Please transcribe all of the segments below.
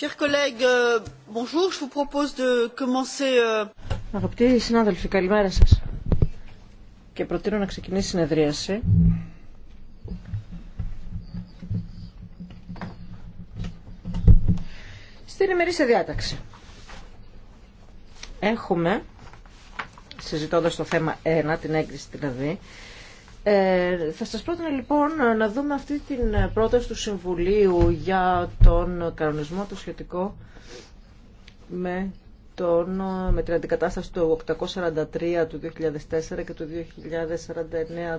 Chers collègues, euh, bonjour. Je vous propose de commencer. Euh, Αγαπητοί συνάδελφοι, καλημέρα σας. Και προτείνω να ξεκινήσει η συνεδρίαση. Στην ημερήσια διάταξη. Έχουμε, συζητώντας το θέμα 1, την έγκριση δηλαδή, ε, θα σας πρότεινα λοιπόν να δούμε αυτή την πρόταση του Συμβουλίου για τον κανονισμό το σχετικό με, τον, με την αντικατάσταση του 843 του 2004 και του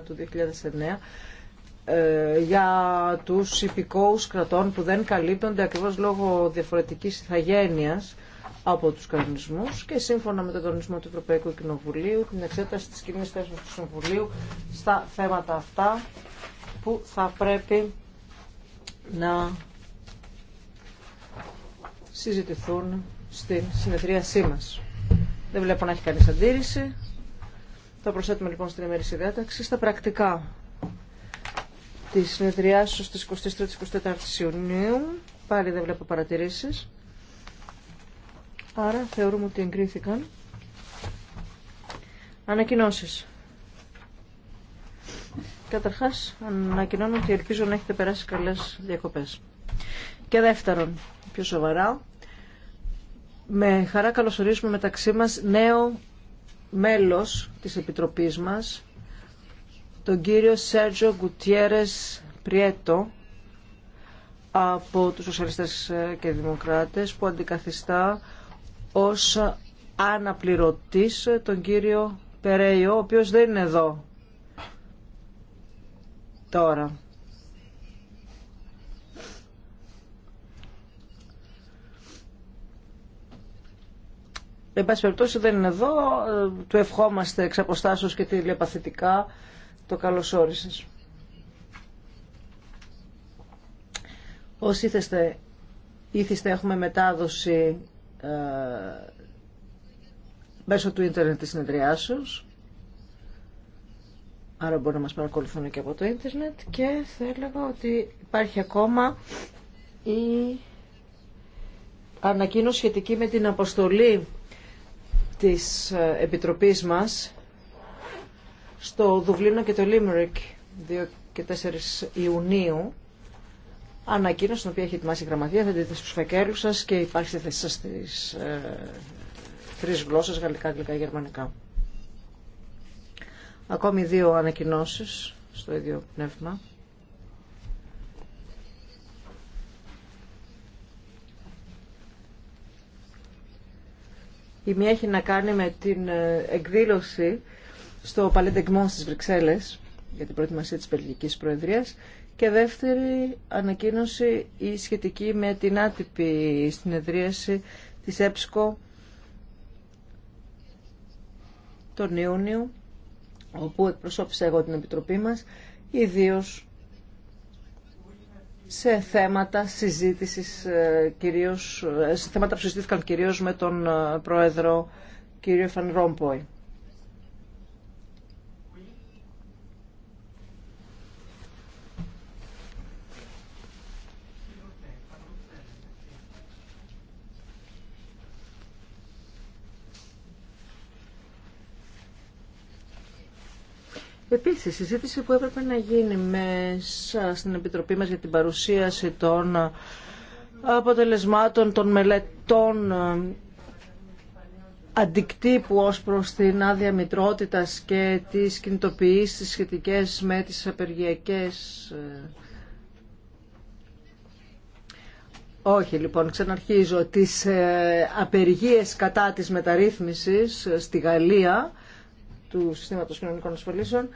2049 του 2009 ε, για τους υπηκόους κρατών που δεν καλύπτονται ακριβώς λόγω διαφορετικής ηθαγένειας από τους κανονισμούς και σύμφωνα με τον κανονισμό του Ευρωπαϊκού Κοινοβουλίου την εξέταση της κοινής θέσης του Συμβουλίου στα θέματα αυτά που θα πρέπει να συζητηθούν στη συνεδρίασή μας. Δεν βλέπω να έχει κανείς αντίρρηση. Θα προσθέτουμε λοιπόν στην ημέρηση διάταξη στα πρακτικά της συνεδριάσεως της 23-24 Ιουνίου. Πάλι δεν βλέπω παρατηρήσεις. Άρα θεωρούμε ότι εγκρίθηκαν. Ανακοινώσει. Καταρχά ανακοινώνω ότι ελπίζω να έχετε περάσει καλέ διακοπές. Και δεύτερον, πιο σοβαρά, με χαρά καλωσορίζουμε μεταξύ μας νέο μέλος της Επιτροπής μας, τον κύριο Σέρτζο Γκουτιέρε Πριέτο από τους Σοσιαλιστές και Δημοκράτες που αντικαθιστά ως αναπληρωτής τον κύριο Περέιο, ο οποίος δεν είναι εδώ τώρα. Εν πάση περιπτώσει δεν είναι εδώ, ε, του ευχόμαστε εξ αποστάσεως και τηλεπαθητικά το καλώς όρισες. Όσοι ήθεστε, ήθιστε έχουμε μετάδοση ε, μέσω του ίντερνετ της συνεδριάσεως. Άρα μπορεί να μας παρακολουθούν και από το ίντερνετ και θα έλεγα ότι υπάρχει ακόμα η ανακοίνωση σχετική με την αποστολή της ε, Επιτροπής μας στο Δουβλίνο και το Λίμερικ 2 και 4 Ιουνίου ανακοίνωση την οποία έχει ετοιμάσει η Γραμματεία, θα δείτε στους φακέλους σας και υπάρχει θέση σας στις ε, τρεις γλώσσες, γαλλικά, αγγλικά, γερμανικά. Ακόμη δύο ανακοινώσεις στο ίδιο πνεύμα. Η μία έχει να κάνει με την ε, εκδήλωση στο Παλέντεγμό στις Βρυξέλλες για την προετοιμασία της Βελγικής Προεδρίας και δεύτερη ανακοίνωση η σχετική με την άτυπη συνεδρίαση της ΕΠΣΚΟ τον Ιούνιο, όπου εκπροσώπησα εγώ την Επιτροπή μας, ιδίως σε θέματα συζήτησης ε, κυρίως, ε, σε θέματα που συζητήθηκαν κυρίως με τον ε, Πρόεδρο κύριο Φαν Ρόμποϊ. Επίση, η συζήτηση που έπρεπε να γίνει μέσα στην Επιτροπή μας για την παρουσίαση των αποτελεσμάτων των μελετών ε, αντικτύπου ως προς την άδεια μητρότητας και τις κινητοποιήσεις σχετικές με τις απεργιακές ε. όχι λοιπόν, ξαναρχίζω. Τις ε, απεργίες κατά της μεταρρύθμισης στη Γαλλία του συστήματος κοινωνικών ασφαλίσεων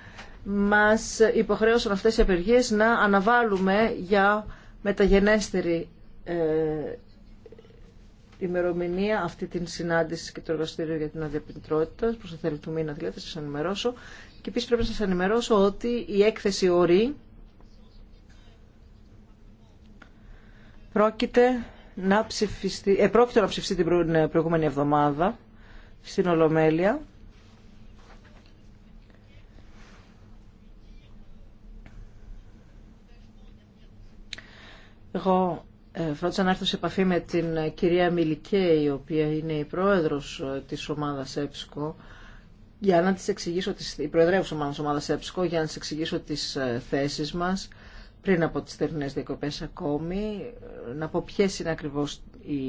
μας υποχρέωσαν αυτές οι απεργίες να αναβάλουμε για μεταγενέστερη ε, ημερομηνία αυτή την συνάντηση και το εργαστήριο για την αδιαπληκτρότητα προς το θέλει του μήνα δηλαδή θα σας ενημερώσω και επίση πρέπει να σας ενημερώσω ότι η έκθεση ορί πρόκειται να ψηφιστεί, ε, πρόκειται να ψηφιστεί την προηγούμενη εβδομάδα στην Ολομέλεια Εγώ ε, φρόντισα να έρθω σε επαφή με την ε, κυρία Μιλικέ, η οποία είναι η πρόεδρος ε, της ομάδας ΕΠΣΚΟ, για να της εξηγήσω, τις, η προεδρεύουσα της ομάδας ΕΠΣΚΟ, για να της εξηγήσω τις θέσεις μας πριν από τις θερινές διακοπές ακόμη, να πω ποιε είναι ακριβώς οι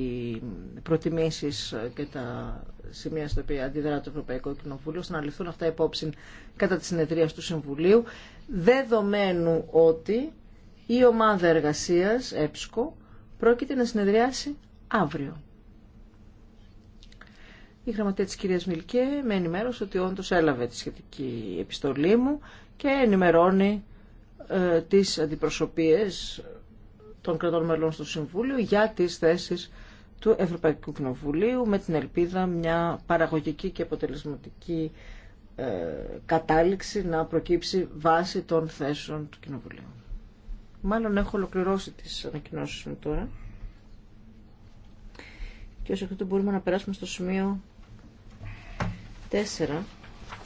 προτιμήσεις και τα σημεία στα οποία αντιδρά το Ευρωπαϊκό Κοινοβούλιο, ώστε να ληφθούν αυτά υπόψη κατά τη συνεδρία του Συμβουλίου, δεδομένου ότι η ομάδα εργασίας, ΕΠΣΚΟ, πρόκειται να συνεδριάσει αύριο. Η γραμματεία της κυρίας Μιλκέ με ενημέρωσε ότι όντως έλαβε τη σχετική επιστολή μου και ενημερώνει ε, τις αντιπροσωπείες των κρατών μελών στο Συμβούλιο για τις θέσεις του Ευρωπαϊκού Κοινοβουλίου με την ελπίδα μια παραγωγική και αποτελεσματική ε, κατάληξη να προκύψει βάση των θέσεων του Κοινοβουλίου. Μάλλον έχω ολοκληρώσει τις ανακοινώσεις μου τώρα. Και ως εκ μπορούμε να περάσουμε στο σημείο 4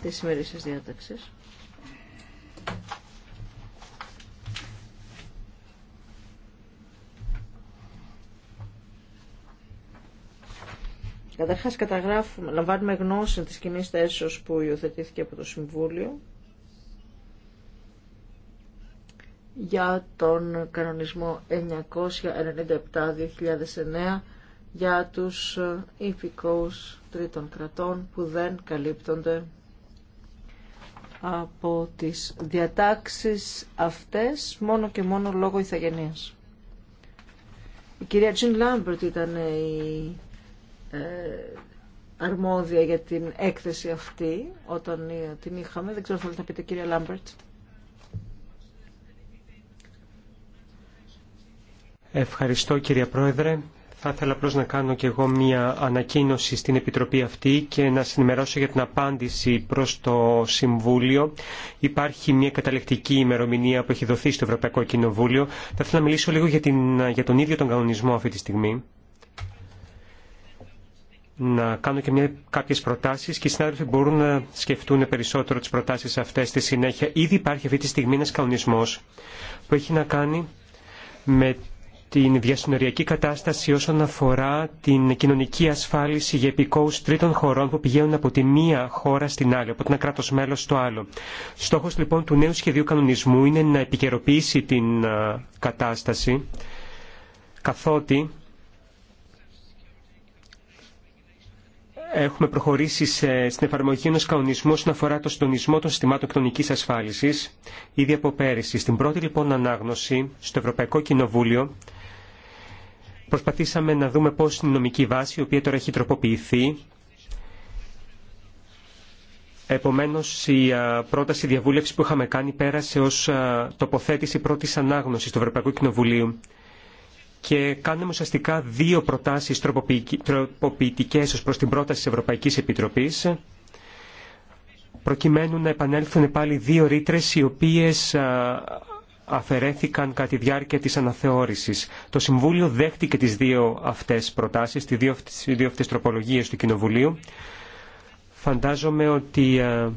της σημερινής διάταξης. Καταρχάς καταγράφουμε, λαμβάνουμε γνώση της κοινής θέσεως που υιοθετήθηκε από το Συμβούλιο για τον κανονισμό 997-2009 για τους ε, υφικούς τρίτων κρατών που δεν καλύπτονται από τις διατάξεις αυτές μόνο και μόνο λόγω ηθαγενείας. Η κυρία Τζιν Λάμπερτ ήταν η ε, αρμόδια για την έκθεση αυτή όταν ε, την είχαμε. Δεν ξέρω αν θα πείτε κυρία Λάμπερτ. Ευχαριστώ κύριε Πρόεδρε. Θα ήθελα απλώ να κάνω και εγώ μία ανακοίνωση στην Επιτροπή αυτή και να συνημερώσω για την απάντηση προς το Συμβούλιο. Υπάρχει μία καταλεκτική ημερομηνία που έχει δοθεί στο Ευρωπαϊκό Κοινοβούλιο. Θα ήθελα να μιλήσω λίγο για, την, για τον ίδιο τον κανονισμό αυτή τη στιγμή. Να κάνω και μια, κάποιες προτάσεις και οι συνάδελφοι μπορούν να σκεφτούν περισσότερο τις προτάσεις αυτές στη συνέχεια. Ήδη υπάρχει αυτή τη στιγμή ένας κανονισμός που έχει να κάνει με την διασυνοριακή κατάσταση όσον αφορά την κοινωνική ασφάλιση για επικόους τρίτων χωρών που πηγαίνουν από τη μία χώρα στην άλλη, από ένα κράτος μέλο στο άλλο. Στόχος λοιπόν του νέου σχεδίου κανονισμού είναι να επικαιροποιήσει την κατάσταση, καθότι έχουμε προχωρήσει σε, στην εφαρμογή ενό κανονισμού όσον αφορά το συντονισμό των συστημάτων κοινωνική ασφάλιση ήδη από πέρυσι. Στην πρώτη λοιπόν ανάγνωση στο Ευρωπαϊκό Κοινοβούλιο Προσπαθήσαμε να δούμε πώς είναι η νομική βάση, η οποία τώρα έχει τροποποιηθεί. Επομένως, η πρόταση διαβούλευση που είχαμε κάνει πέρασε ως τοποθέτηση πρώτης ανάγνωσης του Ευρωπαϊκού Κοινοβουλίου και κάνουμε ουσιαστικά δύο προτάσεις τροποποιητικές ως προς την πρόταση της Ευρωπαϊκής Επιτροπής προκειμένου να επανέλθουν πάλι δύο ρήτρε οι οποίες αφαιρέθηκαν κατά τη διάρκεια της αναθεώρησης. Το Συμβούλιο δέχτηκε τις δύο αυτές προτάσεις, τις δύο αυτές τροπολογίες του Κοινοβουλίου. Φαντάζομαι ότι ε,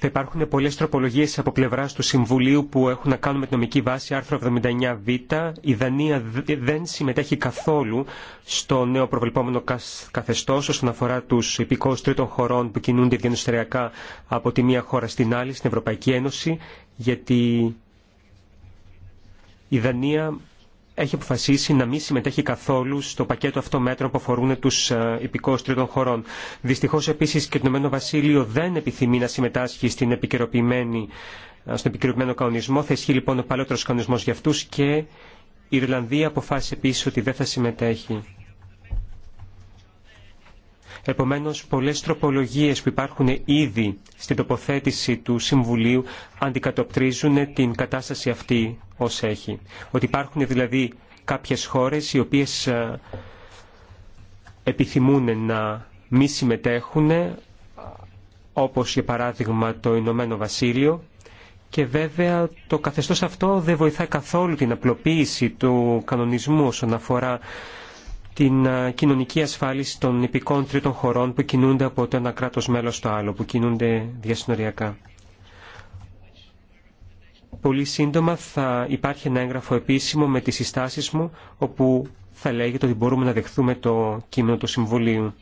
Θα υπάρχουν πολλές τροπολογίε από πλευρά του Συμβουλίου που έχουν να κάνουν με την νομική βάση άρθρο 79β. Η Δανία δεν συμμετέχει καθόλου στο νέο προβλεπόμενο καθεστώ, όσον αφορά τους υπηκόου τρίτων χωρών που κινούνται διανοστεριακά από τη μία χώρα στην άλλη, στην Ευρωπαϊκή Ένωση, γιατί η Δανία έχει αποφασίσει να μην συμμετέχει καθόλου στο πακέτο αυτό μέτρων που αφορούν του ε, υπηκόου τρίτων χωρών. Δυστυχώ επίση και το Ηνωμένο Βασίλειο δεν επιθυμεί να συμμετάσχει στην επικαιροποιημένη, ε, στον επικαιροποιημένο κανονισμό. Θα ισχύει λοιπόν ο παλαιότερο κανονισμό για αυτού και η Ιρλανδία αποφάσισε επίση ότι δεν θα συμμετέχει. Επομένως, πολλές τροπολογίες που υπάρχουν ήδη στην τοποθέτηση του Συμβουλίου αντικατοπτρίζουν την κατάσταση αυτή ως έχει. Ότι υπάρχουν δηλαδή κάποιες χώρες οι οποίες ε, επιθυμούν να μη συμμετέχουν, όπως για παράδειγμα το Ηνωμένο Βασίλειο, και βέβαια το καθεστώς αυτό δεν βοηθάει καθόλου την απλοποίηση του κανονισμού όσον αφορά την κοινωνική ασφάλιση των υπηκών τρίτων χωρών που κινούνται από το ένα κράτος μέλος στο άλλο, που κινούνται διασυνοριακά. Πολύ σύντομα θα υπάρχει ένα έγγραφο επίσημο με τις συστάσεις μου, όπου θα λέγεται ότι μπορούμε να δεχθούμε το κείμενο του Συμβουλίου.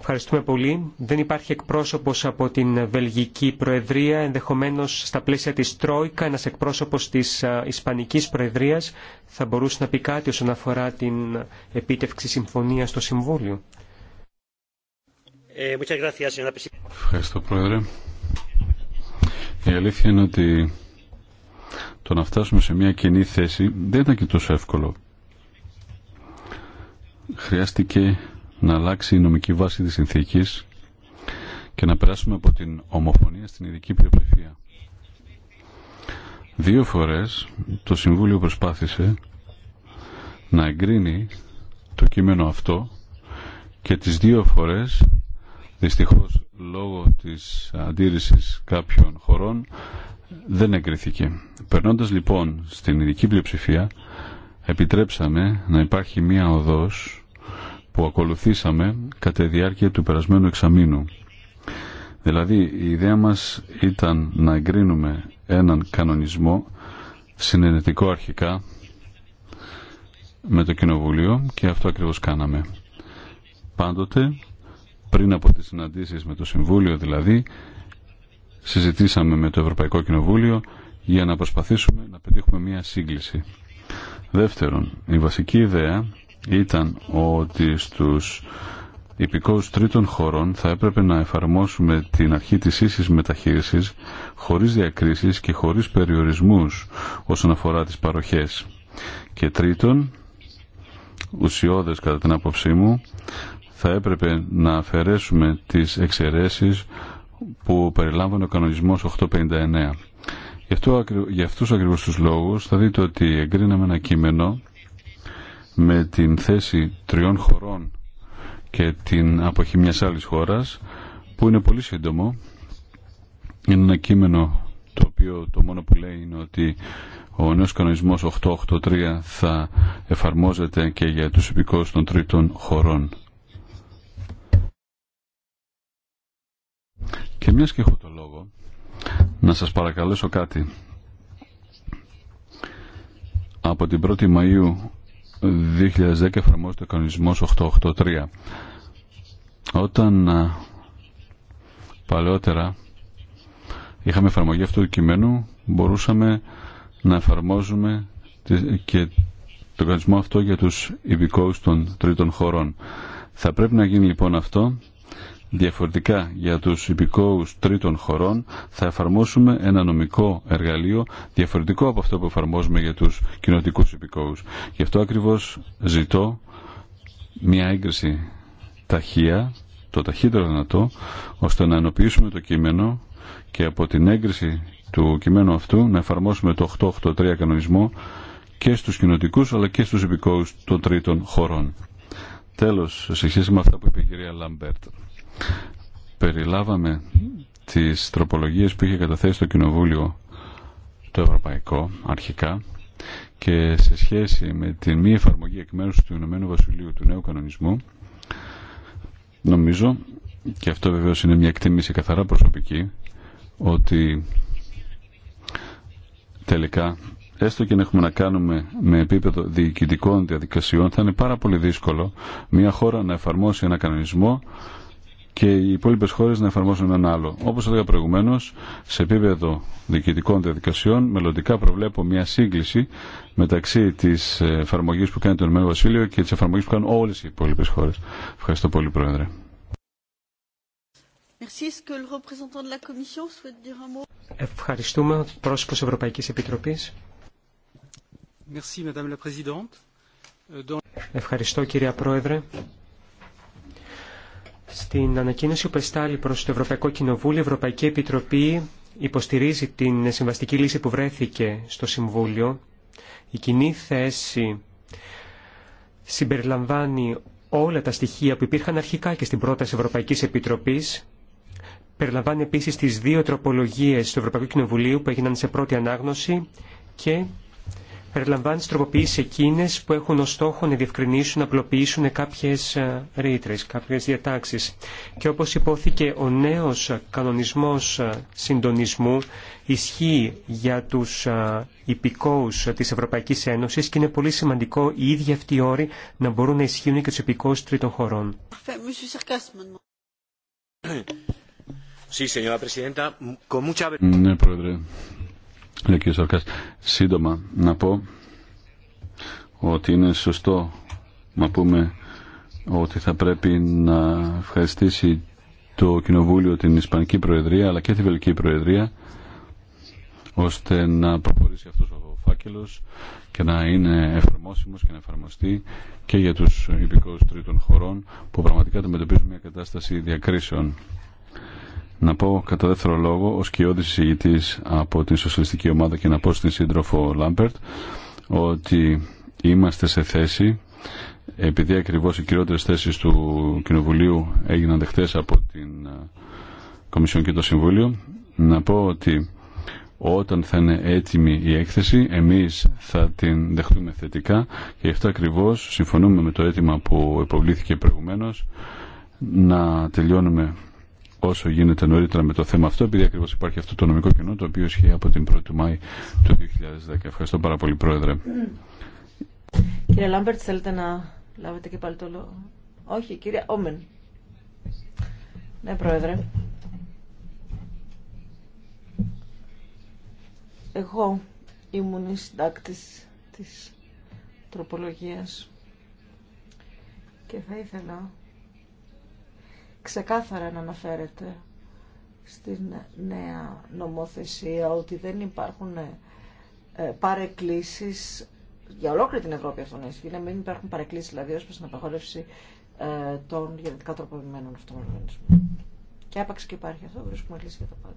Ευχαριστούμε πολύ. Δεν υπάρχει εκπρόσωπο από την Βελγική Προεδρία, ενδεχομένω στα πλαίσια τη Τρόικα, ένα εκπρόσωπο τη Ισπανική Προεδρία θα μπορούσε να πει κάτι όσον αφορά την επίτευξη συμφωνία στο Συμβούλιο. Ε, Ευχαριστώ Πρόεδρε. Η αλήθεια είναι ότι το να φτάσουμε σε μια κοινή θέση δεν ήταν και τόσο εύκολο χρειάστηκε να αλλάξει η νομική βάση της συνθήκης και να περάσουμε από την ομοφωνία στην ειδική πλειοψηφία. Δύο φορές το Συμβούλιο προσπάθησε να εγκρίνει το κείμενο αυτό και τις δύο φορές δυστυχώς λόγω της αντίρρησης κάποιων χωρών δεν εγκρίθηκε. Περνώντας λοιπόν στην ειδική πλειοψηφία επιτρέψαμε να υπάρχει μία οδός που ακολουθήσαμε κατά τη διάρκεια του περασμένου εξαμήνου. Δηλαδή η ιδέα μας ήταν να εγκρίνουμε έναν κανονισμό συνενετικό αρχικά με το Κοινοβουλίο και αυτό ακριβώς κάναμε. Πάντοτε πριν από τις συναντήσεις με το Συμβούλιο δηλαδή συζητήσαμε με το Ευρωπαϊκό Κοινοβούλιο για να προσπαθήσουμε να πετύχουμε μια σύγκληση. Δεύτερον, η βασική ιδέα ήταν ότι στους υπηκόους τρίτων χωρών θα έπρεπε να εφαρμόσουμε την αρχή της ίσης μεταχείρισης χωρίς διακρίσεις και χωρίς περιορισμούς όσον αφορά τις παροχές. Και τρίτον, ουσιώδες κατά την άποψή μου, θα έπρεπε να αφαιρέσουμε τις εξαιρέσεις που περιλάμβανε ο κανονισμός 859. Γι' αυτό, για αυτούς τους λόγους θα δείτε ότι εγκρίναμε ένα κείμενο με την θέση τριών χωρών και την αποχή μιας άλλης χώρας που είναι πολύ σύντομο είναι ένα κείμενο το οποίο το μόνο που λέει είναι ότι ο νέος κανονισμός 883 θα εφαρμόζεται και για τους υπηκόους των τρίτων χωρών. Και μιας και έχω το λόγο, να σας παρακαλέσω κάτι. Από την 1η Μαΐου 2010 εφαρμόζεται ο κανονισμός 883. Όταν παλαιότερα είχαμε εφαρμογή αυτού του κειμένου μπορούσαμε να εφαρμόζουμε και τον κανονισμό αυτό για τους υπηκόους των τρίτων χωρών. Θα πρέπει να γίνει λοιπόν αυτό διαφορετικά για τους υπηκόους τρίτων χωρών θα εφαρμόσουμε ένα νομικό εργαλείο διαφορετικό από αυτό που εφαρμόζουμε για τους κοινοτικού υπηκόους. Γι' αυτό ακριβώς ζητώ μια έγκριση ταχεία, το ταχύτερο δυνατό, ώστε να ενοποιήσουμε το κείμενο και από την έγκριση του κειμένου αυτού να εφαρμόσουμε το 883 κανονισμό και στους κοινοτικού αλλά και στους υπηκόους των τρίτων χωρών. Τέλος, σε σχέση με αυτά που είπε η κυρία Λαμπέρτ, περιλάβαμε τις τροπολογίες που είχε καταθέσει το Κοινοβούλιο το Ευρωπαϊκό αρχικά και σε σχέση με την μη εφαρμογή εκ μέρους του Ηνωμένου Βασιλείου του νέου κανονισμού νομίζω και αυτό βεβαίω είναι μια εκτίμηση καθαρά προσωπική ότι τελικά έστω και να έχουμε να κάνουμε με επίπεδο διοικητικών διαδικασιών θα είναι πάρα πολύ δύσκολο μια χώρα να εφαρμόσει ένα κανονισμό και οι υπόλοιπε χώρε να εφαρμόσουν ένα άλλο. Όπω έλεγα προηγουμένω, σε επίπεδο διοικητικών διαδικασιών, μελλοντικά προβλέπω μια σύγκληση μεταξύ τη εφαρμογή που κάνει το Ηνωμένο Βασίλειο και τη εφαρμογή που κάνουν όλε οι υπόλοιπε χώρε. Ευχαριστώ πολύ, Πρόεδρε. Ευχαριστούμε. Ο πρόσωπο Ευρωπαϊκή Επιτροπή. Euh, Ευχαριστώ, κυρία Πρόεδρε. Στην ανακοίνωση που εστάλει προς το Ευρωπαϊκό Κοινοβούλιο, η Ευρωπαϊκή Επιτροπή υποστηρίζει την συμβαστική λύση που βρέθηκε στο Συμβούλιο. Η κοινή θέση συμπεριλαμβάνει όλα τα στοιχεία που υπήρχαν αρχικά και στην πρόταση Ευρωπαϊκής Επιτροπής. Περιλαμβάνει επίσης τις δύο τροπολογίες του Ευρωπαϊκού Κοινοβουλίου που έγιναν σε πρώτη ανάγνωση και περιλαμβάνει τι τροποποιήσει εκείνε που έχουν ω στόχο να διευκρινίσουν, να απλοποιήσουν κάποιε ρήτρε, κάποιε διατάξει. Και όπω υπόθηκε, ο νέο κανονισμό ε, συντονισμού ισχύει για του ε, υπηκόου τη Ευρωπαϊκή Ένωση και είναι πολύ σημαντικό οι ίδιοι αυτοί οι όροι να μπορούν να ισχύουν και του υπηκόου τρίτων χωρών. Λέει ο σύντομα να πω ότι είναι σωστό να πούμε ότι θα πρέπει να ευχαριστήσει το Κοινοβούλιο την Ισπανική Προεδρία αλλά και τη Βελική Προεδρία ώστε να προχωρήσει αυτός ο φάκελος και να είναι εφαρμόσιμος και να εφαρμοστεί και για τους υπηκόους τρίτων χωρών που πραγματικά αντιμετωπίζουν μια κατάσταση διακρίσεων να πω κατά δεύτερο λόγο ως κοιόδης εισηγητής από την σοσιαλιστική ομάδα και να πω στην σύντροφο Λάμπερτ ότι είμαστε σε θέση επειδή ακριβώς οι κυριότερες θέσεις του Κοινοβουλίου έγιναν δεχτές από την ε, Κομισιόν και το Συμβούλιο να πω ότι όταν θα είναι έτοιμη η έκθεση εμείς θα την δεχτούμε θετικά και γι' αυτό ακριβώς συμφωνούμε με το αίτημα που υποβλήθηκε προηγουμένως να τελειώνουμε όσο γίνεται νωρίτερα με το θέμα αυτό, επειδή ακριβώ υπάρχει αυτό το νομικό κοινό το οποίο ισχύει από την 1η Μάη του 2010. Ευχαριστώ πάρα πολύ, Πρόεδρε. Κύριε Λάμπερτ, θέλετε να λάβετε και πάλι το λόγο. Όχι, κύριε Όμεν. Ναι, Πρόεδρε. Εγώ ήμουν η συντάκτης της τροπολογίας και θα ήθελα ξεκάθαρα να αναφέρεται στην νέα νομοθεσία ότι δεν υπάρχουν ε, παρεκκλήσεις για ολόκληρη την Ευρώπη αυτό να μην υπάρχουν παρεκκλήσεις δηλαδή ως προς την απαγόρευση ε, των γενετικά τροποποιημένων αυτών οργανισμών. Και άπαξ και υπάρχει αυτό, βρίσκουμε λύση για τα πάντα.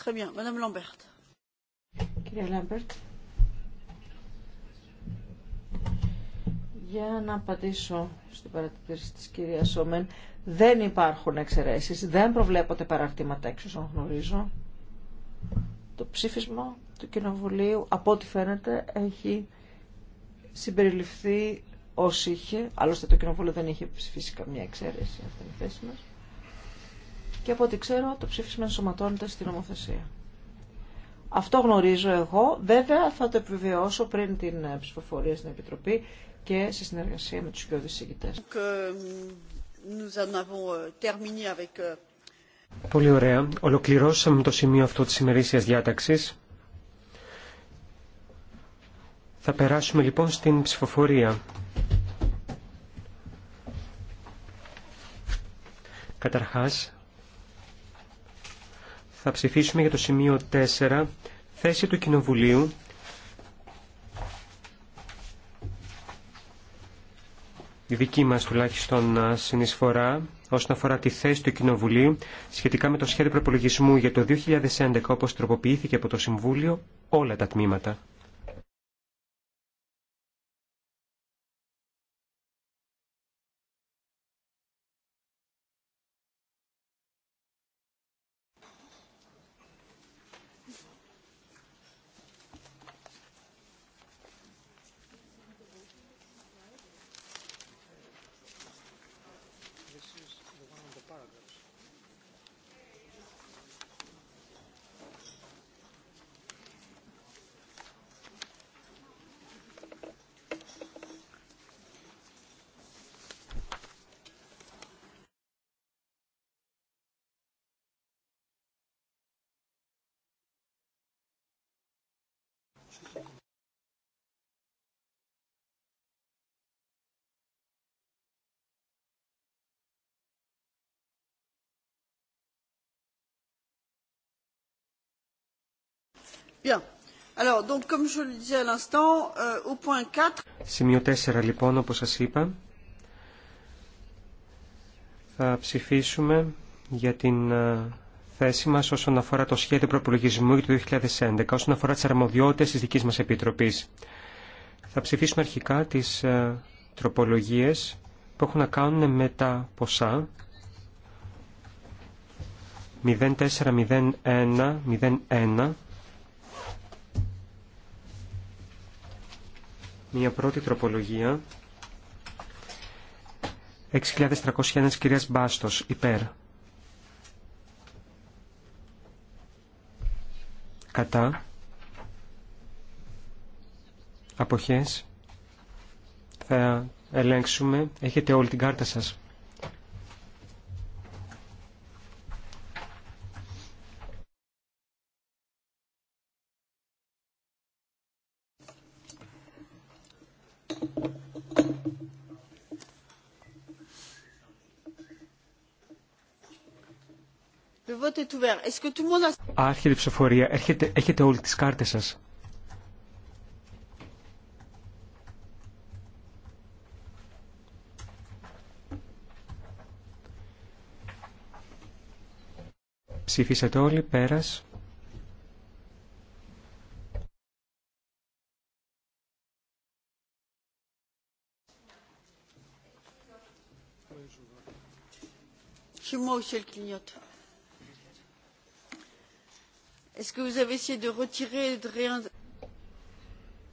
Très bien, Madame Lambert. Κύριε Λέμπερτ, Για να απαντήσω στην παρατηρήση της κυρίας Σόμεν, δεν υπάρχουν εξαιρέσεις, δεν προβλέπονται παραρτήματα έξω, όσον γνωρίζω. Το ψήφισμα του Κοινοβουλίου, από ό,τι φαίνεται, έχει συμπεριληφθεί ως είχε, άλλωστε το Κοινοβούλιο δεν είχε ψηφίσει καμία εξαίρεση, αυτή είναι θέση μας. Και από ό,τι ξέρω, το ψήφισμα ενσωματώνεται στην νομοθεσία. Αυτό γνωρίζω εγώ. Βέβαια θα το επιβεβαιώσω πριν την ε, ψηφοφορία στην Επιτροπή και σε συνεργασία με τους πιο δυσηγητές. Ε, ε, Πολύ ωραία. Ολοκληρώσαμε το σημείο αυτό της ημερήσιας διάταξης. Θα περάσουμε λοιπόν στην ψηφοφορία. Καταρχάς, θα ψηφίσουμε για το σημείο 4, θέση του Κοινοβουλίου η δική μας τουλάχιστον συνεισφορά όσον αφορά τη θέση του Κοινοβουλίου σχετικά με το σχέδιο προπολογισμού για το 2011 όπως τροποποιήθηκε από το Συμβούλιο όλα τα τμήματα. Σημείο 4 λοιπόν, όπως σας είπα, θα ψηφίσουμε για την ε, θέση μας όσον αφορά το σχέδιο προπολογισμού για το 2011, όσον αφορά τις αρμοδιότητες της δικής μας Επιτροπής. Θα ψηφίσουμε αρχικά τις ε, τροπολογίες που έχουν να κάνουν με τα ποσά 0401-01 Μία πρώτη τροπολογία. 6.301 κυρίας Μπάστος, υπέρ. Κατά. Αποχές. Θα ελέγξουμε. Έχετε όλη την κάρτα σας. Άρχεται η ψηφοφορία. Έχετε, έχετε όλοι τις κάρτες σας. Ψηφίσατε πέρας.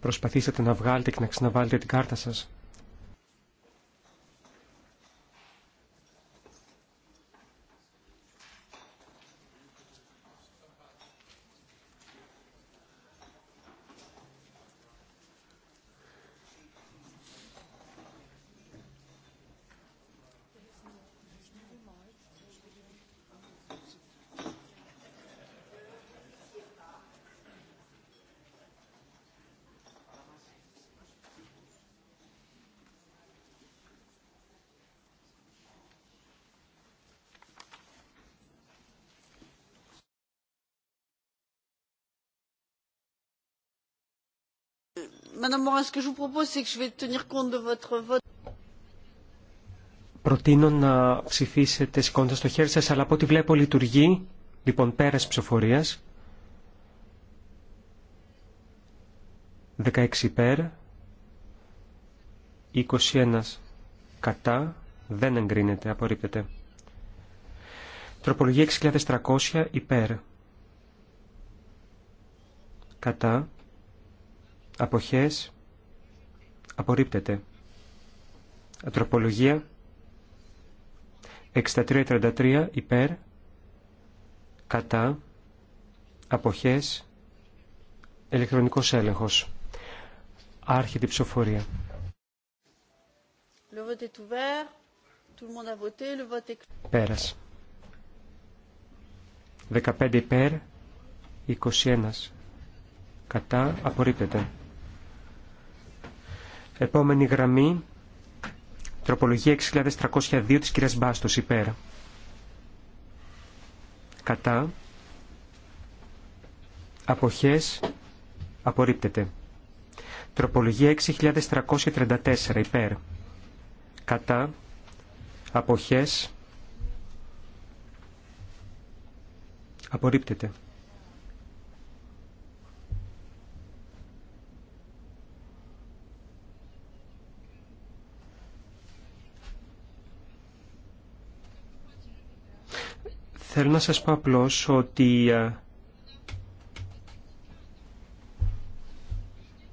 Προσπαθήσατε να βγάλετε και να ξαναβάλετε την κάρτα σας. Προτείνω να ψηφίσετε σηκώντας το χέρι σας, αλλά από ό,τι βλέπω λειτουργεί, λοιπόν, πέρας ψηφοφορίας. 16 υπέρ, 21 κατά, δεν εγκρίνεται, απορρίπτεται. Τροπολογία 6300 υπέρ. Κατά. Αποχές. Απορρίπτεται. Ατροπολογία. 63-33 υπέρ. Κατά. Αποχές. ηλεκτρονικός έλεγχος. Άρχεται ψηφοφορία. Le vote est ouvert. Tout le monde a voté. Le vote est... Πέρας. 15 υπέρ. 21. Κατά. Απορρίπτεται. Επόμενη γραμμή, τροπολογία 6.302 της κυρίας Μπάστος, υπέρ. Κατά. Αποχές. Απορρίπτεται. Τροπολογία 6.334, υπέρ. Κατά. Αποχές. Απορρίπτεται. Θέλω να σας πω απλώς ότι ε,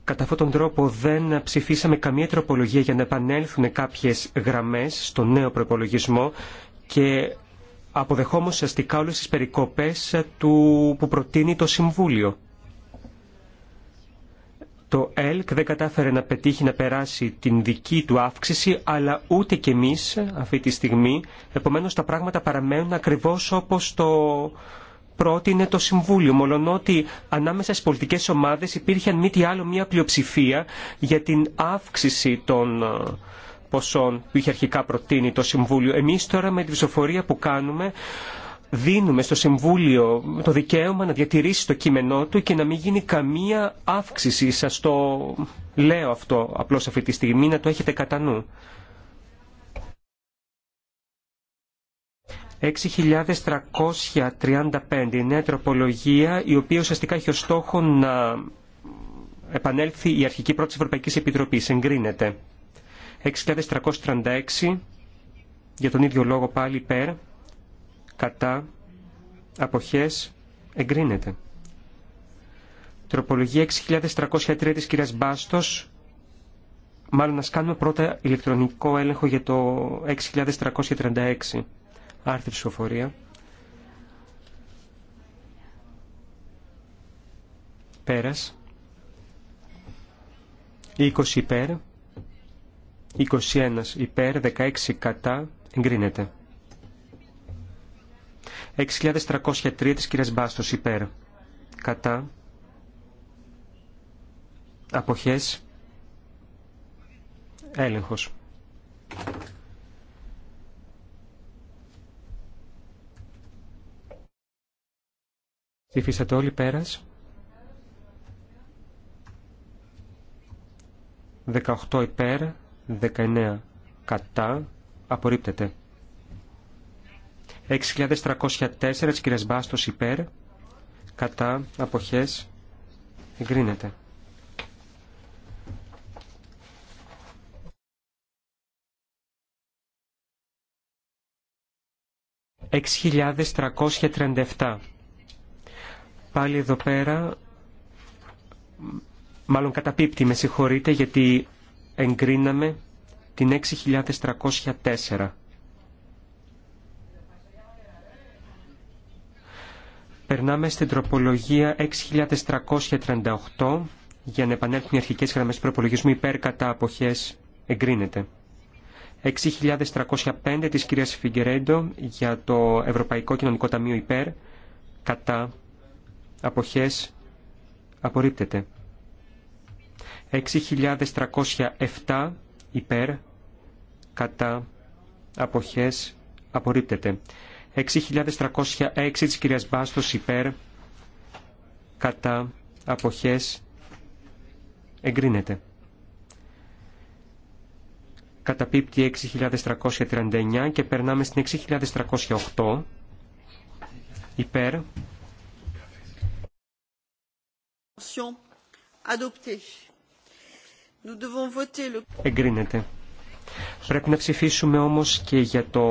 κατά αυτόν τον τρόπο δεν ψηφίσαμε καμία τροπολογία για να επανέλθουν κάποιες γραμμές στο νέο προπολογισμό και αποδεχόμαστε αστικά όλες τις περικοπές του, που προτείνει το Συμβούλιο. Το ΕΛΚ δεν κατάφερε να πετύχει να περάσει την δική του αύξηση, αλλά ούτε και εμείς αυτή τη στιγμή. Επομένως τα πράγματα παραμένουν ακριβώς όπως το πρότεινε το Συμβούλιο, μολονότι ανάμεσα στις πολιτικές ομάδες υπήρχε αν μη τι άλλο μια πλειοψηφία για την αύξηση των ε, ποσών που είχε αρχικά προτείνει το Συμβούλιο. Εμείς τώρα με την ψηφοφορία που κάνουμε δίνουμε στο Συμβούλιο το δικαίωμα να διατηρήσει το κείμενό του και να μην γίνει καμία αύξηση. Σας το λέω αυτό απλώς αυτή τη στιγμή, να το έχετε κατά νου. 6.335 η τροπολογία η οποία ουσιαστικά έχει ως στόχο να επανέλθει η αρχική πρώτη Ευρωπαϊκή Επιτροπή Εγκρίνεται. 6.336 για τον ίδιο λόγο πάλι υπέρ κατά, αποχές, εγκρίνεται. Τροπολογία 6303 της κυρίας Μπάστος. Μάλλον να κάνουμε πρώτα ηλεκτρονικό έλεγχο για το 6336. Άρθρη ψηφοφορία. Πέρας. 20 υπέρ. 21 υπέρ, 16 κατά, εγκρίνεται. 6.303 της κυρίας Μπάστος υπέρ. Κατά. Αποχές. Έλεγχος. Ψηφίσατε όλοι πέρας. 18 υπέρ, 19 κατά, απορρίπτεται. 6.304 της κυρίας Μπάστος υπέρ, κατά, αποχές, εγκρίνεται. ...6.337. Πάλι εδώ πέρα, μάλλον καταπίπτει, με συγχωρείτε, γιατί εγκρίναμε την 6.304. Περνάμε στην τροπολογία 6338 για να επανέλθουν οι αρχικές γραμμές του προπολογισμού υπέρ κατά αποχές εγκρίνεται. 6.305 της κυρίας Φιγκερέντο για το Ευρωπαϊκό Κοινωνικό Ταμείο υπέρ κατά αποχές απορρίπτεται. 6.307 υπέρ κατά αποχές απορρίπτεται. 6.306 της κυρίας Μπάστος υπέρ κατά αποχές εγκρίνεται. Καταπίπτει 6.339 και περνάμε στην 6.308 υπέρ εγκρίνεται. Πρέπει να ψηφίσουμε όμως και για το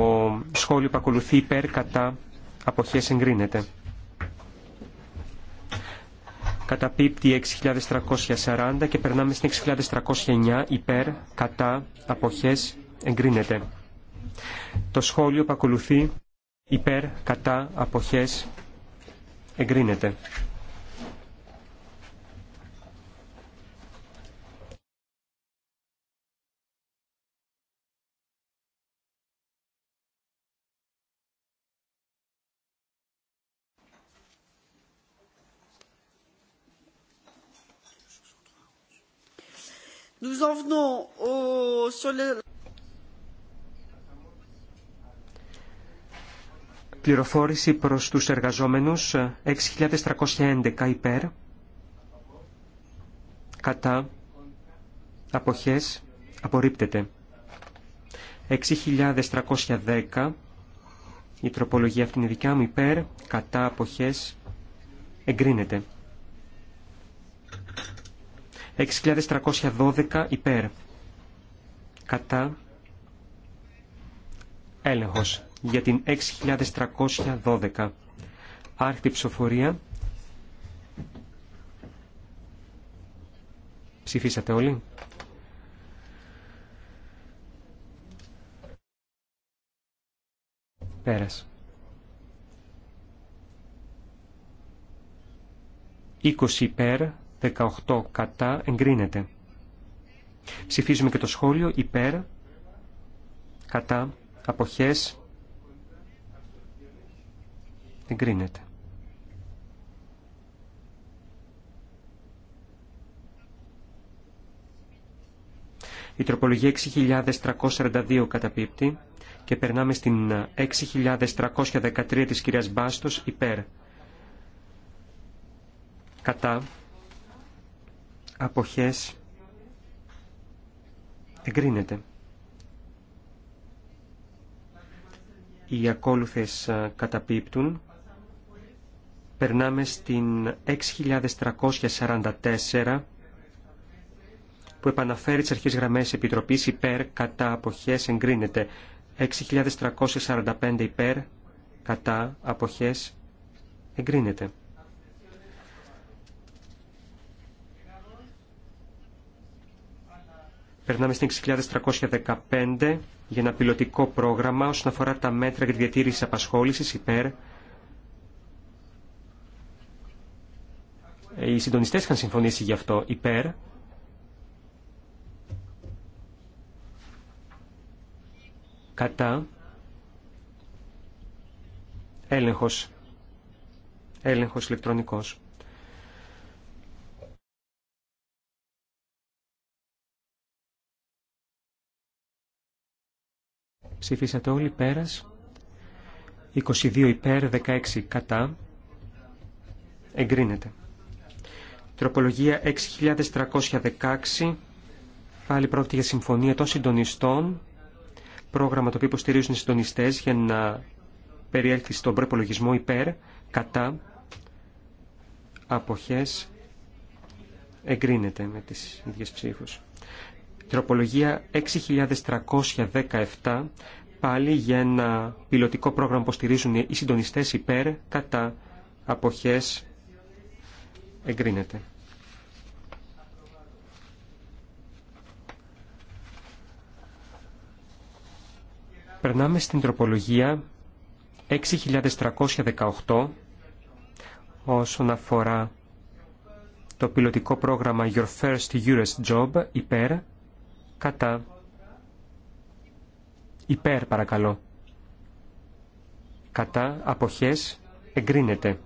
σχόλιο που ακολουθεί υπέρ κατά αποχές εγκρίνεται. Καταπίπτει 6.340 και περνάμε στην 6.309 υπέρ κατά αποχές εγκρίνεται. Το σχόλιο που ακολουθεί υπέρ κατά αποχές εγκρίνεται. Nous en venons Πληροφόρηση προς τους εργαζόμενους 6.311 υπέρ, κατά, αποχές, απορρίπτεται. 6.310, η τροπολογία αυτή είναι δικιά μου υπέρ, κατά, αποχές, εγκρίνεται. 6.312 υπέρ. Κατά. Έλεγχος για την 6.312. άρχιτη ψηφοφορία. Ψηφίσατε όλοι. Πέρας. 20 υπέρ, 18 κατά, εγκρίνεται. Ψηφίζουμε και το σχόλιο υπέρ, κατά, αποχές, εγκρίνεται. Η τροπολογία 6.342 καταπίπτει και περνάμε στην 6.313 της κυρίας Μπάστος υπέρ. Κατά αποχές εγκρίνεται. Οι ακόλουθες καταπίπτουν. Περνάμε στην 6.344 που επαναφέρει τις αρχές γραμμές επιτροπής υπέρ κατά αποχές εγκρίνεται. 6.345 υπέρ κατά αποχές εγκρίνεται. Περνάμε στην 6.315 για ένα πιλωτικό πρόγραμμα όσον αφορά τα μέτρα για τη διατήρηση απασχόλησης υπέρ. Οι συντονιστές είχαν συμφωνήσει γι' αυτό υπέρ. Κατά. Έλεγχος. Έλεγχος ηλεκτρονικός. Ψηφίσατε όλοι πέρας. 22 υπέρ, 16 κατά. Εγκρίνεται. Τροπολογία 6316. Πάλι πρόκειται για συμφωνία των συντονιστών. Πρόγραμμα το οποίο υποστηρίζουν οι συντονιστές για να περιέλθει στον προπολογισμό υπέρ, κατά, αποχές, εγκρίνεται με τις ίδιες ψήφους. Τροπολογία 6317 πάλι για ένα πιλωτικό πρόγραμμα που στηρίζουν οι συντονιστές υπέρ κατά αποχές εγκρίνεται. Περνάμε στην τροπολογία 6.318 όσον αφορά το πιλωτικό πρόγραμμα Your First Eures Job υπέρ κατά, υπέρ παρακαλώ, κατά, αποχές, εγκρίνεται.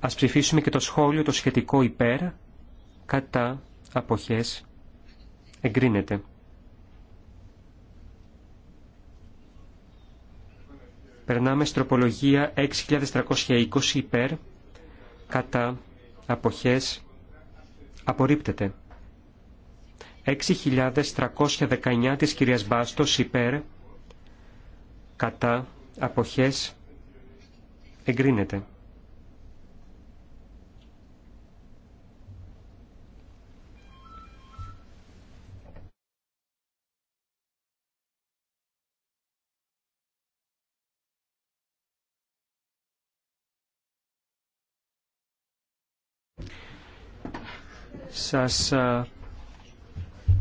Ας ψηφίσουμε και το σχόλιο το σχετικό υπέρ, κατά, αποχές, εγκρίνεται. Περνάμε στροπολογία 6.320 υπέρ, κατά, αποχές, απορρίπτεται. 6.319 της κυρίας Μπάστος υπέρ κατά αποχές εγκρίνεται. Σας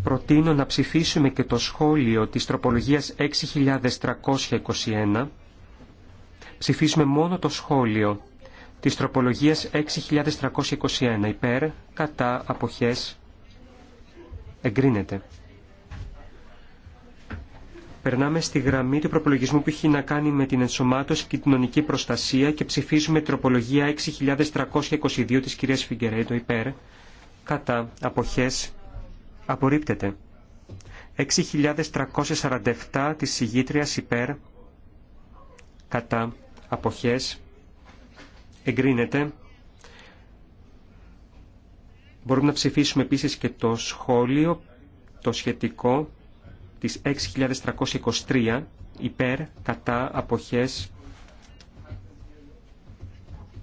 προτείνω να ψηφίσουμε και το σχόλιο της τροπολογίας 6321. Ψηφίσουμε μόνο το σχόλιο της τροπολογίας 6321 υπέρ, κατά, αποχές, εγκρίνεται. Περνάμε στη γραμμή του προπολογισμού που έχει να κάνει με την ενσωμάτωση και την κοινωνική προστασία και ψηφίζουμε τροπολογία 6322 της κυρίας Φιγκερέντο υπέρ, κατά, αποχές, Απορρίπτεται. 6.347 της συγγήτριας υπέρ κατά αποχές εγκρίνεται. Μπορούμε να ψηφίσουμε επίσης και το σχόλιο, το σχετικό της 6.323 υπέρ κατά αποχές.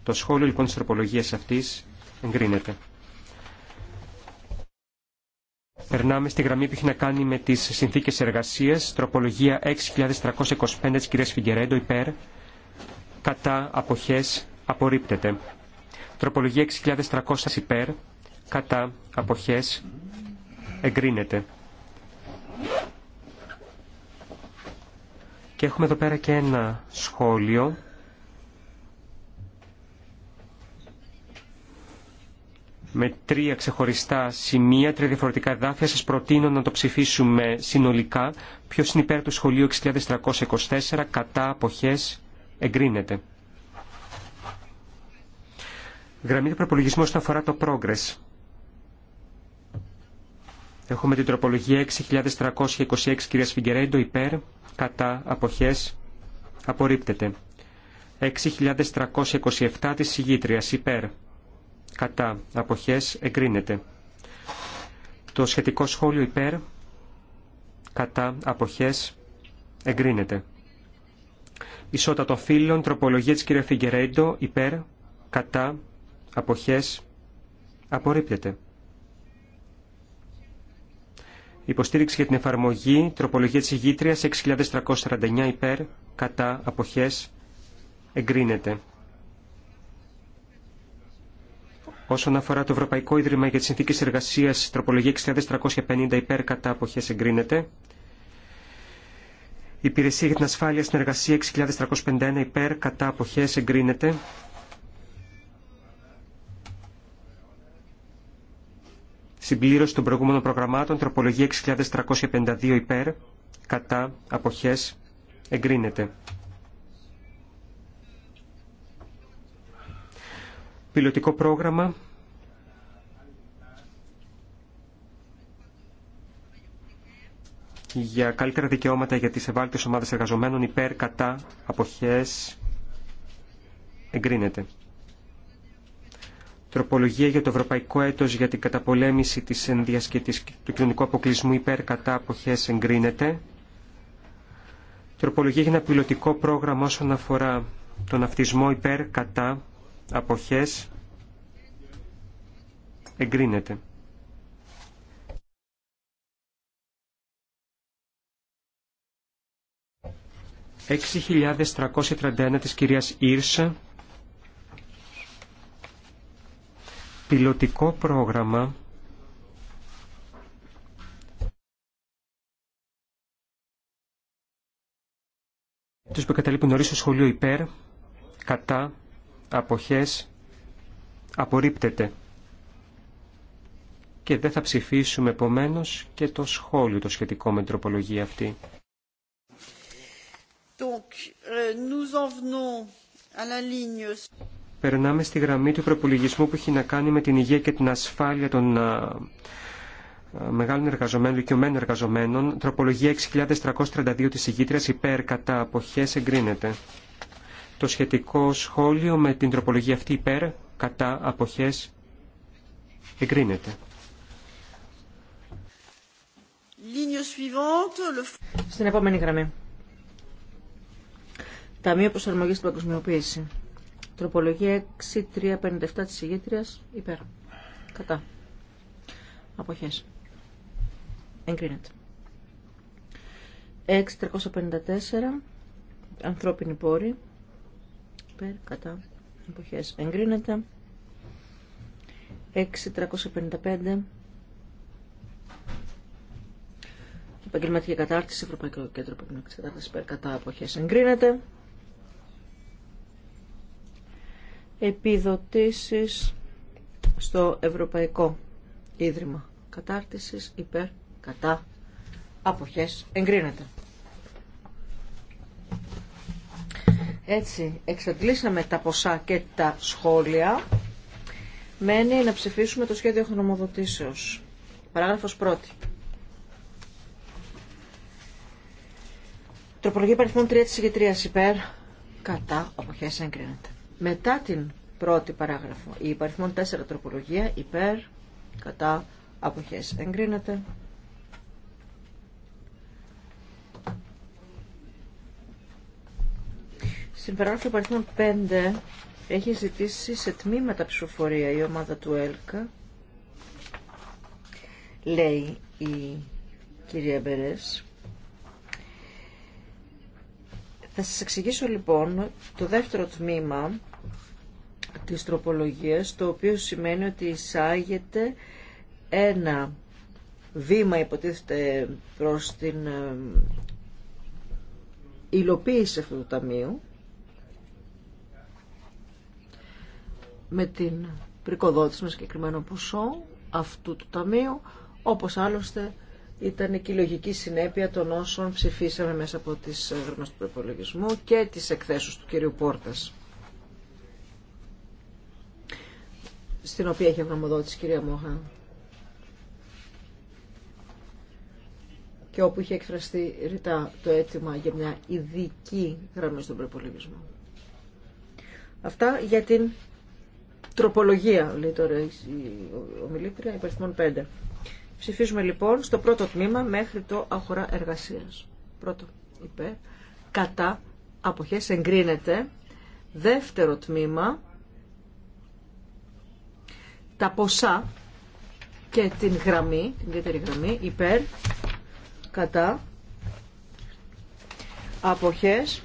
Το σχόλιο λοιπόν της τροπολογίας αυτής εγκρίνεται. Περνάμε στη γραμμή που έχει να κάνει με τις συνθήκες εργασίας, τροπολογία 6.325 της κυρίας Φιγκερέντο, υπέρ, κατά, αποχές, απορρίπτεται. Τροπολογία 6.300 υπέρ, κατά, αποχές, εγκρίνεται. Και έχουμε εδώ πέρα και ένα σχόλιο με τρία ξεχωριστά σημεία, τρία διαφορετικά εδάφια. Σας προτείνω να το ψηφίσουμε συνολικά. Ποιο είναι υπέρ του σχολείου 6324, κατά αποχές εγκρίνεται. Γραμμή του προπολογισμού όσον αφορά το Progress. Έχουμε την τροπολογία 6326 κυρία Φιγκερέντο υπέρ, κατά αποχές απορρίπτεται. 6327 της συγγήτριας υπέρ, κατά αποχές εγκρίνεται. Το σχετικό σχόλιο υπέρ κατά αποχές εγκρίνεται. Ισότατο των φίλων, τροπολογία της κυρία Φιγκερέντο υπέρ κατά αποχές απορρίπτεται. Υποστήριξη για την εφαρμογή, τροπολογία της ηγήτριας 6.349 υπέρ κατά αποχές εγκρίνεται. Όσον αφορά το Ευρωπαϊκό Ίδρυμα για τις Συνθήκες Εργασίας, τροπολογία 6350 υπέρ κατά αποχές εγκρίνεται. Υπηρεσία για την Ασφάλεια στην Εργασία 6351 υπέρ κατά αποχές εγκρίνεται. Συμπλήρωση των προηγούμενων προγραμμάτων, τροπολογία 6352 υπέρ κατά αποχές εγκρίνεται. πιλωτικό πρόγραμμα για καλύτερα δικαιώματα για τις ευάλωτες ομάδες εργαζομένων υπέρ κατά αποχές εγκρίνεται. Τροπολογία για το Ευρωπαϊκό Έτος για την καταπολέμηση της ενδίας και του κοινωνικού αποκλεισμού υπέρ κατά αποχές εγκρίνεται. Τροπολογία για ένα πιλωτικό πρόγραμμα όσον αφορά τον αυτισμό υπέρ κατά αποχές εγκρίνεται. Έξι χιλιάδες της κυρίας Ήρσα πιλωτικό πρόγραμμα τους που καταλείπουν νωρίς στο σχολείο υπέρ κατά αποχές απορρίπτεται. Και δεν θα ψηφίσουμε επομένω και το σχόλιο το σχετικό με την τροπολογία αυτή. Euh, Περνάμε στη γραμμή του προπολογισμού που έχει να κάνει με την υγεία και την ασφάλεια των μεγάλων εργαζομένων, δικαιωμένων εργαζομένων. Τροπολογία 6.332 της ηγήτριας υπέρ κατά αποχές εγκρίνεται το σχετικό σχόλιο με την τροπολογία αυτή υπέρ, κατά, αποχές, εγκρίνεται. Στην επόμενη γραμμή. Ταμείο προσαρμογή στην παγκοσμιοποίηση. Τροπολογία 6357 τη ηγέτρια υπέρ. Κατά. Αποχές. Εγκρίνεται. 6354 ανθρώπινη πόρη υπέρ κατά εποχές εγκρίνεται 6.355 Επαγγελματική κατάρτιση Ευρωπαϊκό Κέντρο Επαγγελματικής Κατάρτισης υπέρ κατά εποχές εγκρίνεται Επιδοτήσεις στο Ευρωπαϊκό Ίδρυμα Κατάρτισης υπέρ κατά αποχές εγκρίνεται Έτσι, εξαντλήσαμε τα ποσά και τα σχόλια. Μένει να ψηφίσουμε το σχέδιο χρονομοδοτήσεως. Παράγραφος 1. Τροπολογία παριθμών 3 της ηγετρίας υπέρ. Κατά. Αποχές εγκρίνεται. Μετά την πρώτη παράγραφο, η υπαριθμών 4 τροπολογία υπέρ. Κατά. Αποχές εγκρίνεται. Στην του παρελθόν 5 έχει ζητήσει σε τμήματα ψηφοφορία η ομάδα του ΕΛΚΑ. Λέει η κυρία Μπερές. Θα σας εξηγήσω λοιπόν το δεύτερο τμήμα της τροπολογίας, το οποίο σημαίνει ότι εισάγεται ένα βήμα υποτίθεται προς την ε, υλοποίηση αυτού του ταμείου με την πρικοδότηση με συγκεκριμένο ποσό αυτού του ταμείου, όπως άλλωστε ήταν η λογική συνέπεια των όσων ψηφίσαμε μέσα από τις γραμμές του προπολογισμού και τις εκθέσεις του κυρίου Πόρτας. Στην οποία έχει γνωμοδότηση η κυρία Μόχα. Και όπου είχε εκφραστεί ρητά το αίτημα για μια ειδική γραμμή στον προπολογισμό. Αυτά για την τροπολογία, λέει τώρα η ομιλήτρια, υπερθυμών 5. Ψηφίζουμε λοιπόν στο πρώτο τμήμα μέχρι το αγορά εργασία. Πρώτο είπε. κατά, αποχές, εγκρίνεται. Δεύτερο τμήμα, τα ποσά και την γραμμή, την ιδιαίτερη γραμμή, υπέρ, κατά, αποχές.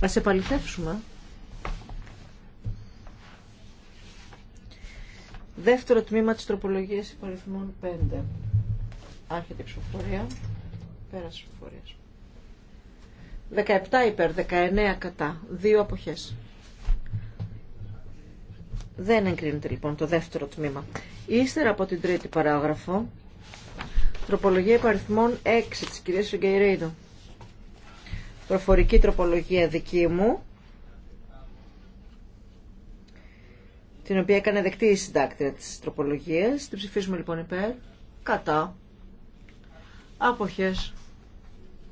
Ας επαληθεύσουμε. Δεύτερο τμήμα της τροπολογίας υπαριθμών 5. Άρχεται η ψηφοφορία. Πέρασε ψηφοφορίας. 17 υπέρ, 19 κατά. Δύο αποχές. Δεν εγκρίνεται λοιπόν το δεύτερο τμήμα. Ύστερα από την τρίτη παράγραφο, τροπολογία υπαριθμών 6 της κυρίας Φιγκεϊρίδου. Προφορική τροπολογία δική μου την οποία έκανε δεκτή η συντάκτρια της τροπολογίας. Την ψηφίσουμε λοιπόν υπέρ, κατά, άποχες.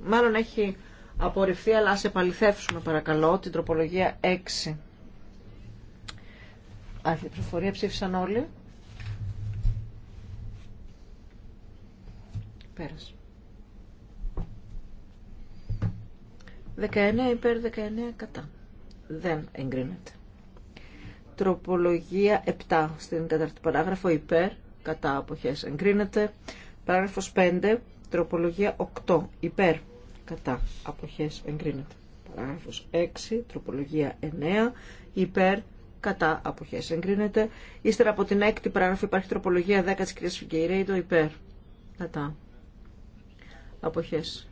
Μάλλον έχει απορριφθεί, αλλά ας επαληθεύσουμε παρακαλώ την τροπολογία 6. Άρχιε προφορία ψήφισαν όλοι. Πέρασε. 19 υπέρ 19 κατά. Δεν εγκρίνεται. Τροπολογία 7 στην τέταρτη παράγραφο υπέρ, κατά αποχές εγκρίνεται. Παράγραφος 5, τροπολογία 8 υπέρ, κατά αποχές εγκρίνεται. Παράγραφος 6, τροπολογία 9 υπέρ, κατά αποχές εγκρίνεται. Ύστερα από την έκτη παράγραφο υπάρχει τροπολογία 10 της κυρίας Φιγκεϊρέιντο υπέρ, κατά αποχές.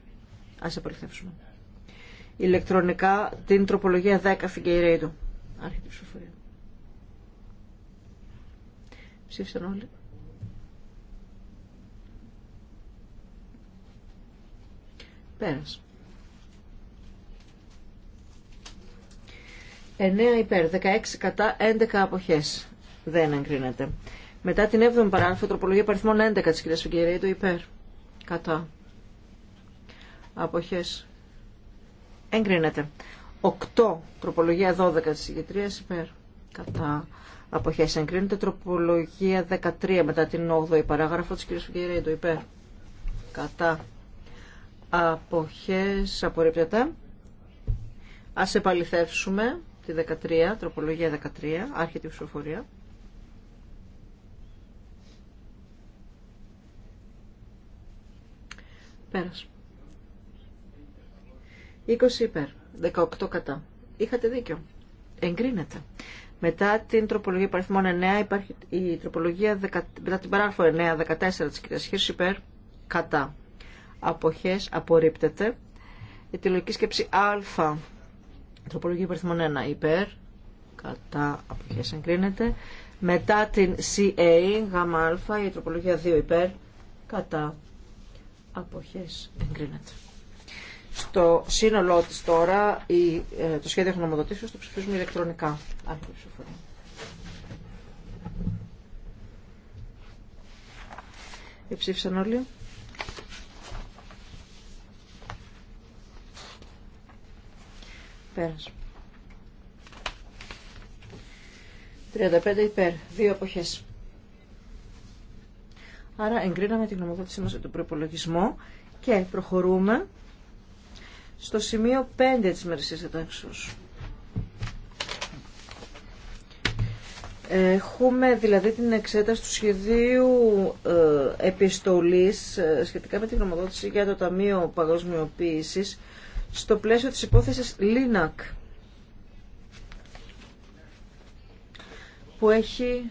Ας επαληθεύσουμε. Ηλεκτρονικά την τροπολογία 10 Φιγκεϊρέιντο. Άρχεται η ψηφοφορία. Ψήφισαν όλοι. Πέρας. 9 υπέρ, 16 κατά, 11 αποχές. Δεν εγκρίνεται. Μετά την 7η παράγραφο, τροπολογία παριθμών 11 της κυρίας το υπέρ. Κατά. Αποχές. Εγκρίνεται. 8, τροπολογία 12 της συγκεκριτρίας υπέρ. Κατά. Αποχέ. εγκρίνεται. Τροπολογία 13 μετά την 8η παράγραφο της κυρίας το υπέρ κατά Αποχέ απορρίπτεται. Α επαληθεύσουμε τη 13, τροπολογία 13, άρχεται η ψηφοφορία. Πέρας. 20 υπέρ, 18 κατά. Είχατε δίκιο. Εγκρίνεται. Μετά την τροπολογία παριθμών 9 υπάρχει η τροπολογία μετά την παράγραφο 9, 14 της κυρίας Χίρς υπέρ κατά. Αποχές απορρίπτεται. Η τηλεοπτική σκέψη α, τροπολογία παριθμών 1 υπέρ κατά. Αποχές εγκρίνεται. Μετά την CA, γάμα α, η τροπολογία 2 υπέρ κατά. Αποχές εγκρίνεται στο σύνολό τη τώρα η, ε, το σχέδιο γνωμοδοτήσεως το ψηφίζουμε ηλεκτρονικά. Υψήφισαν όλοι. Πέρας. 35 υπέρ. Δύο εποχές. Άρα εγκρίναμε τη γνωμοδότησή μας για τον προπολογισμό και προχωρούμε στο σημείο 5 της Μερσής εντάξεως. Έχουμε δηλαδή την εξέταση του σχεδίου ε, επιστολής ε, σχετικά με την γνωμοδότηση για το Ταμείο Παγκοσμιοποίησης στο πλαίσιο της υπόθεσης ΛΙΝΑΚ που έχει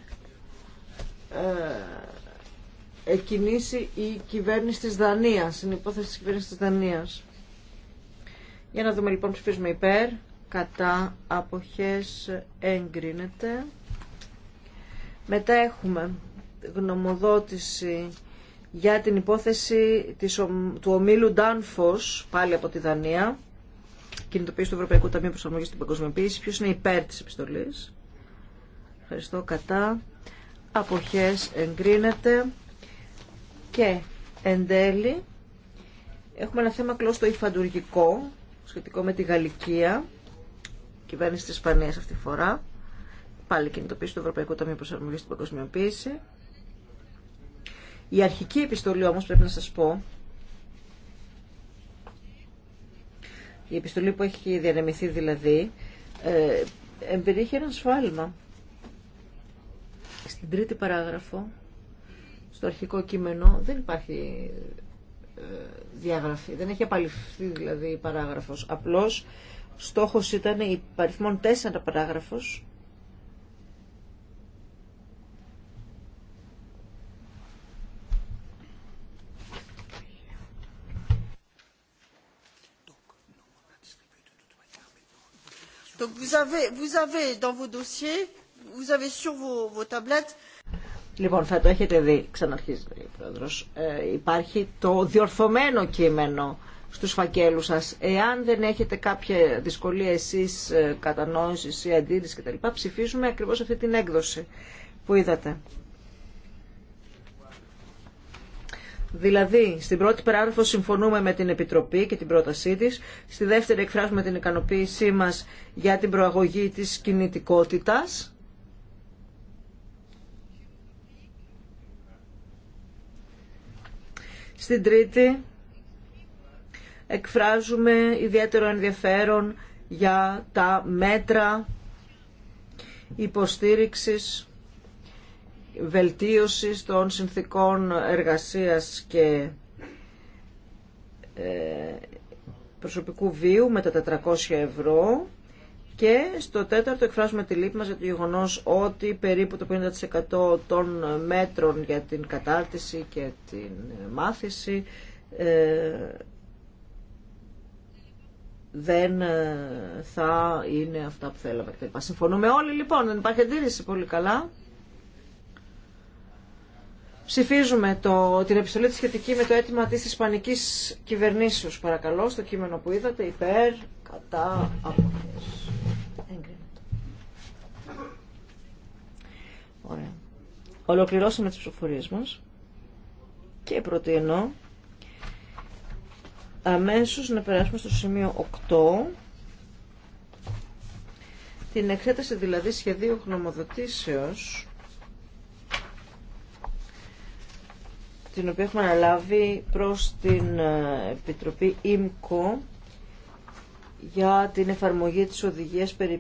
ε, εκκινήσει η κυβέρνηση της Δανίας, η υπόθεση της κυβέρνησης της Δανίας. Για να δούμε λοιπόν ψηφίζουμε υπέρ, κατά, αποχές, εγκρίνεται. Μετά έχουμε γνωμοδότηση για την υπόθεση της, του ομίλου Ντάνφος, πάλι από τη Δανία, κινητοποίηση του Ευρωπαϊκού Ταμείου Προσαρμογής στην Παγκοσμιοποίηση. Ποιος είναι υπέρ της επιστολής. Ευχαριστώ, κατά. Αποχές εγκρίνεται. Και εν τέλει έχουμε ένα θέμα κλώστο υφαντουργικό σχετικό με τη Γαλλικία, κυβέρνηση της Ισπανίας αυτή τη φορά, πάλι κινητοποίηση του Ευρωπαϊκού Ταμείου Προσαρμογής στην Παγκοσμιοποίηση. Η αρχική επιστολή όμως πρέπει να σας πω, η επιστολή που έχει διανεμηθεί δηλαδή, ε, εμπεριέχει ένα σφάλμα. Στην τρίτη παράγραφο, στο αρχικό κείμενο, δεν υπάρχει διαγραφεί. Δεν έχει απαλληφθεί δηλαδή η παράγραφος. Απλώς στόχος ήταν η παριθμόν τέσσερα παράγραφος Donc vous avez, vous avez dans vos dossiers, vous avez sur vos, vos tablettes Λοιπόν, θα το έχετε δει, ξαναρχίζει ο Πρόεδρος, ε, υπάρχει το διορθωμένο κείμενο στους φακέλους σας. Εάν δεν έχετε κάποια δυσκολία εσείς ε, κατανόησης ή αντίρρηση κτλ, ψηφίζουμε ακριβώς αυτή την έκδοση που είδατε. Δηλαδή, στην πρώτη παράγραφο συμφωνούμε με την Επιτροπή και την πρότασή της, στη δεύτερη εκφράζουμε την ικανοποίησή μας για την προαγωγή της κινητικότητας, Στην τρίτη εκφράζουμε ιδιαίτερο ενδιαφέρον για τα μέτρα υποστήριξης, βελτίωσης των συνθήκων εργασίας και ε, προσωπικού βίου με τα 400 ευρώ και στο τέταρτο εκφράζουμε τη λύπη μας για το γεγονός ότι περίπου το 50% των μέτρων για την κατάρτιση και την μάθηση ε, δεν ε, θα είναι αυτά που θέλαμε. Συμφωνούμε όλοι λοιπόν, δεν υπάρχει αντίρρηση πολύ καλά. Ψηφίζουμε το, την επιστολή τη σχετική με το αίτημα της Ισπανικής κυβερνήσεως, παρακαλώ, στο κείμενο που είδατε, υπέρ, κατά, αποχές. Ωραία. Ολοκληρώσαμε τις ψηφοφορίες μας και προτείνω αμέσως να περάσουμε στο σημείο 8 την εξέταση δηλαδή σχεδίου γνωμοδοτήσεως την οποία έχουμε αναλάβει προς την ε, Επιτροπή ΙΜΚΟ για την εφαρμογή της οδηγίας περί Η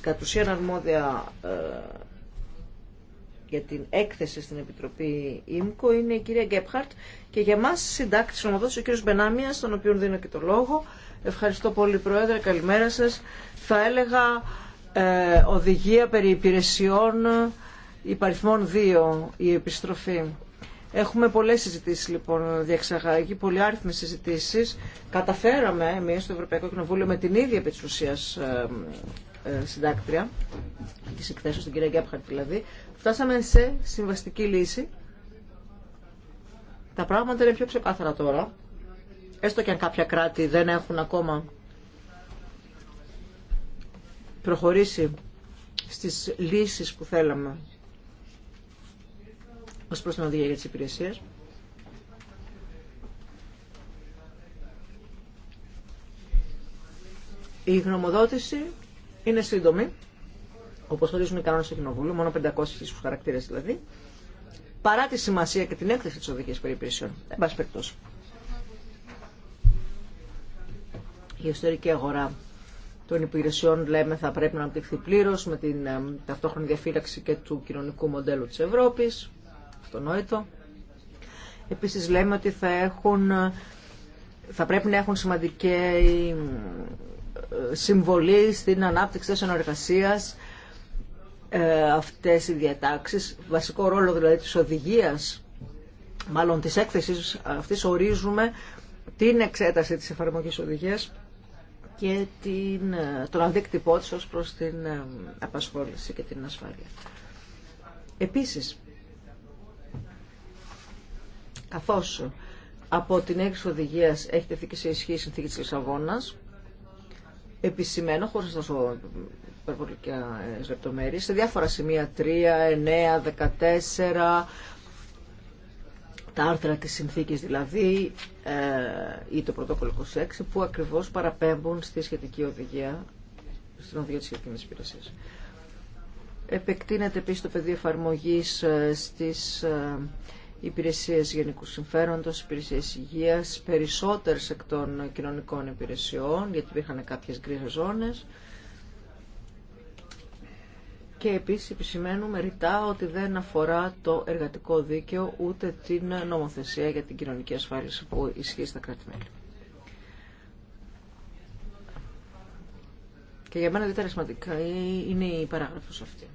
κατουσία ουσίαν αρμόδια ε, για την έκθεση στην Επιτροπή ΙΜΚΟ είναι η κυρία Γκέπχαρτ και για μας συντάκτης νομοδότης ο κύριος Μπενάμιας, τον οποίο δίνω και το λόγο. Ευχαριστώ πολύ Πρόεδρε, καλημέρα σας. Θα έλεγα ε, οδηγία περί υπηρεσιών υπαριθμών 2, η επιστροφή. Έχουμε πολλές συζητήσεις λοιπόν Διεξαγαγή, πολλοί άριθμες συζητήσεις. Καταφέραμε εμείς στο Ευρωπαϊκό Κοινοβούλιο με την ίδια επί ε, συντάκτρια τη εκθέσεω, την κυρία Γκέπχαρτ δηλαδή, φτάσαμε σε συμβαστική λύση. Τα πράγματα είναι πιο ξεκάθαρα τώρα, έστω και αν κάποια κράτη δεν έχουν ακόμα προχωρήσει στις λύσεις που θέλαμε ως προς την οδηγία για τις υπηρεσίες. Η γνωμοδότηση είναι σύντομη, όπως ορίζουν οι κανόνες του Κοινοβουλίου, μόνο 500 ίσου χαρακτήρες δηλαδή, παρά τη σημασία και την έκθεση τη οδική περιπτώσεων. Εν πάση περιπτώσει. Η ιστορική αγορά των υπηρεσιών, λέμε, θα πρέπει να αναπτυχθεί πλήρω με την ταυτόχρονη διαφύλαξη και του κοινωνικού μοντέλου τη Ευρώπης. Αυτονόητο. Επίσης λέμε ότι θα, έχουν, θα πρέπει να έχουν σημαντική συμβολή στην ανάπτυξη θέσεων εργασία ε, αυτές οι διατάξεις, βασικό ρόλο δηλαδή της οδηγίας, μάλλον της έκθεσης αυτής ορίζουμε την εξέταση της εφαρμογής οδηγίας και την, ε, τον αντίκτυπό της ως προς την ε, απασχόληση και την ασφάλεια. Επίσης, καθώς από την έξοδο οδηγίας έχει τεθεί και σε ισχύ η συνθήκη της Λισαβόνας, επισημένω, χωρίς σου υπερβολικές ε, λεπτομέρειες, σε διάφορα σημεία 3, 9, 14, τα άρθρα της συνθήκης δηλαδή ε, ή το πρωτόκολλο 26 που ακριβώς παραπέμπουν στη σχετική οδηγία, στην οδηγία της σχετικής υπηρεσίας. Επεκτείνεται επίσης το πεδίο εφαρμογής ε, στις Υπηρεσίε γενικού συμφέροντος, υπηρεσίε υγεία περισσότερες εκ των κοινωνικών υπηρεσιών, γιατί υπήρχαν κάποιες γκρίζες ζώνες. Και επίσης επισημαίνουμε ρητά ότι δεν αφορά το εργατικό δίκαιο ούτε την νομοθεσία για την κοινωνική ασφάλιση που ισχύει στα κράτη-μέλη. Και για μένα είναι σημαντικά είναι η παράγραφος αυτή.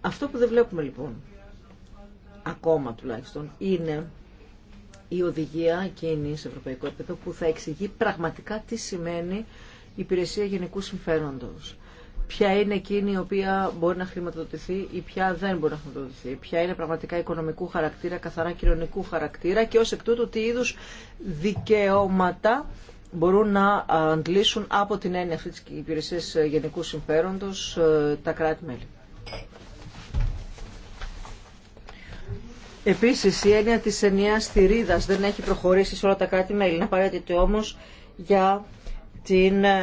Αυτό που δεν βλέπουμε λοιπόν ακόμα τουλάχιστον, είναι η οδηγία εκείνη σε ευρωπαϊκό επίπεδο που θα εξηγεί πραγματικά τι σημαίνει η υπηρεσία γενικού συμφέροντος. Ποια είναι εκείνη η οποία μπορεί να χρηματοδοτηθεί ή ποια δεν μπορεί να χρηματοδοτηθεί. Ποια είναι πραγματικά οικονομικού χαρακτήρα, καθαρά κοινωνικού χαρακτήρα και ως εκ τούτου τι είδους δικαιώματα μπορούν να αντλήσουν από την έννοια αυτής της υπηρεσίας γενικού συμφέροντος ε, τα κράτη-μέλη. Επίση, η έννοια τη ενιαία θηρίδα δεν έχει προχωρήσει σε όλα τα κράτη-μέλη. Είναι απαραίτητη όμω για την ε,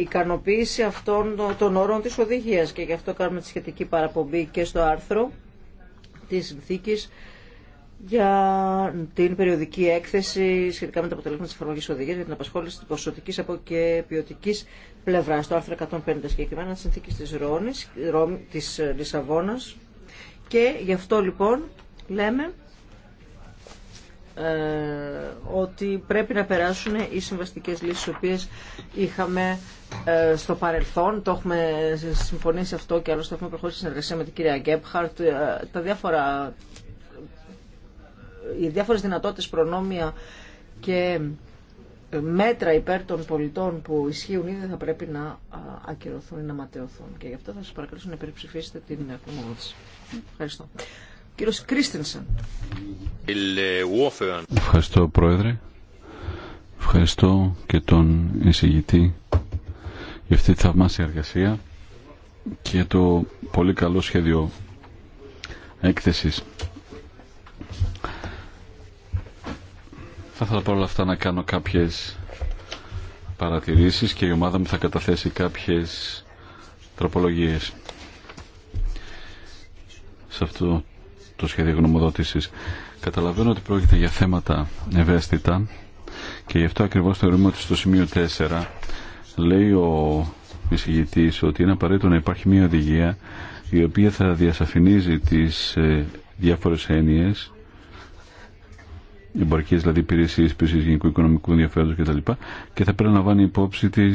ικανοποίηση αυτών των όρων τη οδηγία. και γι' αυτό κάνουμε τη σχετική παραπομπή και στο άρθρο τη συνθήκη για την περιοδική έκθεση σχετικά με τα αποτελέσματα τη εφαρμογή οδηγία, για την απασχόληση τη ποσοτική από και ποιοτική πλευρά, Στο άρθρο 150 συγκεκριμένα τη συνθήκη τη Ρώνης, της Λισαβόνα. και γι' αυτό λοιπόν λέμε ε, ότι πρέπει να περάσουν οι συμβαστικές λύσεις οι οποίες είχαμε ε, στο παρελθόν το έχουμε συμφωνήσει αυτό και άλλωστε έχουμε προχωρήσει συνεργασία με την κυρία Γκέπχαρτ ε, τα διάφορα οι διάφορες δυνατότητες προνόμια και μέτρα υπέρ των πολιτών που ισχύουν ήδη θα πρέπει να ακυρωθούν ή να ματαιωθούν και γι' αυτό θα σας παρακαλώ να υπερψηφίσετε την απομόνωση. Ευχαριστώ κύριος Ευχαριστώ Πρόεδρε. Ευχαριστώ και τον εισηγητή για αυτή τη θαυμάσια εργασία και το πολύ καλό σχέδιο έκθεσης. Θα ήθελα όλα αυτά να κάνω κάποιες παρατηρήσεις και η ομάδα μου θα καταθέσει κάποιες τροπολογίες. Σε αυτό το σχέδιο γνωμοδότησης. Καταλαβαίνω ότι πρόκειται για θέματα ευαίσθητα και γι' αυτό ακριβώς θεωρούμε ότι στο σημείο 4 λέει ο εισηγητής ότι είναι απαραίτητο να υπάρχει μια οδηγία η οποία θα διασαφηνίζει τις ε, διάφορες έννοιες εμπορικέ δηλαδή υπηρεσίε, υπηρεσίε γενικού οικονομικού ενδιαφέροντο κτλ. Και θα πρέπει να λαμβάνει υπόψη τη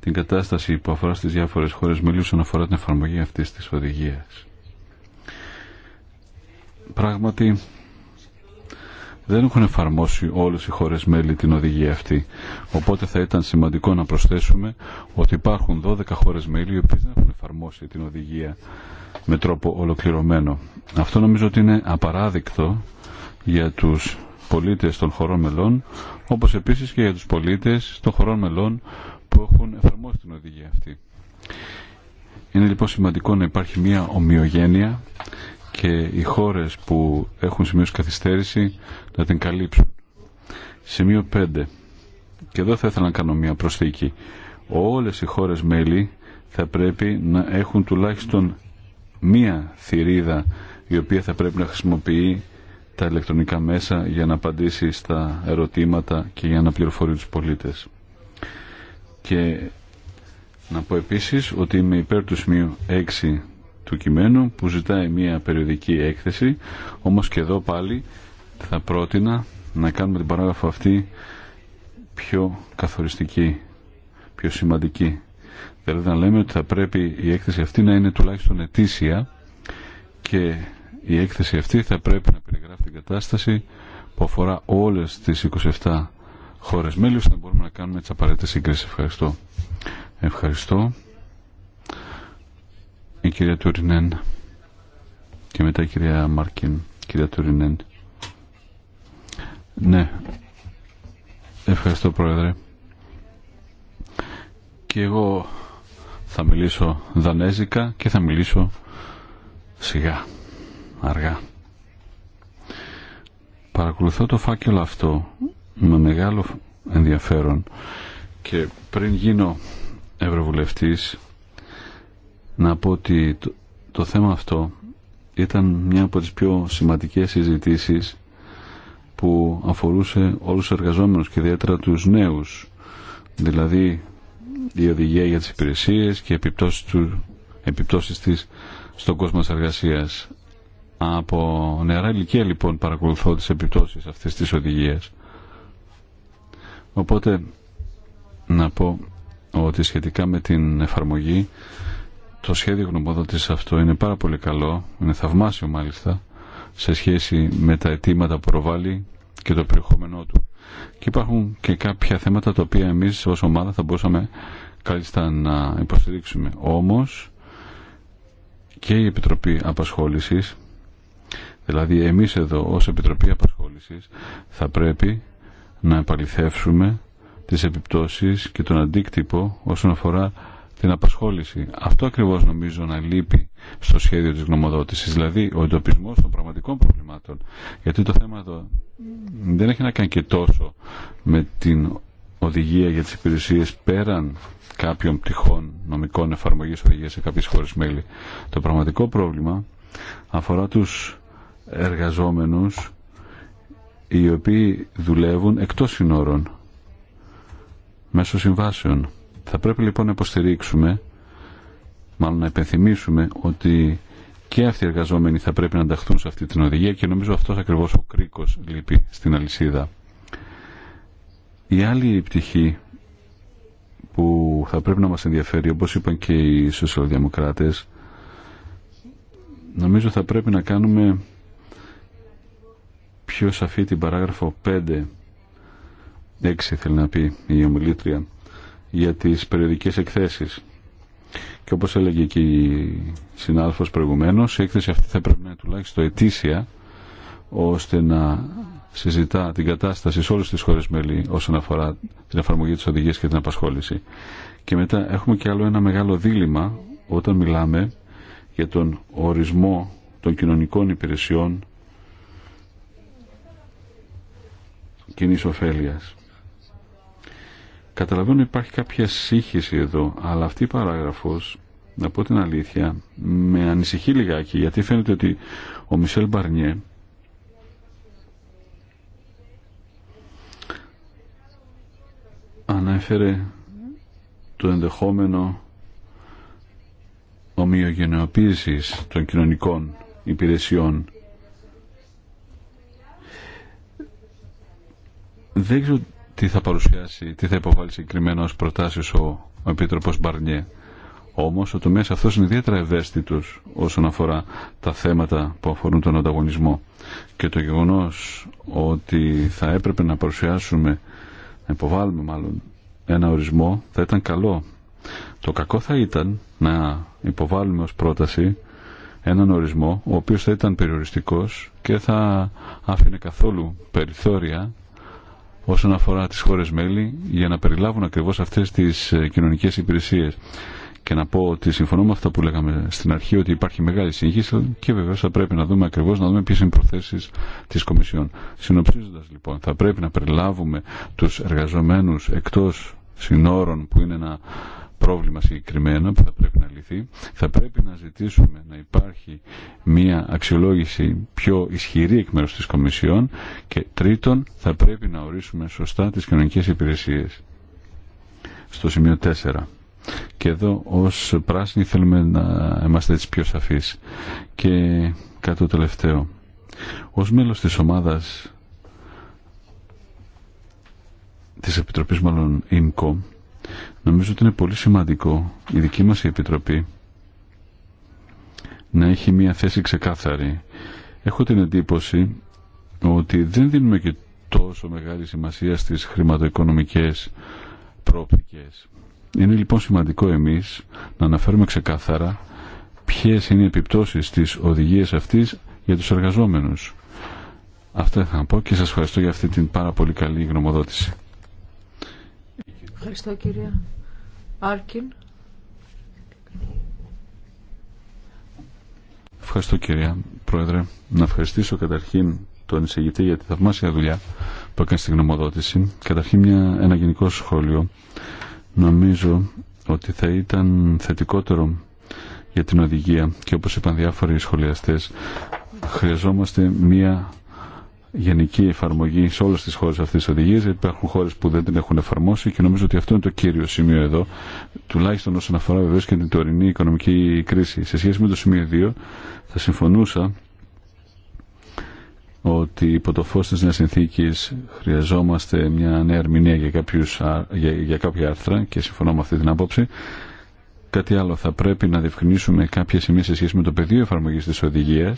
την κατάσταση που αφορά στι διάφορε χώρε μελίου όσον αφορά την εφαρμογή αυτή τη οδηγία πράγματι δεν έχουν εφαρμόσει όλες οι χώρες μέλη την οδηγία αυτή. Οπότε θα ήταν σημαντικό να προσθέσουμε ότι υπάρχουν 12 χώρες μέλη οι οποίες δεν έχουν εφαρμόσει την οδηγία με τρόπο ολοκληρωμένο. Αυτό νομίζω ότι είναι απαράδεικτο για τους πολίτες των χωρών μελών, όπως επίσης και για τους πολίτες των χωρών μελών που έχουν εφαρμόσει την οδηγία αυτή. Είναι λοιπόν σημαντικό να υπάρχει μια ομοιογένεια και οι χώρες που έχουν σημείωση καθυστέρηση να την καλύψουν. Σημείο 5. Και εδώ θα ήθελα να κάνω μια προσθήκη. Όλες οι χώρες μέλη θα πρέπει να έχουν τουλάχιστον μία θηρίδα η οποία θα πρέπει να χρησιμοποιεί τα ηλεκτρονικά μέσα για να απαντήσει στα ερωτήματα και για να πληροφορεί τους πολίτες. Και να πω επίσης ότι είμαι υπέρ του σημείου 6 του που ζητάει μια περιοδική έκθεση όμως και εδώ πάλι θα πρότεινα να κάνουμε την παράγραφο αυτή πιο καθοριστική πιο σημαντική δηλαδή να λέμε ότι θα πρέπει η έκθεση αυτή να είναι τουλάχιστον ετήσια και η έκθεση αυτή θα πρέπει να περιγράφει την κατάσταση που αφορά όλες τις 27 χώρες μέλη ώστε να μπορούμε να κάνουμε τις απαραίτητες σύγκρισεις. Ευχαριστώ. Ευχαριστώ η κυρία Τουρινέν και μετά η κυρία Μάρκιν, κυρία Τουρινέν. Ναι, ευχαριστώ πρόεδρε. Και εγώ θα μιλήσω δανέζικα και θα μιλήσω σιγά, αργά. Παρακολουθώ το φάκελο αυτό με μεγάλο ενδιαφέρον και πριν γίνω ευρωβουλευτής να πω ότι το, θέμα αυτό ήταν μια από τις πιο σημαντικές συζητήσεις που αφορούσε όλους τους εργαζόμενους και ιδιαίτερα τους νέους δηλαδή η οδηγία για τις υπηρεσίες και επιπτώσεις, του, επιπτώσεις της στον κόσμο της εργασίας από νεαρά ηλικία λοιπόν παρακολουθώ τις επιπτώσεις αυτής της οδηγίας οπότε να πω ότι σχετικά με την εφαρμογή το σχέδιο γνωμοδότησης αυτό είναι πάρα πολύ καλό, είναι θαυμάσιο μάλιστα, σε σχέση με τα αιτήματα που προβάλλει και το περιεχόμενό του. Και υπάρχουν και κάποια θέματα τα οποία εμείς ως ομάδα θα μπορούσαμε κάλλιστα να υποστηρίξουμε. Όμως και η Επιτροπή Απασχόλησης, δηλαδή εμείς εδώ ως Επιτροπή Απασχόλησης θα πρέπει να επαληθεύσουμε τις επιπτώσεις και τον αντίκτυπο όσον αφορά την απασχόληση. Αυτό ακριβώς νομίζω να λείπει στο σχέδιο της γνωμοδότησης, δηλαδή ο εντοπισμός των πραγματικών προβλημάτων. Γιατί το θέμα εδώ δεν έχει να κάνει και τόσο με την οδηγία για τις υπηρεσίες πέραν κάποιων πτυχών νομικών εφαρμογής οδηγίας σε κάποιες χώρες μέλη. Το πραγματικό πρόβλημα αφορά τους εργαζόμενους οι οποίοι δουλεύουν εκτός συνόρων μέσω συμβάσεων. Θα πρέπει λοιπόν να υποστηρίξουμε, μάλλον να υπενθυμίσουμε ότι και αυτοί οι εργαζόμενοι θα πρέπει να ανταχθούν σε αυτή την οδηγία και νομίζω αυτός ακριβώς ο κρίκος λείπει στην αλυσίδα. Η άλλη πτυχή που θα πρέπει να μας ενδιαφέρει, όπως είπαν και οι σοσιαλδημοκράτες, νομίζω θα πρέπει να κάνουμε πιο σαφή την παράγραφο 5, 6 θέλει να πει η ομιλήτρια, για τις περιοδικές εκθέσεις. Και όπως έλεγε και η συνάδελφος προηγουμένως, η έκθεση αυτή θα πρέπει να είναι τουλάχιστον ετήσια, ώστε να συζητά την κατάσταση σε όλες τις χώρες μέλη όσον αφορά την εφαρμογή της οδηγίας και την απασχόληση. Και μετά έχουμε και άλλο ένα μεγάλο δίλημα όταν μιλάμε για τον ορισμό των κοινωνικών υπηρεσιών κοινής ωφέλεια. Καταλαβαίνω υπάρχει κάποια σύγχυση εδώ, αλλά αυτή η παράγραφος, να πω την αλήθεια, με ανησυχεί λιγάκι, γιατί φαίνεται ότι ο Μισελ Μπαρνιέ ανέφερε το ενδεχόμενο ομοιογενεοποίησης των κοινωνικών υπηρεσιών. Δεν ξέρω τι θα παρουσιάσει, τι θα υποβάλει συγκεκριμένα ω προτάσει ο, ο Επίτροπος Μπαρνιέ. Όμως ο τομέα αυτό είναι ιδιαίτερα ευαίσθητο όσον αφορά τα θέματα που αφορούν τον ανταγωνισμό. Και το γεγονό ότι θα έπρεπε να παρουσιάσουμε, να υποβάλουμε μάλλον ένα ορισμό θα ήταν καλό. Το κακό θα ήταν να υποβάλουμε ως πρόταση έναν ορισμό ο οποίος θα ήταν περιοριστικός και θα άφηνε καθόλου περιθώρια όσον αφορά τις χώρες μέλη για να περιλάβουν ακριβώς αυτές τις ε, κοινωνικές υπηρεσίες. Και να πω ότι συμφωνώ με αυτό που λέγαμε στην αρχή ότι υπάρχει μεγάλη σύγχυση και βεβαίω θα πρέπει να δούμε ακριβώ να δούμε ποιε είναι οι προθέσει τη Κομισιόν. Συνοψίζοντα λοιπόν, θα πρέπει να περιλάβουμε του εργαζομένου εκτό συνόρων που είναι ένα πρόβλημα συγκεκριμένα που θα πρέπει να λυθεί. Θα πρέπει να ζητήσουμε να υπάρχει μια αξιολόγηση πιο ισχυρή εκ μέρους της Κομισιόν και τρίτον θα πρέπει να ορίσουμε σωστά τις κοινωνικές υπηρεσίες. Στο σημείο 4. Και εδώ ως πράσινοι θέλουμε να είμαστε έτσι πιο σαφείς. Και κάτι το τελευταίο. Ως μέλος της ομάδας της Επιτροπής μάλλον ΙΜΚΟ Νομίζω ότι είναι πολύ σημαντικό η δική μας Επιτροπή να έχει μια θέση ξεκάθαρη. Έχω την εντύπωση ότι δεν δίνουμε και τόσο μεγάλη σημασία στις χρηματοοικονομικές προοπτικές. Είναι λοιπόν σημαντικό εμείς να αναφέρουμε ξεκάθαρα ποιες είναι οι επιπτώσεις της οδηγίας αυτής για τους εργαζόμενους. Αυτά θα πω και σας ευχαριστώ για αυτή την πάρα πολύ καλή γνωμοδότηση. Ευχαριστώ Άρκιν. Ευχαριστώ κυρία Πρόεδρε. Να ευχαριστήσω καταρχήν τον εισηγητή για τη θαυμάσια δουλειά που έκανε στην γνωμοδότηση. Καταρχήν μια, ένα γενικό σχόλιο. Νομίζω ότι θα ήταν θετικότερο για την οδηγία και όπως είπαν διάφοροι σχολιαστές χρειαζόμαστε μια γενική εφαρμογή σε όλε τι χώρε αυτής τη οδηγία, υπάρχουν χώρε που δεν την έχουν εφαρμόσει και νομίζω ότι αυτό είναι το κύριο σημείο εδώ τουλάχιστον όσον αφορά βεβαίω και την τωρινή οικονομική κρίση. Σε σχέση με το σημείο 2 θα συμφωνούσα ότι υπό το φως της νέας συνθήκης χρειαζόμαστε μια νέα ερμηνεία για, κάποιους, για, για κάποια άρθρα και συμφωνώ με αυτή την άποψη Κάτι άλλο, θα πρέπει να διευκρινίσουμε κάποια σημεία σε σχέση με το πεδίο εφαρμογή τη οδηγία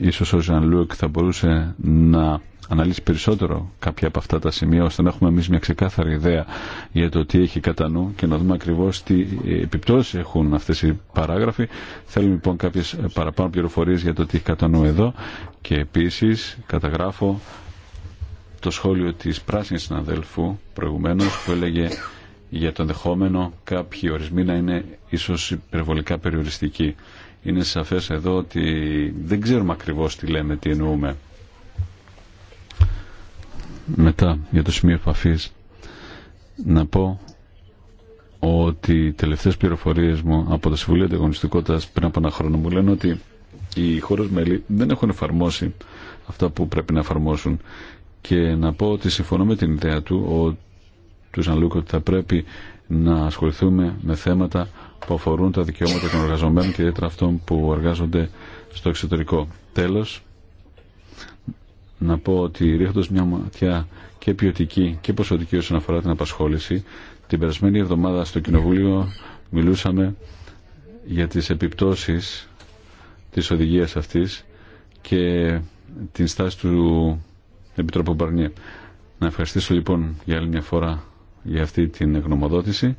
Ίσως ο Ζαν θα μπορούσε να αναλύσει περισσότερο κάποια από αυτά τα σημεία ώστε να έχουμε εμεί μια ξεκάθαρη ιδέα για το τι έχει κατά νου και να δούμε ακριβώ τι επιπτώσει έχουν αυτέ οι παράγραφοι. Θέλουμε λοιπόν κάποιε παραπάνω πληροφορίε για το τι έχει κατά νου εδώ και επίση καταγράφω το σχόλιο τη πράσινη συναδέλφου προηγουμένω που έλεγε για το ενδεχόμενο κάποιοι ορισμοί να είναι ίσω υπερβολικά περιοριστικοί είναι σαφές εδώ ότι δεν ξέρουμε ακριβώς τι λέμε, τι εννοούμε. Μετά, για το σημείο επαφή να πω ότι οι τελευταίες πληροφορίες μου από το Συμβουλίο Ανταγωνιστικότητας πριν από ένα χρόνο μου λένε ότι οι χώρες μέλη δεν έχουν εφαρμόσει αυτά που πρέπει να εφαρμόσουν και να πω ότι συμφωνώ με την ιδέα του ο, του ότι θα πρέπει να ασχοληθούμε με θέματα που αφορούν τα δικαιώματα των εργαζομένων και ιδιαίτερα αυτών που εργάζονται στο εξωτερικό. Τέλος, να πω ότι ρίχνοντα μια ματιά και ποιοτική και ποσοτική όσον αφορά την απασχόληση, την περασμένη εβδομάδα στο Κοινοβούλιο μιλούσαμε για τις επιπτώσεις της οδηγίας αυτής και την στάση του Επιτρόπου Μπαρνιέ. Να ευχαριστήσω λοιπόν για άλλη μια φορά για αυτή την γνωμοδότηση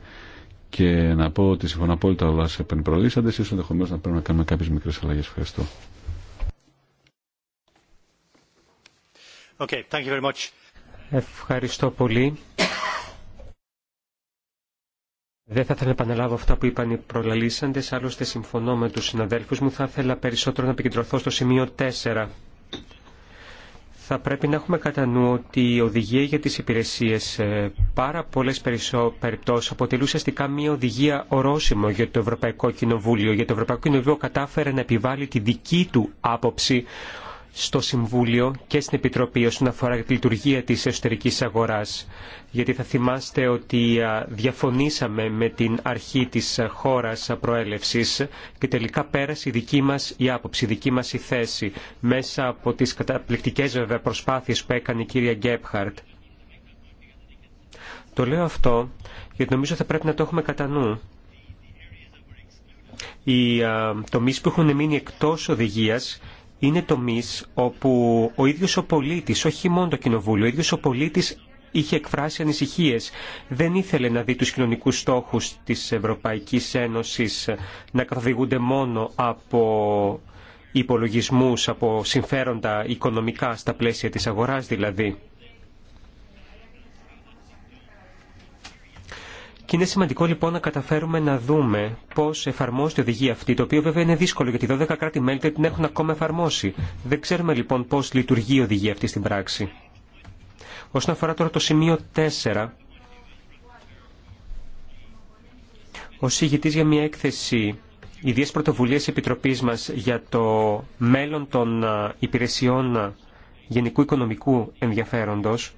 και να πω ότι συμφωνώ απόλυτα όλα σε επενπρολύσαντες ίσως ενδεχομένω να πρέπει να κάνουμε κάποιε μικρές αλλαγές. Ευχαριστώ. Okay, thank you very much. Ευχαριστώ πολύ. Δεν θα ήθελα να επαναλάβω αυτά που είπαν οι προλαλήσαντες, άλλωστε συμφωνώ με τους συναδέλφους μου. Θα ήθελα περισσότερο να επικεντρωθώ στο σημείο 4 θα πρέπει να έχουμε κατά νου ότι η οδηγία για τις υπηρεσίες ε, πάρα πολλές περιπτώσεις αποτελεί ουσιαστικά μια οδηγία ορόσημο για το Ευρωπαϊκό Κοινοβούλιο. Για το Ευρωπαϊκό Κοινοβούλιο κατάφερε να επιβάλλει τη δική του άποψη στο Συμβούλιο και στην Επιτροπή όσον αφορά τη λειτουργία της εσωτερικής αγοράς. Γιατί θα θυμάστε ότι διαφωνήσαμε με την αρχή της χώρας προέλευσης και τελικά πέρασε η δική μας η άποψη, η δική μας η θέση μέσα από τις καταπληκτικές βέβαια προσπάθειες που έκανε η κυρία Γκέπχαρτ. Το λέω αυτό γιατί νομίζω θα πρέπει να το έχουμε κατά νου. Οι τομείς που έχουν μείνει εκτός οδηγίας είναι τομεί όπου ο ίδιος ο πολίτης, όχι μόνο το κοινοβούλιο, ο ίδιος ο πολίτης είχε εκφράσει ανησυχίες. Δεν ήθελε να δει τους κοινωνικού στόχου της Ευρωπαϊκής Ένωσης να καθοδηγούνται μόνο από υπολογισμού, από συμφέροντα οικονομικά στα πλαίσια της αγοράς δηλαδή. Και είναι σημαντικό λοιπόν να καταφέρουμε να δούμε πώ εφαρμόζεται η οδηγία αυτή, το οποίο βέβαια είναι δύσκολο γιατί 12 κράτη-μέλη δεν την έχουν ακόμα εφαρμόσει. Δεν ξέρουμε λοιπόν πώ λειτουργεί η οδηγία αυτή στην πράξη. Όσον αφορά τώρα το σημείο 4, ο συγητής για μια έκθεση ιδίας πρωτοβουλίες Επιτροπής μας για το μέλλον των υπηρεσιών γενικού οικονομικού ενδιαφέροντος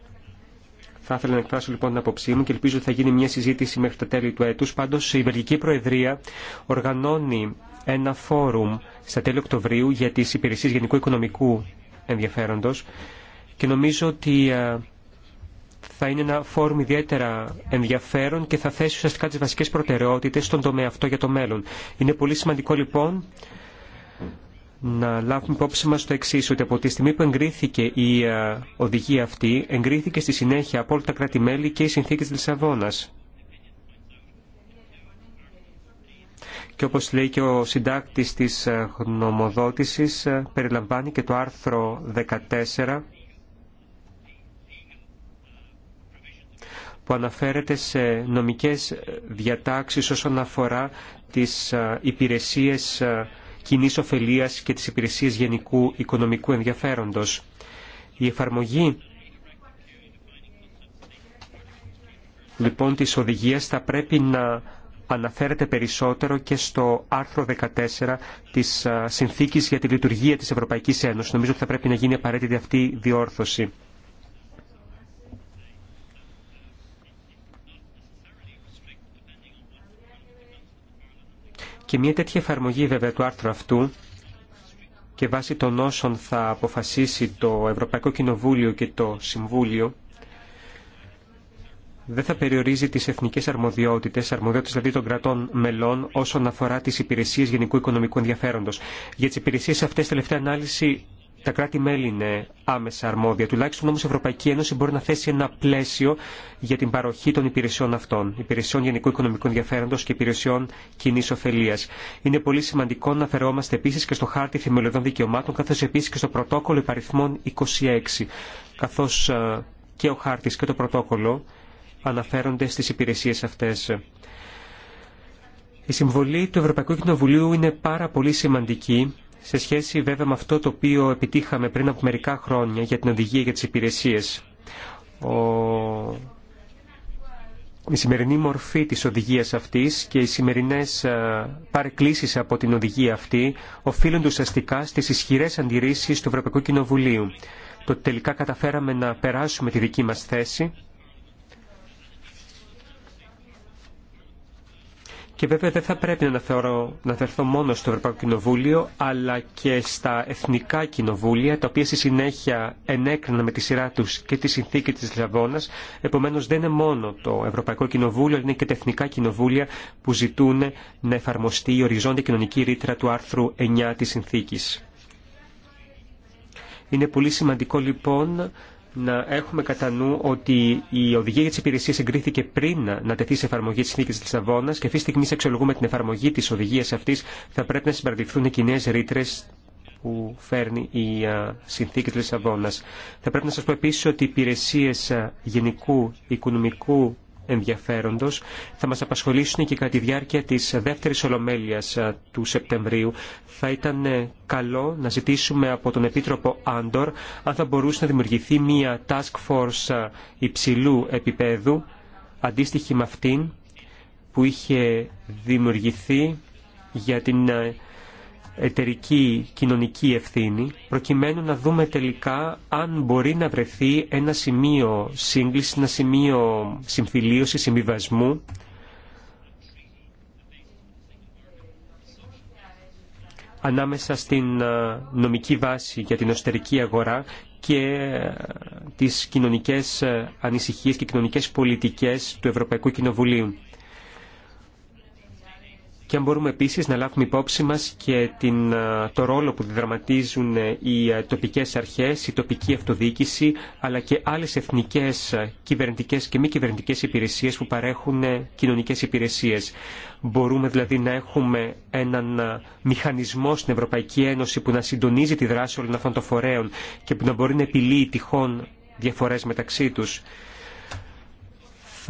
θα ήθελα να εκφράσω λοιπόν την άποψή μου και ελπίζω ότι θα γίνει μια συζήτηση μέχρι τα τέλη του έτου. Πάντω, η Βελγική Προεδρία οργανώνει ένα φόρουμ στα τέλη Οκτωβρίου για τι υπηρεσίε γενικού οικονομικού ενδιαφέροντο και νομίζω ότι ε, θα είναι ένα φόρουμ ιδιαίτερα ενδιαφέρον και θα θέσει ουσιαστικά τι βασικέ προτεραιότητε στον τομέα αυτό για το μέλλον. Είναι πολύ σημαντικό λοιπόν να λάβουμε υπόψη μας το εξή ότι από τη στιγμή που εγκρίθηκε η ε, οδηγία αυτή, εγκρίθηκε στη συνέχεια από όλα τα κράτη-μέλη και η συνθήκη της Λισαβόνας. Και όπως λέει και ο συντάκτης της ε, νομοδότησης ε, περιλαμβάνει και το άρθρο 14, που αναφέρεται σε νομικές διατάξεις όσον αφορά τις υπηρεσίες κοινή ωφελία και τι υπηρεσίε γενικού οικονομικού ενδιαφέροντος. Η εφαρμογή λοιπόν της οδηγίας θα πρέπει να αναφέρεται περισσότερο και στο άρθρο 14 της Συνθήκης για τη Λειτουργία της Ευρωπαϊκής Ένωσης. Νομίζω ότι θα πρέπει να γίνει απαραίτητη αυτή η διόρθωση. Και μια τέτοια εφαρμογή βέβαια του άρθρου αυτού και βάσει των όσων θα αποφασίσει το Ευρωπαϊκό Κοινοβούλιο και το Συμβούλιο δεν θα περιορίζει τις εθνικές αρμοδιότητες, αρμοδιότητες δηλαδή των κρατών μελών όσον αφορά τις υπηρεσίες γενικού οικονομικού ενδιαφέροντος. Για τις υπηρεσίες αυτές τελευταία ανάλυση τα κράτη-μέλη είναι άμεσα αρμόδια. Τουλάχιστον όμω η Ευρωπαϊκή Ένωση μπορεί να θέσει ένα πλαίσιο για την παροχή των υπηρεσιών αυτών, υπηρεσιών γενικού οικονομικού ενδιαφέροντο και υπηρεσιών κοινή ωφελία. Είναι πολύ σημαντικό να φερόμαστε επίση και στο χάρτη θεμελιωδών δικαιωμάτων, καθώ επίση και στο πρωτόκολλο υπαριθμών 26, καθώ ε, και ο χάρτη και το πρωτόκολλο αναφέρονται στι υπηρεσίε αυτέ. Η συμβολή του Ευρωπαϊκού Κοινοβουλίου είναι πάρα πολύ σημαντική σε σχέση βέβαια με αυτό το οποίο επιτύχαμε πριν από μερικά χρόνια για την οδηγία για τις υπηρεσίες. Ο... Η σημερινή μορφή της οδηγίας αυτής και οι σημερινές ε, παρεκκλήσεις από την οδηγία αυτή οφείλονται ουσιαστικά στις ισχυρές αντιρρήσεις του Ευρωπαϊκού Κοινοβουλίου. Το τελικά καταφέραμε να περάσουμε τη δική μας θέση Και βέβαια δεν θα πρέπει να, θεωρώ να αναφερθώ μόνο στο Ευρωπαϊκό Κοινοβούλιο, αλλά και στα εθνικά κοινοβούλια, τα οποία στη συνέχεια ενέκριναν με τη σειρά του και τη συνθήκη τη Λαβόνα. Επομένω, δεν είναι μόνο το Ευρωπαϊκό Κοινοβούλιο, αλλά είναι και τα εθνικά κοινοβούλια που ζητούν να εφαρμοστεί η οριζόντια κοινωνική ρήτρα του άρθρου 9 τη συνθήκη. Είναι πολύ σημαντικό λοιπόν να έχουμε κατά νου ότι η οδηγία για τι υπηρεσίε εγκρίθηκε πριν να τεθεί σε εφαρμογή τη συνθήκη τη Λισαβόνα και αυτή τη στιγμή σε αξιολογούμε την εφαρμογή τη οδηγία αυτή θα πρέπει να συμπαραδειχθούν οι κοινέ ρήτρε που φέρνει η συνθήκη τη Λισαβόνα. Θα πρέπει να σα πω επίση ότι οι υπηρεσίε γενικού οικονομικού ενδιαφέροντος θα μας απασχολήσουν και κατά τη διάρκεια της δεύτερης ολομέλειας ε, του Σεπτεμβρίου. Θα ήταν ε, καλό να ζητήσουμε από τον Επίτροπο Άντορ αν θα μπορούσε να δημιουργηθεί μια task force ε, υψηλού επίπεδου αντίστοιχη με αυτήν που είχε δημιουργηθεί για την εταιρική κοινωνική ευθύνη, προκειμένου να δούμε τελικά αν μπορεί να βρεθεί ένα σημείο σύγκληση, ένα σημείο συμφιλίωση, συμβιβασμού, ανάμεσα στην νομική βάση για την εσωτερική αγορά και τις κοινωνικές ανησυχίες και κοινωνικές πολιτικές του Ευρωπαϊκού Κοινοβουλίου και αν μπορούμε επίσης να λάβουμε υπόψη μας και την, το ρόλο που διδραματίζουν ε, οι ε, τοπικές αρχές, η τοπική αυτοδιοίκηση, αλλά και άλλες εθνικές ε, κυβερνητικές και μη κυβερνητικές υπηρεσίες που παρέχουν κοινωνικές υπηρεσίες. Μπορούμε δηλαδή να έχουμε έναν μηχανισμό στην Ευρωπαϊκή Ένωση που να συντονίζει τη δράση όλων αυτών των φορέων και που να μπορεί να επιλύει τυχόν διαφορές μεταξύ τους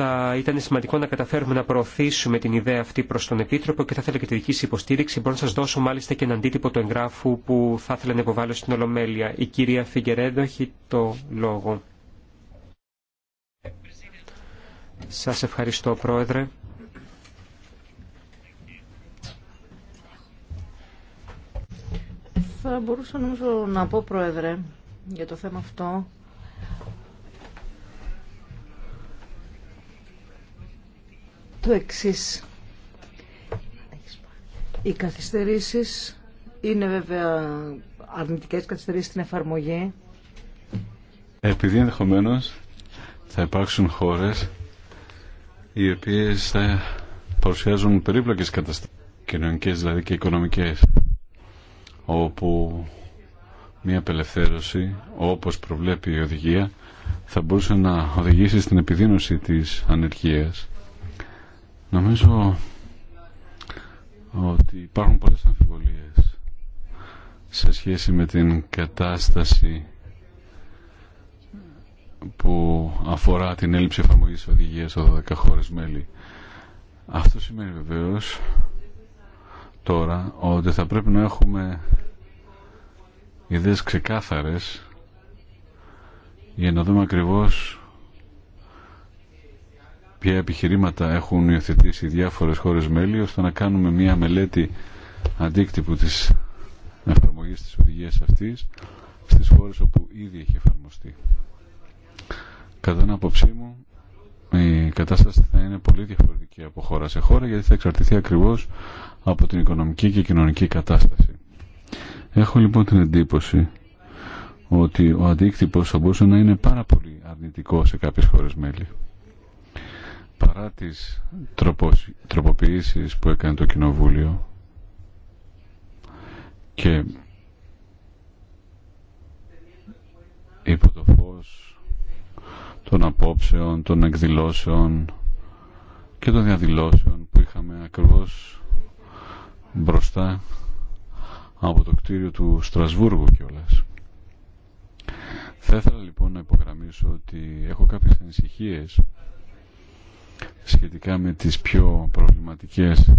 θα ήταν σημαντικό να καταφέρουμε να προωθήσουμε την ιδέα αυτή προς τον Επίτροπο και θα ήθελα και τη δική σα υποστήριξη. Μπορώ να σας δώσω μάλιστα και ένα αντίτυπο του εγγράφου που θα ήθελα να υποβάλω στην Ολομέλεια. Η κυρία Φιγκερέντο έχει το λόγο. Σας ευχαριστώ Πρόεδρε. Θα μπορούσα νομίζω να πω Πρόεδρε για το θέμα αυτό το εξής. Οι καθυστερήσεις είναι βέβαια αρνητικές καθυστερήσεις στην εφαρμογή. Επειδή ενδεχομένω θα υπάρξουν χώρες οι οποίες θα παρουσιάζουν περίπλοκες καταστάσεις, κοινωνικές δηλαδή και οικονομικές, όπου μια απελευθέρωση, όπως προβλέπει η οδηγία, θα μπορούσε να οδηγήσει στην επιδίνωση της ανεργίας Νομίζω ότι υπάρχουν πολλές αμφιβολίες σε σχέση με την κατάσταση που αφορά την έλλειψη εφαρμογής οδηγίας των 12 χώρες μέλη. Αυτό σημαίνει βεβαίως τώρα ότι θα πρέπει να έχουμε ιδέες ξεκάθαρες για να δούμε ακριβώς ποια επιχειρήματα έχουν υιοθετήσει οι διάφορες χώρες μέλη ώστε να κάνουμε μια μελέτη αντίκτυπου της εφαρμογής της οδηγίας αυτής στις χώρες όπου ήδη έχει εφαρμοστεί. Κατά την άποψή μου η κατάσταση θα είναι πολύ διαφορετική από χώρα σε χώρα γιατί θα εξαρτηθεί ακριβώς από την οικονομική και κοινωνική κατάσταση. Έχω λοιπόν την εντύπωση ότι ο αντίκτυπος θα μπορούσε να είναι πάρα πολύ αρνητικό σε κάποιες χώρες μέλη παρά τις τροποποιήσεις που έκανε το Κοινοβούλιο και υπό το φως των απόψεων, των εκδηλώσεων και των διαδηλώσεων που είχαμε ακριβώς μπροστά από το κτίριο του Στρασβούργου κιόλας. Θα ήθελα λοιπόν να υπογραμμίσω ότι έχω κάποιες ανησυχίες σχετικά με τις πιο προβληματικές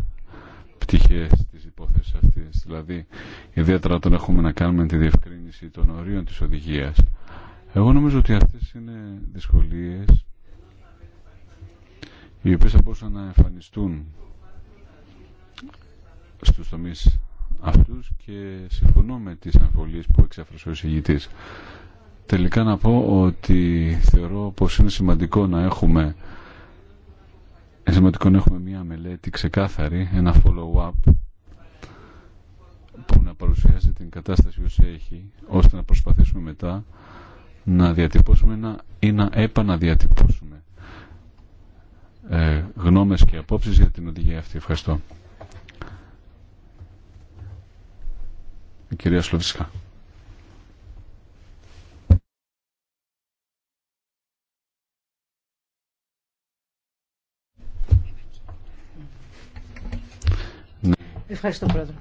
πτυχές της υπόθεσης αυτής. Δηλαδή, ιδιαίτερα όταν έχουμε να κάνουμε τη διευκρίνηση των ορίων της οδηγίας. Εγώ νομίζω ότι αυτές είναι δυσκολίες οι οποίες θα μπορούσαν να εμφανιστούν στους τομείς αυτούς και συμφωνώ με τις αμφιβολίες που εξέφρασε ο εισηγητής. Τελικά να πω ότι θεωρώ πως είναι σημαντικό να έχουμε να εχουμε έχουμε μία μελέτη ξεκάθαρη, ένα follow-up που να παρουσιάζει την κατάσταση που έχει, ώστε να προσπαθήσουμε μετά να διατυπώσουμε ή να επαναδιατυπώσουμε ε, γνώμες και απόψεις για την οδηγία αυτή. Ευχαριστώ. κυρία Σλοβισκά. Ευχαριστώ, Πρόεδρε.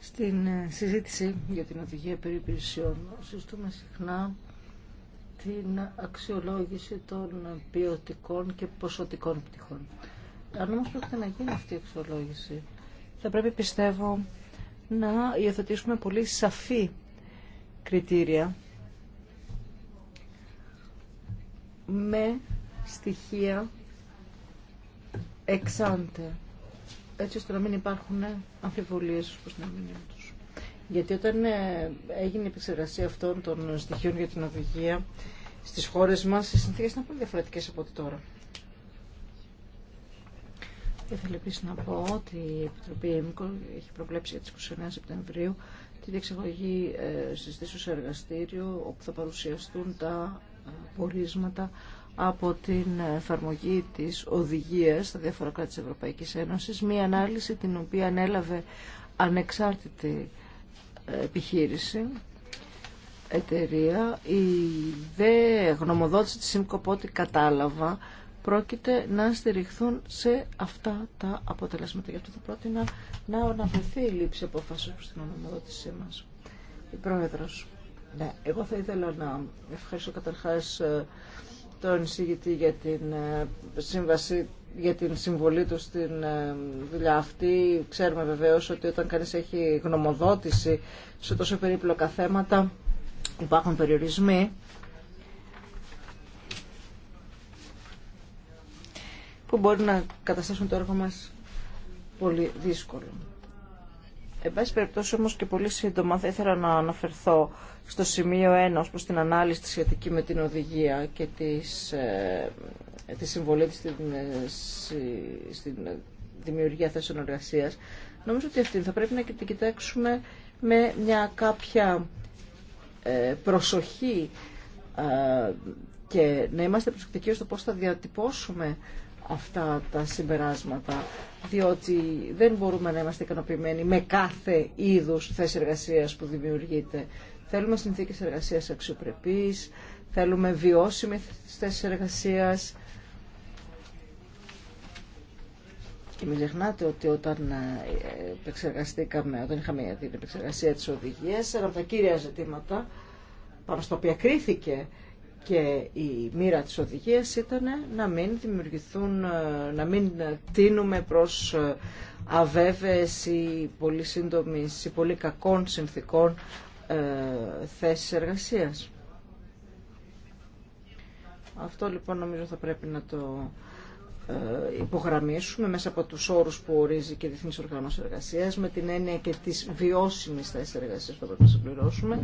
Στην ε, συζήτηση για την οδηγία περί υπηρεσιών συζητούμε συχνά την αξιολόγηση των ποιοτικών και ποσοτικών πτυχών. Αν όμως πρέπει να γίνει αυτή η αξιολόγηση, θα πρέπει πιστεύω να υιοθετήσουμε πολύ σαφή κριτήρια με στοιχεία εξάντε, έτσι ώστε να μην υπάρχουν ε, αμφιβολίες προς την Γιατί όταν ε, έγινε η επεξεργασία αυτών των στοιχείων για την οδηγία στι χώρες μας, οι συνθήκες ήταν πολύ διαφορετικές από ό,τι τώρα. Και θέλω επίση να πω ότι η Επιτροπή ΕΜΚΟ έχει προβλέψει για τις 29 Σεπτεμβρίου τη διεξαγωγή ε, συζητήσεως σε εργαστήριο όπου θα παρουσιαστούν τα πορίσματα από την εφαρμογή της οδηγίας στα διάφορα κράτη της Ευρωπαϊκής Ένωσης, μία ανάλυση την οποία ανέλαβε ανεξάρτητη ε, επιχείρηση, εταιρεία. Η δε γνωμοδότηση της ΣΥΜΚΟΠΟΤΗ κατάλαβα πρόκειται να στηριχθούν σε αυτά τα αποτελέσματα. Γι' αυτό θα πρότεινα να αναφερθεί η λήψη αποφάσεων στην γνωμοδότησή μας. Η Πρόεδρος. Ναι, εγώ θα ήθελα να ευχαριστώ καταρχάς ε, τον εισηγητή για την ε, σύμβαση για την συμβολή του στην ε, δουλειά αυτή. Ξέρουμε βεβαίως ότι όταν κανείς έχει γνωμοδότηση σε τόσο περίπλοκα θέματα υπάρχουν περιορισμοί. που μπορεί να καταστάσουν το έργο μας πολύ δύσκολο. Εν πάση περιπτώσει όμως και πολύ σύντομα θα ήθελα να αναφερθώ στο σημείο 1 ως προς την ανάλυση σχετική με την οδηγία και της, ε, τη συμβολή της στην, ε, δημιουργία θέσεων εργασία. Νομίζω ότι αυτή θα πρέπει να την κοιτάξουμε με μια κάποια ε, προσοχή και να είμαστε προσεκτικοί στο πώς θα διατυπώσουμε αυτά τα συμπεράσματα, διότι δεν μπορούμε να είμαστε ικανοποιημένοι με κάθε είδους θέση εργασίας που δημιουργείται Θέλουμε συνθήκες εργασίας αξιοπρεπείς, θέλουμε βιώσιμες θέσεις εργασίας. Και μην ξεχνάτε ότι όταν, ε, επεξεργαστήκαμε, όταν είχαμε την επεξεργασία της οδηγίας, ένα από τα κύρια ζητήματα πάνω στα οποία κρίθηκε και η μοίρα της οδηγίας ήταν να μην δημιουργηθούν, ε, να μην τίνουμε προς ε, αβέβαιες ή πολύ σύντομης ή πολύ κακών συνθήκων ε, θέσεις εργασίας. Αυτό λοιπόν νομίζω θα πρέπει να το ε, υπογραμμίσουμε μέσα από τους όρους που ορίζει και η Διεθνής Οργάνωση Εργασίας με την έννοια και της βιώσιμης θέσης εργασίας που θα πρέπει να συμπληρώσουμε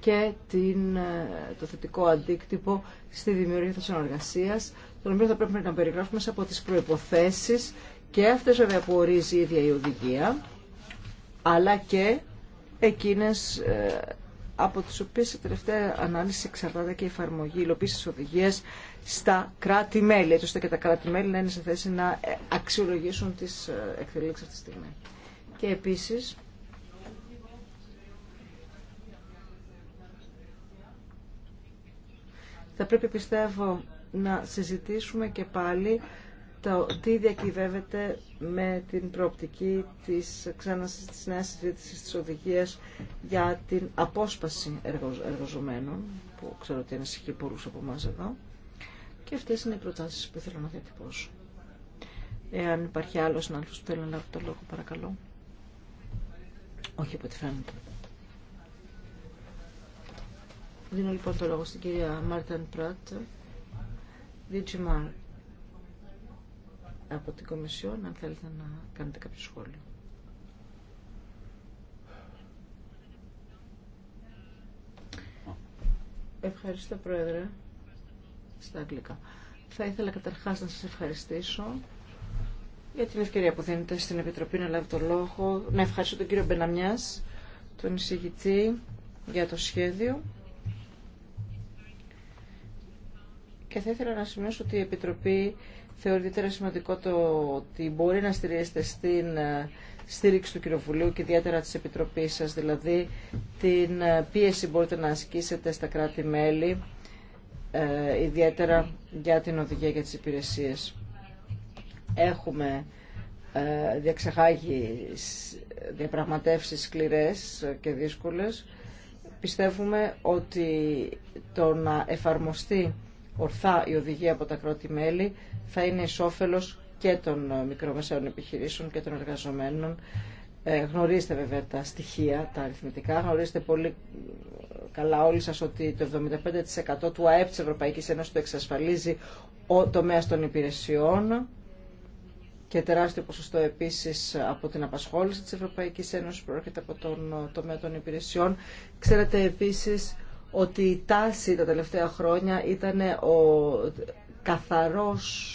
και την, ε, το θετικό αντίκτυπο στη δημιουργία θέσεων εργασίας το οποίο θα πρέπει να περιγράφουμε μέσα από τις προϋποθέσεις και αυτές βέβαια που ορίζει η ίδια η οδηγία αλλά και εκείνες ε, από τις οποίες η τελευταία ανάλυση εξαρτάται και η εφαρμογή υλοποίησης οδηγίας στα κράτη-μέλη, έτσι ώστε και τα κράτη-μέλη να είναι σε θέση να ε, αξιολογήσουν τις ε, εκτελήξεις αυτή τη στιγμή. Και επίσης, θα πρέπει πιστεύω να συζητήσουμε και πάλι το τι διακυβεύεται με την προοπτική της ξένασης της νέας συζήτησης της οδηγίας για την απόσπαση εργοζομένων, που ξέρω ότι ανησυχεί πολλούς από εμάς εδώ. Και αυτές είναι οι προτάσεις που θέλω να διατυπώσω. Εάν υπάρχει άλλος συνάδελφος που θέλει να λάβει το λόγο, παρακαλώ. Όχι από ό,τι φαίνεται. Δίνω λοιπόν το λόγο στην κυρία Μάρτεν Πράτ, Μάρτ από την Κομισιόν, αν θέλετε να κάνετε κάποιο σχόλιο. Ευχαριστώ, Πρόεδρε, στα αγγλικά. Θα ήθελα καταρχάς να σας ευχαριστήσω για την ευκαιρία που δίνετε στην Επιτροπή να λάβει το λόγο. Να ευχαριστώ τον κύριο Μπεναμιάς, τον εισηγητή, για το σχέδιο. Και θα ήθελα να σημειώσω ότι η Επιτροπή Θεωρείται σημαντικό το ότι μπορεί να στηρίζεται στην ε, στήριξη του Κοινοβουλίου και ιδιαίτερα της Επιτροπής σας, δηλαδή την ε, πίεση μπορείτε να ασκήσετε στα κράτη-μέλη, ε, ιδιαίτερα για την οδηγία για τις υπηρεσίες. Έχουμε διαξεχάγει διαπραγματεύσεις σκληρές και δύσκολες. Πιστεύουμε ότι το να εφαρμοστεί ορθά η οδηγία από τα κράτη-μέλη θα είναι εις όφελος και των ε, μικρομεσαίων επιχειρήσεων και των εργαζομένων. Ε, γνωρίζετε βέβαια τα στοιχεία, τα αριθμητικά. Γνωρίζετε πολύ ε, καλά όλοι σας ότι το 75% του ΑΕΠ της Ευρωπαϊκής Ένωσης το εξασφαλίζει ο τομέας των υπηρεσιών και τεράστιο ποσοστό επίσης από την απασχόληση της Ευρωπαϊκής Ένωσης προέρχεται από τον τομέα των υπηρεσιών. Ξέρετε επίσης ότι η τάση τα τελευταία χρόνια ήταν ο καθαρός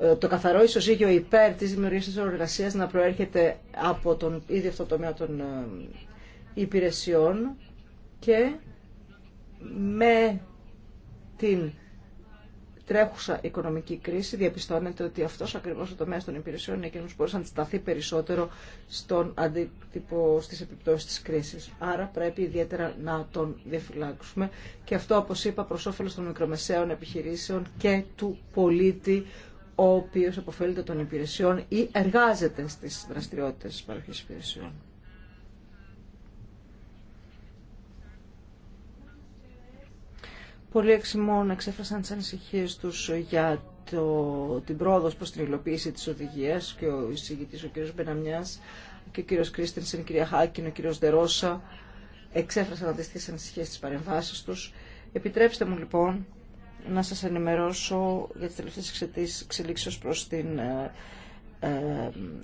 ε, το καθαρό ισοζύγιο υπέρ της δημιουργίας της εργασίας να προέρχεται από τον ίδιο αυτό το τομέα των ε, υπηρεσιών και με την τρέχουσα οικονομική κρίση διαπιστώνεται ότι αυτός ακριβώς ο τομέας των υπηρεσιών είναι εκείνο που μπορεί να αντισταθεί περισσότερο στον αντίτυπο στις επιπτώσεις της κρίσης. Άρα πρέπει ιδιαίτερα να τον διαφυλάξουμε και αυτό όπω είπα προ όφελο των μικρομεσαίων επιχειρήσεων και του πολίτη ο οποίος αποφέλεται των υπηρεσιών ή εργάζεται στις δραστηριότητες παροχής υπηρεσιών. Πολλοί εξημών εξέφρασαν τις ανησυχίες τους για το, την πρόοδος προς την υλοποίηση της οδηγίας και ο εισηγητής ο κ. Μπεναμιάς και ο κ. Κρίστενσεν, η κ. Χάκιν, ο κ. Ντερόσα εξέφρασαν αντίστοιχες ανησυχίες στι παρεμβάσεις τους. Επιτρέψτε μου λοιπόν να σας ενημερώσω για τις τελευταίες εξελίξεις προς την ε, ε,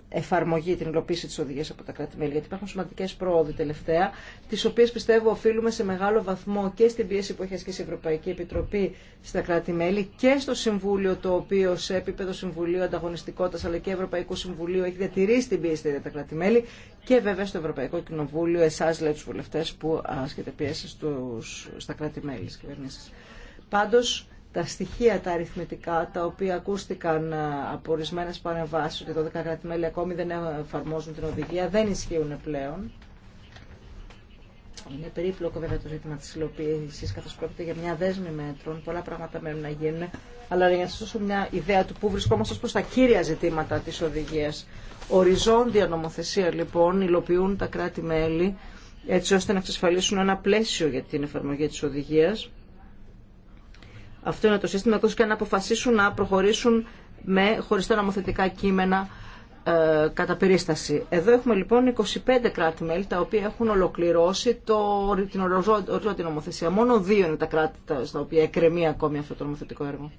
εφαρμογή, την υλοποίηση τη οδηγία από τα κράτη-μέλη, γιατί υπάρχουν σημαντικέ πρόοδοι τελευταία, τις οποίες πιστεύω οφείλουμε σε μεγάλο βαθμό και στην πίεση που έχει ασκήσει η Ευρωπαϊκή Επιτροπή στα κράτη-μέλη και στο Συμβούλιο, το οποίο σε επίπεδο Συμβουλίου Ανταγωνιστικότητα, αλλά και Ευρωπαϊκού Συμβουλίου έχει διατηρήσει την πίεση για τα κράτη-μέλη και βέβαια στο Ευρωπαϊκό Κοινοβούλιο, εσά λέει του βουλευτέ που ασκείτε πίεση στα κράτη-μέλη, τη κυβέρνηση τα στοιχεία τα αριθμητικά τα οποία ακούστηκαν ε, από ορισμένε παρεμβάσει ότι 12 κρατημέλη ακόμη δεν εφαρμόζουν την οδηγία δεν ισχύουν πλέον. Είναι περίπλοκο βέβαια το ζήτημα τη υλοποίηση καθώ πρόκειται για μια δέσμη μέτρων. Πολλά πράγματα μένουν να γίνουν. Αλλά για να σα δώσω μια ιδέα του πού βρισκόμαστε ω προ τα κύρια ζητήματα τη οδηγία. Οριζόντια νομοθεσία λοιπόν υλοποιούν τα κράτη-μέλη έτσι ώστε να εξασφαλίσουν ένα πλαίσιο για την εφαρμογή τη οδηγία αυτό είναι το σύστημα, εκτό και να αποφασίσουν να προχωρήσουν με χωριστά νομοθετικά κείμενα ε, κατά περίσταση. Εδώ έχουμε λοιπόν 25 κράτη-μέλη τα οποία έχουν ολοκληρώσει το, την οριζόντια νομοθεσία. Μόνο δύο είναι τα κράτη στα οποία εκκρεμεί ακόμη αυτό το νομοθετικό έργο.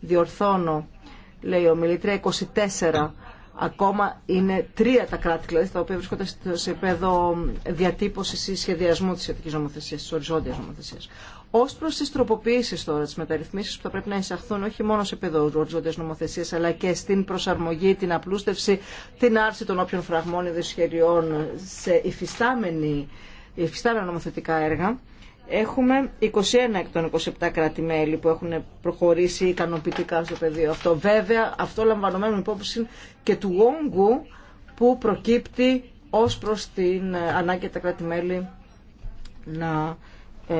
Διορθώνω, λέει ο Μιλήτρια, 24 ακόμα είναι τρία τα κράτη δηλαδή, τα οποία βρίσκονται σε επίπεδο διατύπωση ή σχεδιασμού τη νομοθεσία, τη οριζόντια νομοθεσία. Ω προ τι τροποποιήσει τώρα, τι μεταρρυθμίσει που θα πρέπει να εισαχθούν όχι μόνο σε επίπεδο οριζόντια νομοθεσία, αλλά και στην προσαρμογή, την απλούστευση, την άρση των όποιων φραγμών ή σε υφιστάμενα νομοθετικά έργα. Έχουμε 21 εκ των 27 κράτη-μέλη που έχουν προχωρήσει ικανοποιητικά στο πεδίο αυτό. Βέβαια, αυτό λαμβανομένου υπόψη και του όγκου που προκύπτει ω προ την ανάγκη τα κράτη-μέλη να ε,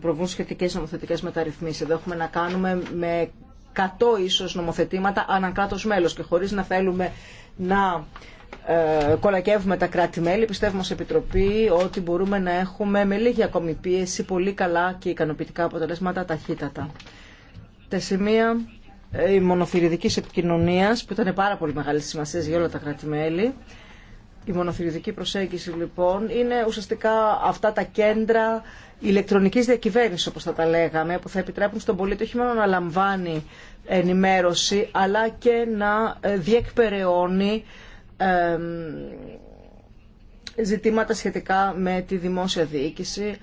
προβούν σχετικέ νομοθετικέ μεταρρυθμίσει. Εδώ έχουμε να κάνουμε με 100 ίσω νομοθετήματα ανά κράτο μέλο και χωρί να θέλουμε να ε, κολακεύουμε τα κράτη-μέλη. Πιστεύουμε ως Επιτροπή ότι μπορούμε να έχουμε με λίγη ακόμη πίεση πολύ καλά και ικανοποιητικά αποτελέσματα ταχύτατα. Τα σημεία ε, η μονοθυριδική επικοινωνία, που ήταν πάρα πολύ μεγάλη σημασία για όλα τα κράτη-μέλη. Η μονοθυριδική προσέγγιση λοιπόν είναι ουσιαστικά αυτά τα κέντρα ηλεκτρονικής διακυβέρνησης όπως θα τα λέγαμε, που θα επιτρέπουν στον πολίτη όχι μόνο να λαμβάνει ενημέρωση αλλά και να ε, διεκπεραιώνει ζητήματα σχετικά με τη δημόσια διοίκηση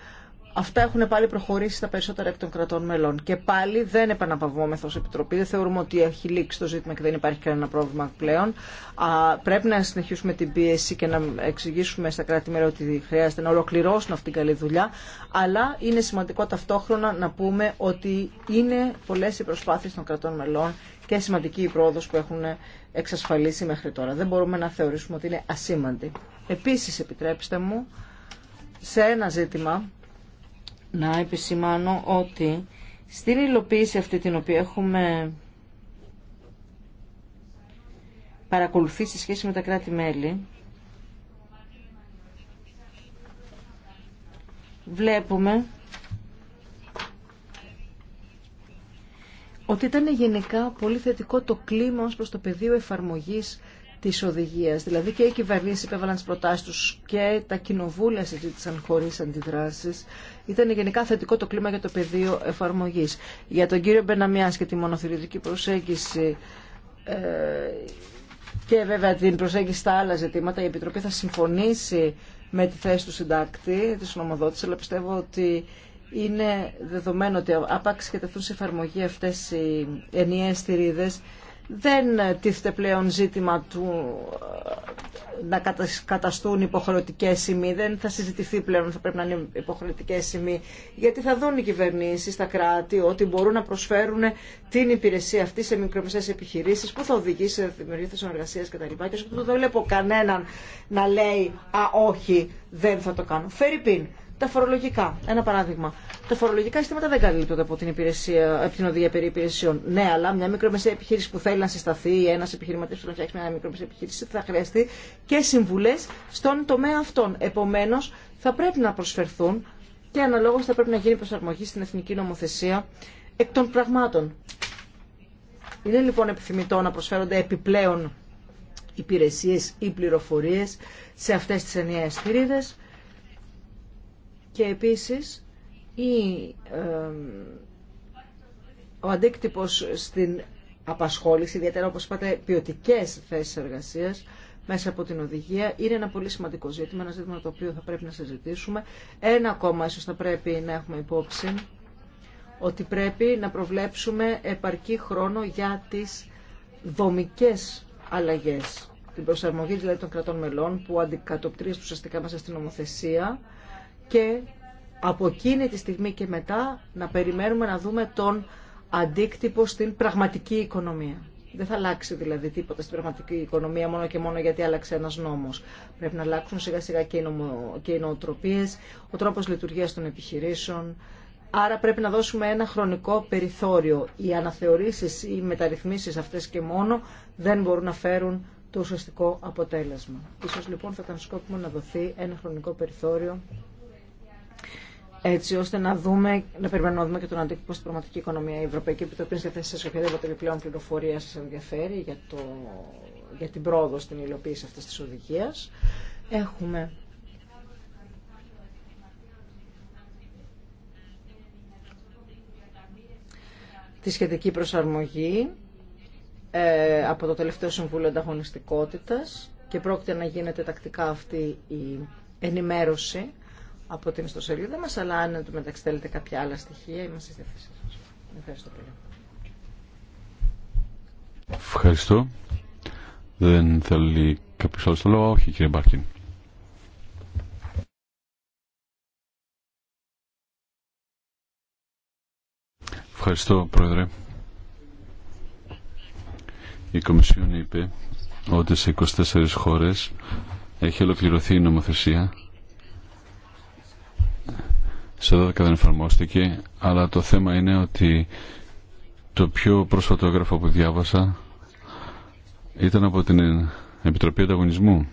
Αυτά έχουν πάλι προχωρήσει στα περισσότερα εκ των κρατών μελών. Και πάλι δεν επαναπαυόμεθα ω Επιτροπή. Δεν θεωρούμε ότι έχει λήξει το ζήτημα και δεν υπάρχει κανένα πρόβλημα πλέον. Α, πρέπει να συνεχίσουμε την πίεση και να εξηγήσουμε στα κρατη μερα ότι χρειάζεται να ολοκληρώσουν αυτήν την καλή δουλειά. Αλλά είναι σημαντικό ταυτόχρονα να πούμε ότι είναι πολλέ οι προσπάθειε των κρατών μελών και σημαντική η πρόοδο που έχουν εξασφαλίσει μέχρι τώρα. Δεν μπορούμε να θεωρήσουμε ότι είναι ασήμαντη. Επίση, επιτρέψτε μου, σε ένα ζήτημα να επισημάνω ότι στην υλοποίηση αυτή την οποία έχουμε παρακολουθήσει σχέση με τα κράτη-μέλη, βλέπουμε ότι ήταν γενικά πολύ θετικό το κλίμα ως προς το πεδίο εφαρμογής της οδηγίας. Δηλαδή και οι κυβερνήσεις υπέβαλαν τις προτάσεις τους και τα κοινοβούλια συζήτησαν χωρίς αντιδράσεις ήταν γενικά θετικό το κλίμα για το πεδίο εφαρμογής. Για τον κύριο Μπεναμιάς και τη μονοθυριδική προσέγγιση ε, και βέβαια την προσέγγιση στα άλλα ζητήματα, η Επιτροπή θα συμφωνήσει με τη θέση του συντάκτη, της νομοδότηση, αλλά πιστεύω ότι είναι δεδομένο ότι άπαξ και τεθούν σε εφαρμογή αυτές οι ενιαίε θηρίδες δεν τίθεται πλέον ζήτημα του ε, να καταστούν υποχρεωτικέ σημεί. Δεν θα συζητηθεί πλέον θα πρέπει να είναι υποχρεωτικέ σημεί. Γιατί θα δουν οι κυβερνήσει, τα κράτη, ότι μπορούν να προσφέρουν την υπηρεσία αυτή σε μικρομεσαίες επιχειρήσει που θα οδηγήσει σε δημιουργία θέσεων εργασία κτλ. Και δεν βλέπω κανέναν να λέει Α, όχι, δεν θα το κάνω. Φερρυπίν τα φορολογικά. Ένα παράδειγμα. Τα φορολογικά συστήματα δεν καλύπτονται από την, υπηρεσία, από την οδηγία περί υπηρεσιών. Ναι, αλλά μια μικρομεσαία επιχείρηση που θέλει να συσταθεί, ένα επιχειρηματή που θέλει να φτιάξει μια μικρομεσαία επιχείρηση, θα χρειαστεί και συμβουλέ στον τομέα αυτών. Επομένω, θα πρέπει να προσφερθούν και αναλόγω θα πρέπει να γίνει προσαρμογή στην εθνική νομοθεσία εκ των πραγμάτων. Είναι λοιπόν επιθυμητό να προσφέρονται επιπλέον υπηρεσίες ή πληροφορίε σε αυτές τι ενιαίες και επίσης ο αντίκτυπος στην απασχόληση, ιδιαίτερα όπως είπατε ποιοτικέ θέσεις εργασίας μέσα από την οδηγία, είναι ένα πολύ σημαντικό ζήτημα, ένα ζήτημα το οποίο θα πρέπει να συζητήσουμε. Ένα ακόμα ίσως θα πρέπει να έχουμε υπόψη, ότι πρέπει να προβλέψουμε επαρκή χρόνο για τις δομικές αλλαγές, την προσαρμογή δηλαδή των κρατών μελών που αντικατοπτρίζουν ουσιαστικά μέσα στην νομοθεσία και από εκείνη τη στιγμή και μετά να περιμένουμε να δούμε τον αντίκτυπο στην πραγματική οικονομία. Δεν θα αλλάξει δηλαδή τίποτα στην πραγματική οικονομία μόνο και μόνο γιατί άλλαξε ένας νόμος. Πρέπει να αλλάξουν σιγά σιγά και οι, νομο... και οι νοοτροπίες, ο τρόπος λειτουργίας των επιχειρήσεων. Άρα πρέπει να δώσουμε ένα χρονικό περιθώριο. Οι αναθεωρήσεις, οι μεταρρυθμίσεις αυτές και μόνο δεν μπορούν να φέρουν το ουσιαστικό αποτέλεσμα. Ίσως λοιπόν θα ήταν σκόπιμο να δοθεί ένα χρονικό περιθώριο έτσι ώστε να δούμε, να περιμένουμε να δούμε και τον αντίκτυπο στην πραγματική οικονομία. Η Ευρωπαϊκή Επιτροπή είναι θέση σε οποιαδήποτε επιπλέον πληροφορία σα ενδιαφέρει για, το, για την πρόοδο στην υλοποίηση αυτή τη οδηγία. Έχουμε τη σχετική προσαρμογή ε, από το τελευταίο Συμβούλιο Ανταγωνιστικότητας και πρόκειται να γίνεται τακτικά αυτή η ενημέρωση από την ιστοσελίδα μας, αλλά αν του μεταξύ θέλετε κάποια άλλα στοιχεία, είμαστε στη θέση σας. Ευχαριστώ πολύ. Ευχαριστώ. Δεν θέλει κάποιος άλλος το λόγο. Όχι, κύριε Μπάρκιν. Ευχαριστώ, Πρόεδρε. Η Κομισιόν είπε ότι σε 24 χώρες έχει ολοκληρωθεί η νομοθεσία σε 12 δεν εφαρμόστηκε, αλλά το θέμα είναι ότι το πιο πρόσφατο έγγραφο που διάβασα ήταν από την Επιτροπή Ανταγωνισμού.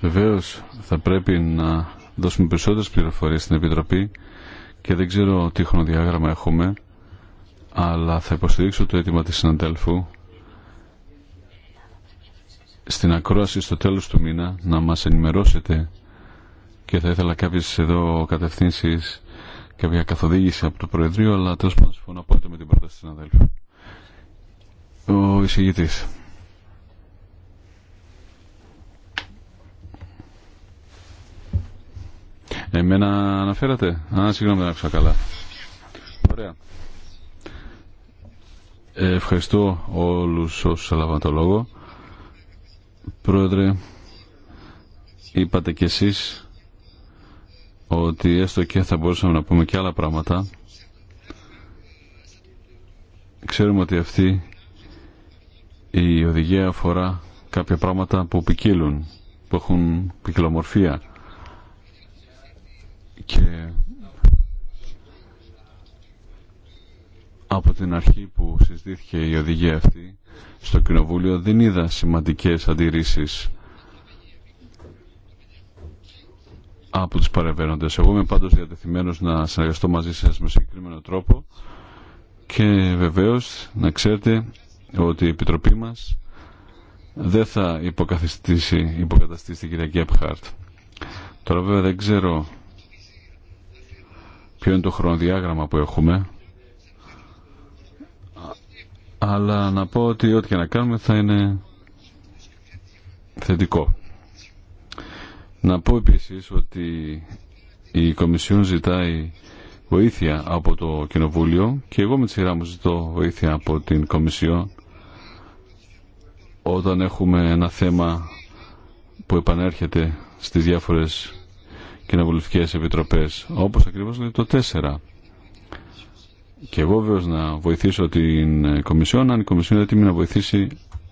Βεβαίω θα πρέπει να δώσουμε περισσότερες πληροφορίες στην Επιτροπή και δεν ξέρω τι χρονοδιάγραμμα έχουμε, αλλά θα υποστηρίξω το αίτημα της συναντέλφου στην ακρόαση στο τέλος του μήνα να μας ενημερώσετε και θα ήθελα κάποιες εδώ κατευθύνσεις κάποια καθοδήγηση από το Προεδρείο αλλά τέλο πάντων συμφωνώ απόλυτα με την πρόταση τη αδέλφου. Ο εισηγητή. Εμένα αναφέρατε. Α, συγγνώμη δεν άκουσα καλά. Ωραία. Ε, ευχαριστώ όλους όσους έλαβαν το λόγο. Πρόεδρε, είπατε κι εσείς ότι έστω και θα μπορούσαμε να πούμε και άλλα πράγματα ξέρουμε ότι αυτή η οδηγία αφορά κάποια πράγματα που ποικίλουν που έχουν ποικιλομορφία και από την αρχή που συζητήθηκε η οδηγία αυτή στο Κοινοβούλιο δεν είδα σημαντικές αντιρρήσεις από τους παρεμβαίνοντες. Εγώ είμαι πάντως διατεθειμένος να συνεργαστώ μαζί σας με συγκεκριμένο τρόπο και βεβαίως να ξέρετε ότι η Επιτροπή μας δεν θα υποκαθιστήσει, υποκαταστήσει την κυρία Γκέπχαρτ. Τώρα βέβαια δεν ξέρω ποιο είναι το χρονοδιάγραμμα που έχουμε αλλά να πω ότι ό,τι και να κάνουμε θα είναι θετικό. Να πω επίσης ότι η Κομισιόν ζητάει βοήθεια από το Κοινοβούλιο και εγώ με τη σειρά μου ζητώ βοήθεια από την Κομισιόν όταν έχουμε ένα θέμα που επανέρχεται στις διάφορες κοινοβουλευτικές επιτροπές όπως ακριβώς είναι το 4 και εγώ βέβαια να βοηθήσω την Κομισιόν αν η Κομισιόν είναι έτοιμη να βοηθήσει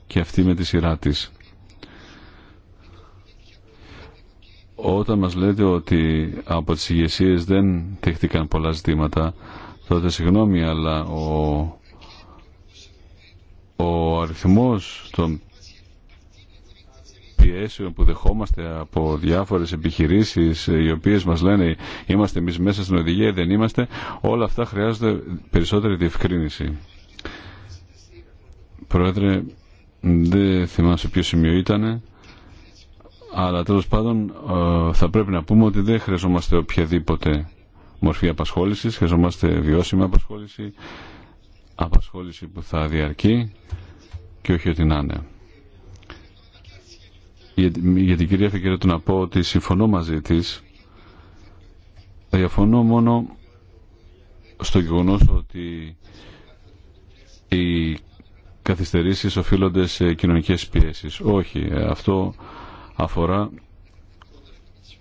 και αυτή με τη σειρά της Όταν μας λέτε ότι από τις ηγεσίε δεν τέχτηκαν πολλά ζητήματα, τότε συγγνώμη, αλλά ο, ο αριθμός των πιέσεων που δεχόμαστε από διάφορες επιχειρήσεις οι οποίες μας λένε είμαστε εμείς μέσα στην οδηγία δεν είμαστε, όλα αυτά χρειάζονται περισσότερη διευκρίνηση. Πρόεδρε, δεν σε ποιο σημείο ήτανε. Αλλά τέλος πάντων ε, θα πρέπει να πούμε ότι δεν χρειαζόμαστε οποιαδήποτε μορφή απασχόλησης, χρειαζόμαστε βιώσιμη απασχόληση, απασχόληση που θα διαρκεί και όχι ότι να είναι. Για την κυρία του να πω ότι συμφωνώ μαζί της, διαφωνώ μόνο στο γεγονός ότι οι καθυστερήσεις οφείλονται σε κοινωνικές πιέσεις. Όχι, αυτό αφορά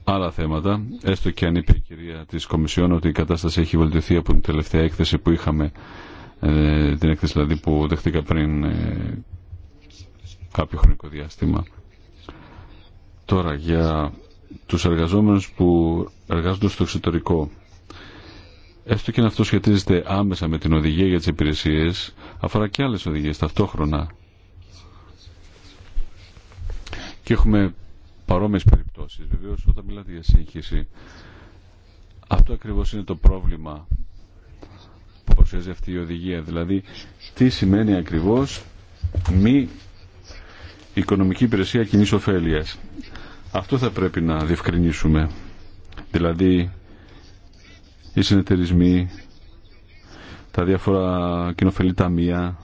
άλλα θέματα, έστω και αν είπε η κυρία της Κομισιόν ότι η κατάσταση έχει βελτιωθεί από την τελευταία έκθεση που είχαμε, ε, την έκθεση δηλαδή που δεχτήκα πριν ε, κάποιο χρονικό διάστημα. Τώρα για τους εργαζόμενους που εργάζονται στο εξωτερικό έστω και αν αυτό σχετίζεται άμεσα με την οδηγία για τις υπηρεσίες αφορά και άλλες οδηγίες ταυτόχρονα και έχουμε παρόμοιε περιπτώσει, βεβαίω όταν μιλάτε για σύγχυση, αυτό ακριβώ είναι το πρόβλημα που παρουσιάζει αυτή η οδηγία. Δηλαδή, τι σημαίνει ακριβώ μη οικονομική υπηρεσία κοινή ωφέλεια. Αυτό θα πρέπει να διευκρινίσουμε. Δηλαδή, οι συνεταιρισμοί, τα διάφορα κοινοφελή ταμεία,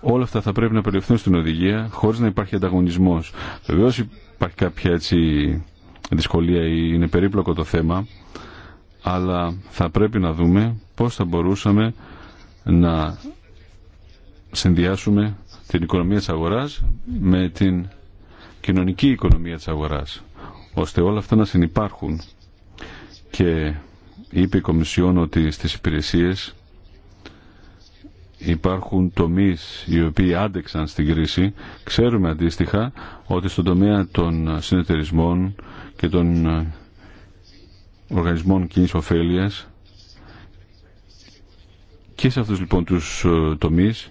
όλα αυτά θα πρέπει να περιληφθούν στην οδηγία χωρίς να υπάρχει ανταγωνισμός. Βεβαίως υπάρχει κάποια έτσι δυσκολία ή είναι περίπλοκο το θέμα αλλά θα πρέπει να δούμε πώς θα μπορούσαμε να συνδυάσουμε την οικονομία της αγοράς με την κοινωνική οικονομία της αγοράς ώστε όλα αυτά να συνυπάρχουν. και είπε η Κομισιόν ότι στις υπηρεσίες υπάρχουν τομείς οι οποίοι άντεξαν στην κρίση, ξέρουμε αντίστοιχα ότι στον τομέα των συνεταιρισμών και των ε, οργανισμών κοινής ωφέλειας και σε αυτούς λοιπόν τους ε, τομείς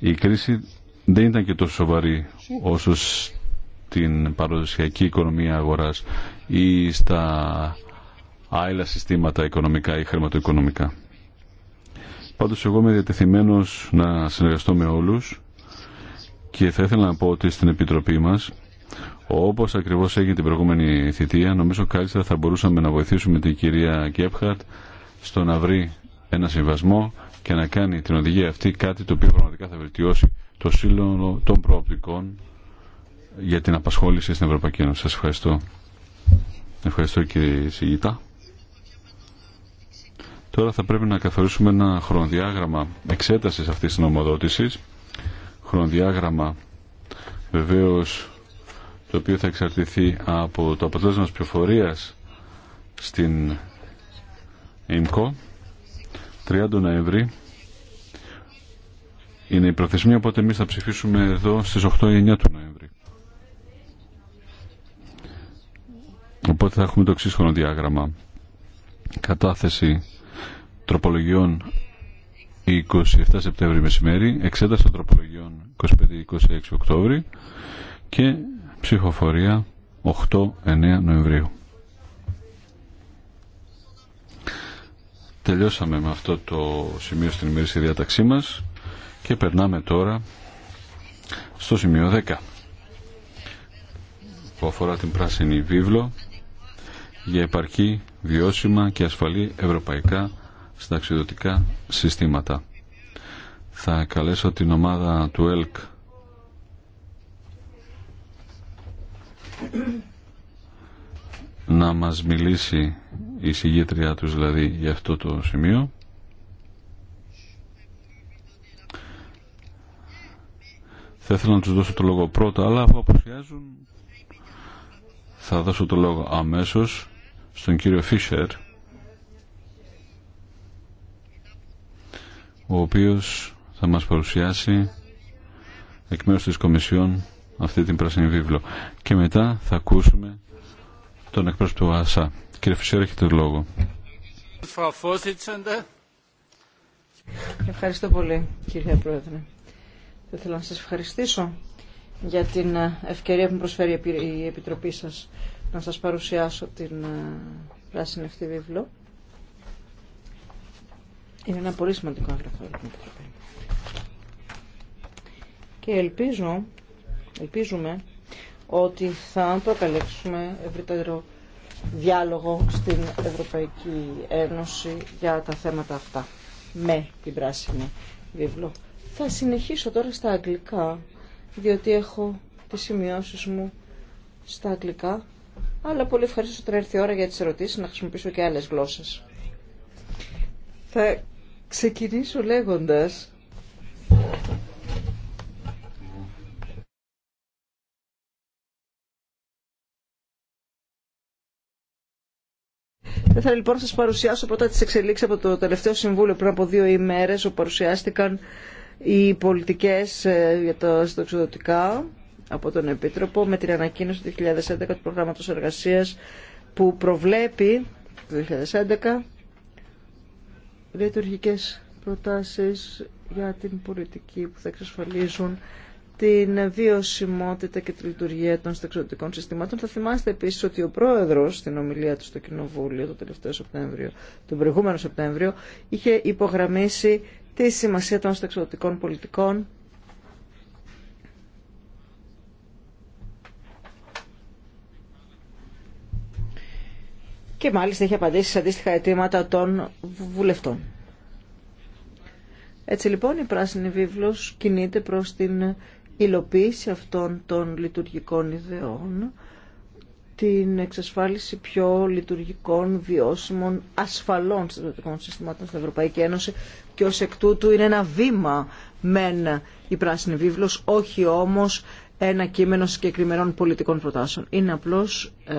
η κρίση δεν ήταν και τόσο σοβαρή όσο στην παραδοσιακή οικονομία αγοράς ή στα άλλα συστήματα οικονομικά ή χρηματοοικονομικά. Πάντως εγώ είμαι διατεθειμένος να συνεργαστώ με όλους και θα ήθελα να πω ότι στην Επιτροπή μας όπως ακριβώς έγινε την προηγούμενη θητεία νομίζω καλύτερα θα μπορούσαμε να βοηθήσουμε την κυρία Γκέπχαρτ στο να βρει ένα συμβασμό και να κάνει την οδηγία αυτή κάτι το οποίο πραγματικά θα βελτιώσει το σύλλογο των προοπτικών για την απασχόληση στην Ευρωπαϊκή Ένωση. Σας ευχαριστώ. Ευχαριστώ κύριε Σιγητά. Τώρα θα πρέπει να καθορίσουμε ένα χρονοδιάγραμμα εξέτασης αυτής της νομοδότησης. Χρονοδιάγραμμα βεβαίως το οποίο θα εξαρτηθεί από το αποτέλεσμα της πληροφορίας στην ΕΜΚΟ 30 Νοεμβρίου είναι η προθεσμία οπότε εμεί θα ψηφίσουμε εδώ στις 8-9 ή του Νοέμβρη οπότε θα έχουμε το εξή χρονοδιάγραμμα κατάθεση τροπολογιών 27 Σεπτέμβρη μεσημέρι, εξέταση των τροπολογιών 25-26 Οκτώβρη και ψηφοφορία 8-9 Νοεμβρίου. Τελειώσαμε με αυτό το σημείο στην ημερήσια διάταξή μας και περνάμε τώρα στο σημείο 10 που αφορά την πράσινη βίβλο για επαρκή, βιώσιμα και ασφαλή ευρωπαϊκά συνταξιδοτικά συστήματα. Θα καλέσω την ομάδα του ΕΛΚ να μας μιλήσει η συγγήτριά τους δηλαδή για αυτό το σημείο. Θα ήθελα να τους δώσω το λόγο πρώτα, αλλά αφού αποσιάζουν θα δώσω το λόγο αμέσως στον κύριο Φίσερ ο οποίος θα μας παρουσιάσει εκ μέρους της Κομισιόν αυτή την πράσινη βίβλο. Και μετά θα ακούσουμε τον εκπρόσωπο του ΑΣΑ. Κύριε Φυσέρα, έχετε λόγο. Ευχαριστώ πολύ, κύριε Πρόεδρε. Θα ήθελα να σας ευχαριστήσω για την ε, ευκαιρία που μου προσφέρει η Επιτροπή σας να σας παρουσιάσω την ε, πράσινη αυτή βίβλο. Είναι ένα πολύ σημαντικό έγγραφο Και ελπίζω, ελπίζουμε ότι θα προκαλέξουμε ευρύτερο διάλογο στην Ευρωπαϊκή Ένωση για τα θέματα αυτά με την πράσινη βίβλο. Θα συνεχίσω τώρα στα αγγλικά, διότι έχω τις σημειώσεις μου στα αγγλικά, αλλά πολύ ευχαριστώ ότι έρθει η ώρα για τις ερωτήσεις να χρησιμοποιήσω και άλλες γλώσσες. Θα ξεκινήσω λέγοντας Θα ήθελα λοιπόν να σας παρουσιάσω πρώτα τις εξελίξεις από το τελευταίο συμβούλιο πριν από δύο ημέρες όπου παρουσιάστηκαν οι πολιτικές ε, για τα συνταξιδοτικά από τον Επίτροπο με την ανακοίνωση του 2011 του προγράμματος εργασίας που προβλέπει το 2011 λειτουργικές προτάσεις για την πολιτική που θα εξασφαλίζουν την βιωσιμότητα και τη λειτουργία των στεξιωτικών συστημάτων. Θα θυμάστε επίσης ότι ο Πρόεδρος στην ομιλία του στο Κοινοβούλιο το τελευταίο Σεπτέμβριο, τον προηγούμενο Σεπτέμβριο, είχε υπογραμμίσει τη σημασία των στεξιωτικών πολιτικών και μάλιστα έχει απαντήσει σε αντίστοιχα αιτήματα των βουλευτών. Έτσι λοιπόν η Πράσινη Βίβλος κινείται προς την υλοποίηση αυτών των λειτουργικών ιδεών, την εξασφάλιση πιο λειτουργικών, βιώσιμων, ασφαλών στρατιωτικών συστημάτων στην Ευρωπαϊκή Ένωση και ως εκ τούτου είναι ένα βήμα μεν η Πράσινη Βίβλος, όχι όμως ένα κείμενο συγκεκριμένων πολιτικών προτάσεων. Είναι απλώς ε,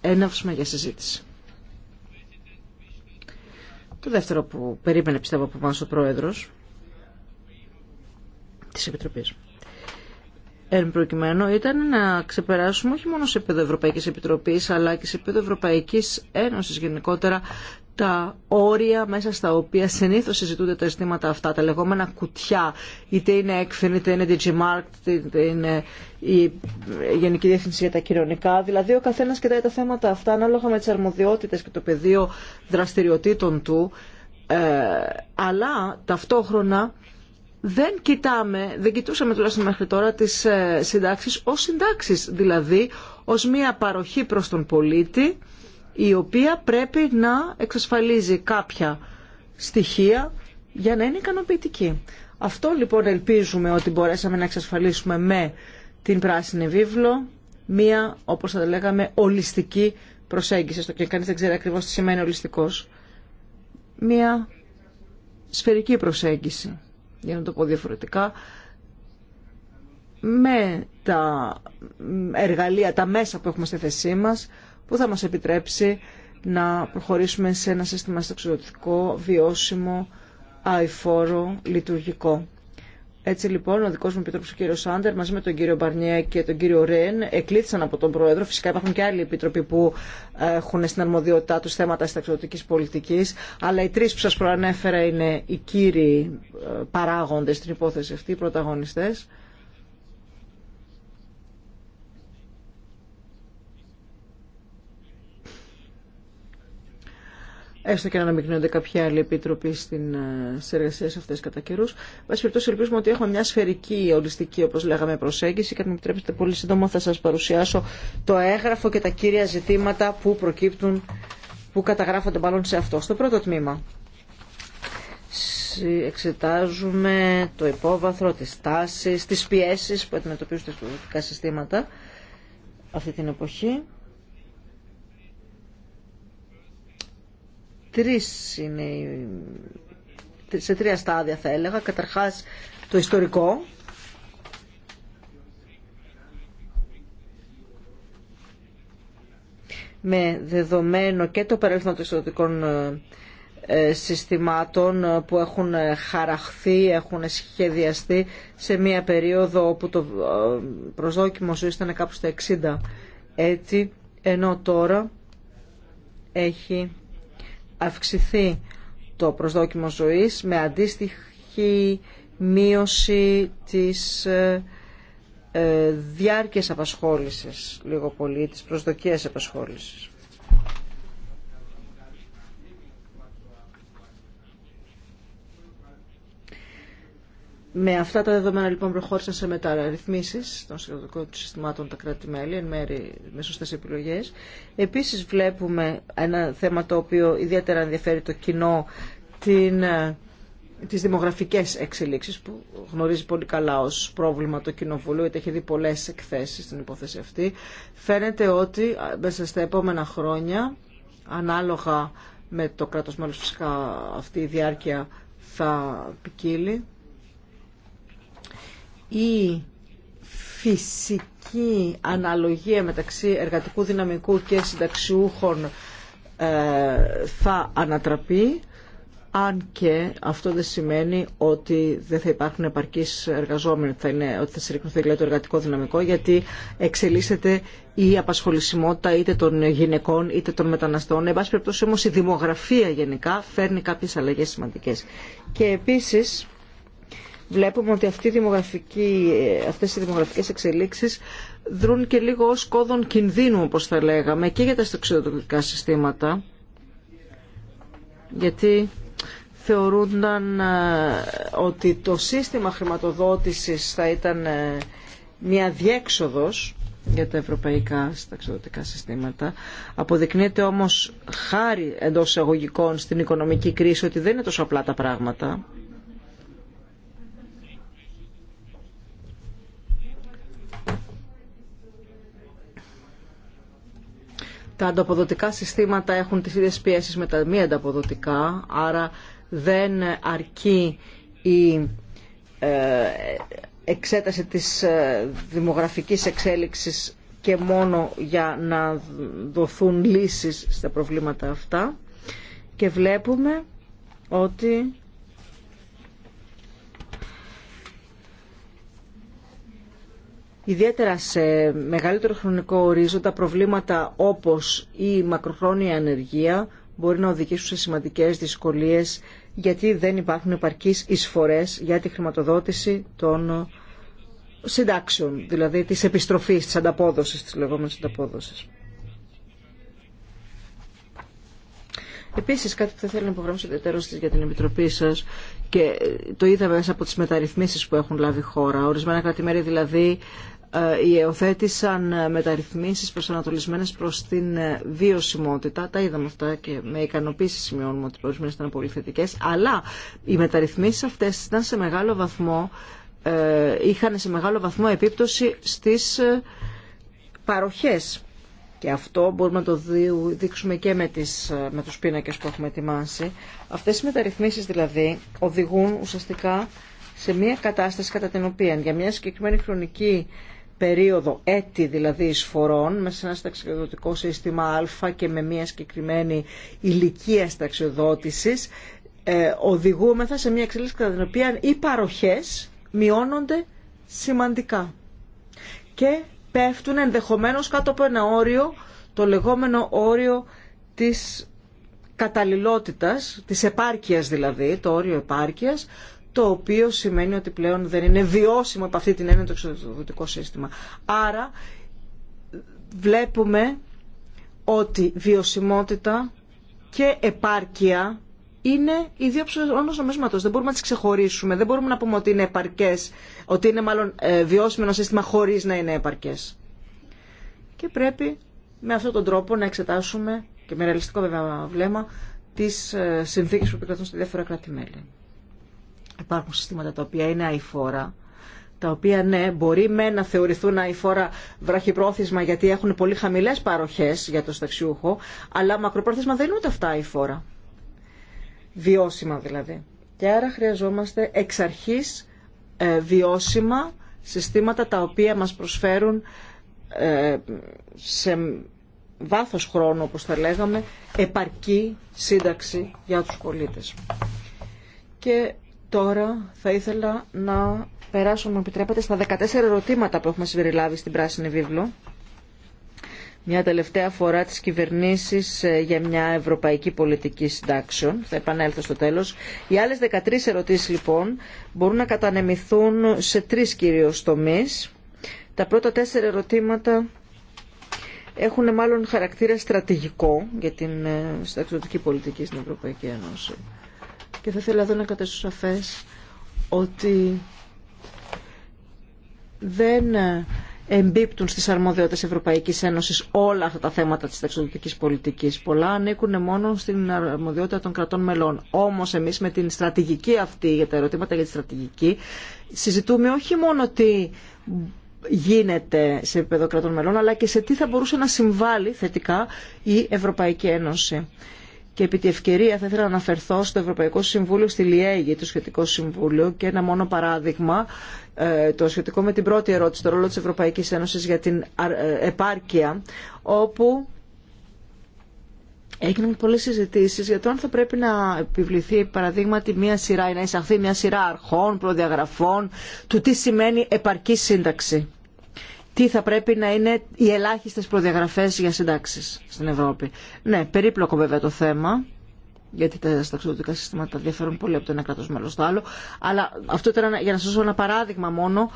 έναυσμα για συζήτηση. Το δεύτερο που περίμενε πιστεύω από μας ο Πρόεδρος της Επιτροπής εν προκειμένου ήταν να ξεπεράσουμε όχι μόνο σε επίπεδο Ευρωπαϊκής Επιτροπής αλλά και σε επίπεδο Ευρωπαϊκής Ένωσης γενικότερα τα όρια μέσα στα οποία συνήθως συζητούνται τα ζητήματα αυτά, τα λεγόμενα κουτιά, είτε είναι έκφυνη, είτε είναι Mark είτε είναι η Γενική Διεύθυνση για τα Κοινωνικά. Δηλαδή ο καθένας κοιτάει τα θέματα αυτά ανάλογα με τις αρμοδιότητες και το πεδίο δραστηριοτήτων του, ε, αλλά ταυτόχρονα δεν κοιτάμε, δεν κοιτούσαμε τουλάχιστον μέχρι τώρα τις ε, συντάξεις ως συντάξεις, δηλαδή ως μια παροχή προς τον πολίτη, η οποία πρέπει να εξασφαλίζει κάποια στοιχεία για να είναι ικανοποιητική. Αυτό λοιπόν ελπίζουμε ότι μπορέσαμε να εξασφαλίσουμε με την πράσινη βίβλο, μία, όπως θα λέγαμε, ολιστική προσέγγιση, στο και κανείς δεν ξέρει ακριβώς τι σημαίνει ολιστικός, μία σφαιρική προσέγγιση, για να το πω διαφορετικά, με τα εργαλεία, τα μέσα που έχουμε στη θέσή μας, που θα μας επιτρέψει να προχωρήσουμε σε ένα σύστημα στοξιδοτικό, βιώσιμο, αηφόρο, λειτουργικό. Έτσι λοιπόν, ο δικό μου επίτροπο, ο κύριο Σάντερ, μαζί με τον κύριο Μπαρνιέ και τον κύριο Ρεν, εκλήθησαν από τον Πρόεδρο. Φυσικά υπάρχουν και άλλοι επίτροποι που έχουν στην αρμοδιότητά του θέματα συνταξιδοτική πολιτική. Αλλά οι τρει που σα προανέφερα είναι οι κύριοι ε, παράγοντε στην υπόθεση αυτή, οι πρωταγωνιστέ. έστω και να αναμειγνύονται κάποια άλλη επιτροπή ε, στι εργασίε αυτέ αυτές κατά καιρού. Βάση περιπτώσει ελπίζουμε ότι έχω μια σφαιρική, ολιστική όπω λέγαμε προσέγγιση και αν επιτρέψετε πολύ σύντομα θα σα παρουσιάσω το έγγραφο και τα κύρια ζητήματα που προκύπτουν, που καταγράφονται μάλλον σε αυτό. Στο πρώτο τμήμα εξετάζουμε το υπόβαθρο, τις τάσεις, τις πιέσεις που αντιμετωπίζουν τα συστήματα αυτή την εποχή. τρεις είναι, σε τρία στάδια θα έλεγα. Καταρχάς το ιστορικό, με δεδομένο και το παρελθόν των ιστορικών ε, ε, συστημάτων ε, που έχουν χαραχθεί, έχουν σχεδιαστεί σε μία περίοδο όπου το προσδόκιμο ζωής ήταν κάπου στα 60 έτη, ενώ τώρα έχει αυξηθεί το προσδόκιμο ζωής με αντίστοιχη μείωση της ε, ε, διάρκειας απασχόλησης λίγο πολύ, της προσδοκίας απασχόλησης. Με αυτά τα δεδομένα λοιπόν προχώρησαν σε μεταρρυθμίσει των του συστημάτων τα κράτη-μέλη, εν μέρη με σωστέ επιλογέ. Επίση βλέπουμε ένα θέμα το οποίο ιδιαίτερα ενδιαφέρει το κοινό, την, ε, τις δημογραφικές εξελίξεις που γνωρίζει πολύ καλά ως πρόβλημα το Κοινοβουλίο, γιατί έχει δει πολλές εκθέσεις στην υπόθεση αυτή. Φαίνεται ότι μέσα στα επόμενα χρόνια, ανάλογα με το κράτος μέλος φυσικά αυτή η διάρκεια θα ποικίλει, η φυσική αναλογία μεταξύ εργατικού δυναμικού και συνταξιούχων ε, θα ανατραπεί αν και αυτό δεν σημαίνει ότι δεν θα υπάρχουν επαρκείς εργαζόμενοι, ότι θα, είναι, ότι θα δηλαδή, το εργατικό δυναμικό, γιατί εξελίσσεται η απασχολησιμότητα είτε των γυναικών είτε των μεταναστών. Εν πάση περιπτώσει όμως η δημογραφία γενικά φέρνει κάποιες αλλαγές σημαντικές. Και επίσης βλέπουμε ότι αυτή η αυτές οι δημογραφικές εξελίξεις δρούν και λίγο ως κόδων κινδύνου, όπως θα λέγαμε, και για τα στοξιδοτοπικά συστήματα, γιατί θεωρούνταν ε, ότι το σύστημα χρηματοδότησης θα ήταν ε, μια διέξοδος για τα ευρωπαϊκά σταξιδοτικά συστήματα. Αποδεικνύεται όμως χάρη εντό εισαγωγικών στην οικονομική κρίση ότι δεν είναι τόσο απλά τα πράγματα τα ανταποδοτικά συστήματα έχουν τις ίδιες πιέσεις με τα μη ανταποδοτικά, άρα δεν αρκεί η ε, εξέταση της ε, δημογραφικής εξέλιξης και μόνο για να δοθούν λύσεις στα προβλήματα αυτά. Και βλέπουμε ότι ιδιαίτερα σε μεγαλύτερο χρονικό ορίζοντα προβλήματα όπως η μακροχρόνια ανεργία μπορεί να οδηγήσουν σε σημαντικές δυσκολίες γιατί δεν υπάρχουν επαρκείς εισφορές για τη χρηματοδότηση των συντάξεων, δηλαδή της επιστροφής, της ανταπόδοσης, της λεγόμενης ανταπόδοσης. Επίσης κάτι που θα θέλω να υπογράψω ιδιαίτερο για την Επιτροπή σας και το είδαμε μέσα από τις μεταρρυθμίσεις που έχουν λάβει η χώρα. Ορισμένα κρατημέρια δηλαδή ε, υιοθέτησαν ε, μεταρρυθμίσεις προσανατολισμένες προς την ε, βιωσιμότητα. Τα είδαμε αυτά και με ικανοποίηση σημειώνουμε ότι ορισμένες ήταν πολύ θετικέ, αλλά οι μεταρρυθμίσεις αυτές ήταν σε μεγάλο βαθμό, είχαν σε μεγάλο βαθμό επίπτωση στις παροχές. Και αυτό μπορούμε να το δείξουμε και με, τις, με τους πίνακες που έχουμε ετοιμάσει. Αυτές οι μεταρρυθμίσεις δηλαδή οδηγούν ουσιαστικά σε μια κατάσταση κατά την οποία για μια συγκεκριμένη χρονική περίοδο έτη δηλαδή εισφορών μέσα σε ένα ταξιδιωτικό σύστημα α και με μια συγκεκριμένη ηλικία συνταξιοδότησης ε, οδηγούμεθα σε μια εξέλιξη κατά την οποία οι παροχές μειώνονται σημαντικά και πέφτουν ενδεχομένως κάτω από ένα όριο, το λεγόμενο όριο της καταλληλότητας, της επάρκειας δηλαδή, το όριο επάρκειας, το οποίο σημαίνει ότι πλέον δεν είναι βιώσιμο από αυτή την έννοια το εξωτερικό σύστημα. Άρα βλέπουμε ότι βιωσιμότητα και επάρκεια είναι οι δύο ψωνό νομισματός. Δεν μπορούμε να τι ξεχωρίσουμε. Δεν μπορούμε να πούμε ότι είναι επαρκές, ότι είναι μάλλον ε, βιώσιμο ένα σύστημα χωρίς να είναι επαρκές. Και πρέπει με αυτόν τον τρόπο να εξετάσουμε και με ρεαλιστικό βέβαια βλέμμα τι ε, συνθήκες που επικρατούν στα διάφορα κράτη-μέλη. Υπάρχουν συστήματα τα οποία είναι αηφόρα, τα οποία ναι, μπορεί με να θεωρηθούν αηφόρα βραχυπρόθεσμα γιατί έχουν πολύ χαμηλέ παροχέ για το σταξιούχο, αλλά μακροπρόθεσμα δεν είναι ούτε αυτά αηφόρα. Βιώσιμα δηλαδή. Και άρα χρειαζόμαστε εξ αρχή ε, βιώσιμα συστήματα τα οποία μας προσφέρουν ε, σε βάθος χρόνου, όπως θα λέγαμε, επαρκή σύνταξη για τους πολίτες. Και Τώρα θα ήθελα να περάσω, μου επιτρέπετε, στα 14 ερωτήματα που έχουμε συμπεριλάβει στην Πράσινη Βίβλο. Μια τελευταία φορά τις κυβερνήσεις ε, για μια ευρωπαϊκή πολιτική συντάξεων. Θα επανέλθω στο τέλος. Οι άλλες 13 ερωτήσεις λοιπόν μπορούν να κατανεμηθούν σε τρεις κυρίως τομείς. Τα πρώτα τέσσερα ερωτήματα έχουν μάλλον χαρακτήρα στρατηγικό για την ε, συνταξιδοτική πολιτική στην Ευρωπαϊκή Ένωση και θα ήθελα εδώ να κατέσω σαφές ότι δεν εμπίπτουν στις αρμοδιότητες Ευρωπαϊκής Ένωσης όλα αυτά τα θέματα της ταξιδιωτικής πολιτικής. Πολλά ανήκουν μόνο στην αρμοδιότητα των κρατών μελών. Όμως εμείς με την στρατηγική αυτή, για τα ερωτήματα για τη στρατηγική, συζητούμε όχι μόνο τι γίνεται σε επίπεδο κρατών μελών, αλλά και σε τι θα μπορούσε να συμβάλλει θετικά η Ευρωπαϊκή Ένωση και επί τη ευκαιρία θα ήθελα να αναφερθώ στο Ευρωπαϊκό Συμβούλιο στη Λιέγη, το σχετικό συμβούλιο και ένα μόνο παράδειγμα ε, το σχετικό με την πρώτη ερώτηση, το ρόλο της Ευρωπαϊκής Ένωσης για την ε, επάρκεια, όπου έγιναν πολλές συζητήσει για το αν θα πρέπει να επιβληθεί παραδείγματι μια σειρά ή να εισαχθεί μια σειρά αρχών, προδιαγραφών του τι σημαίνει επαρκή σύνταξη τι θα πρέπει να είναι οι ελάχιστες προδιαγραφές για συντάξεις στην Ευρώπη. Ναι, περίπλοκο βέβαια το θέμα, γιατί τα σταξιδιωτικά συστήματα διαφέρουν πολύ από το ένα κράτος μέλος στο άλλο, αλλά αυτό ήταν για να σας δώσω ένα παράδειγμα μόνο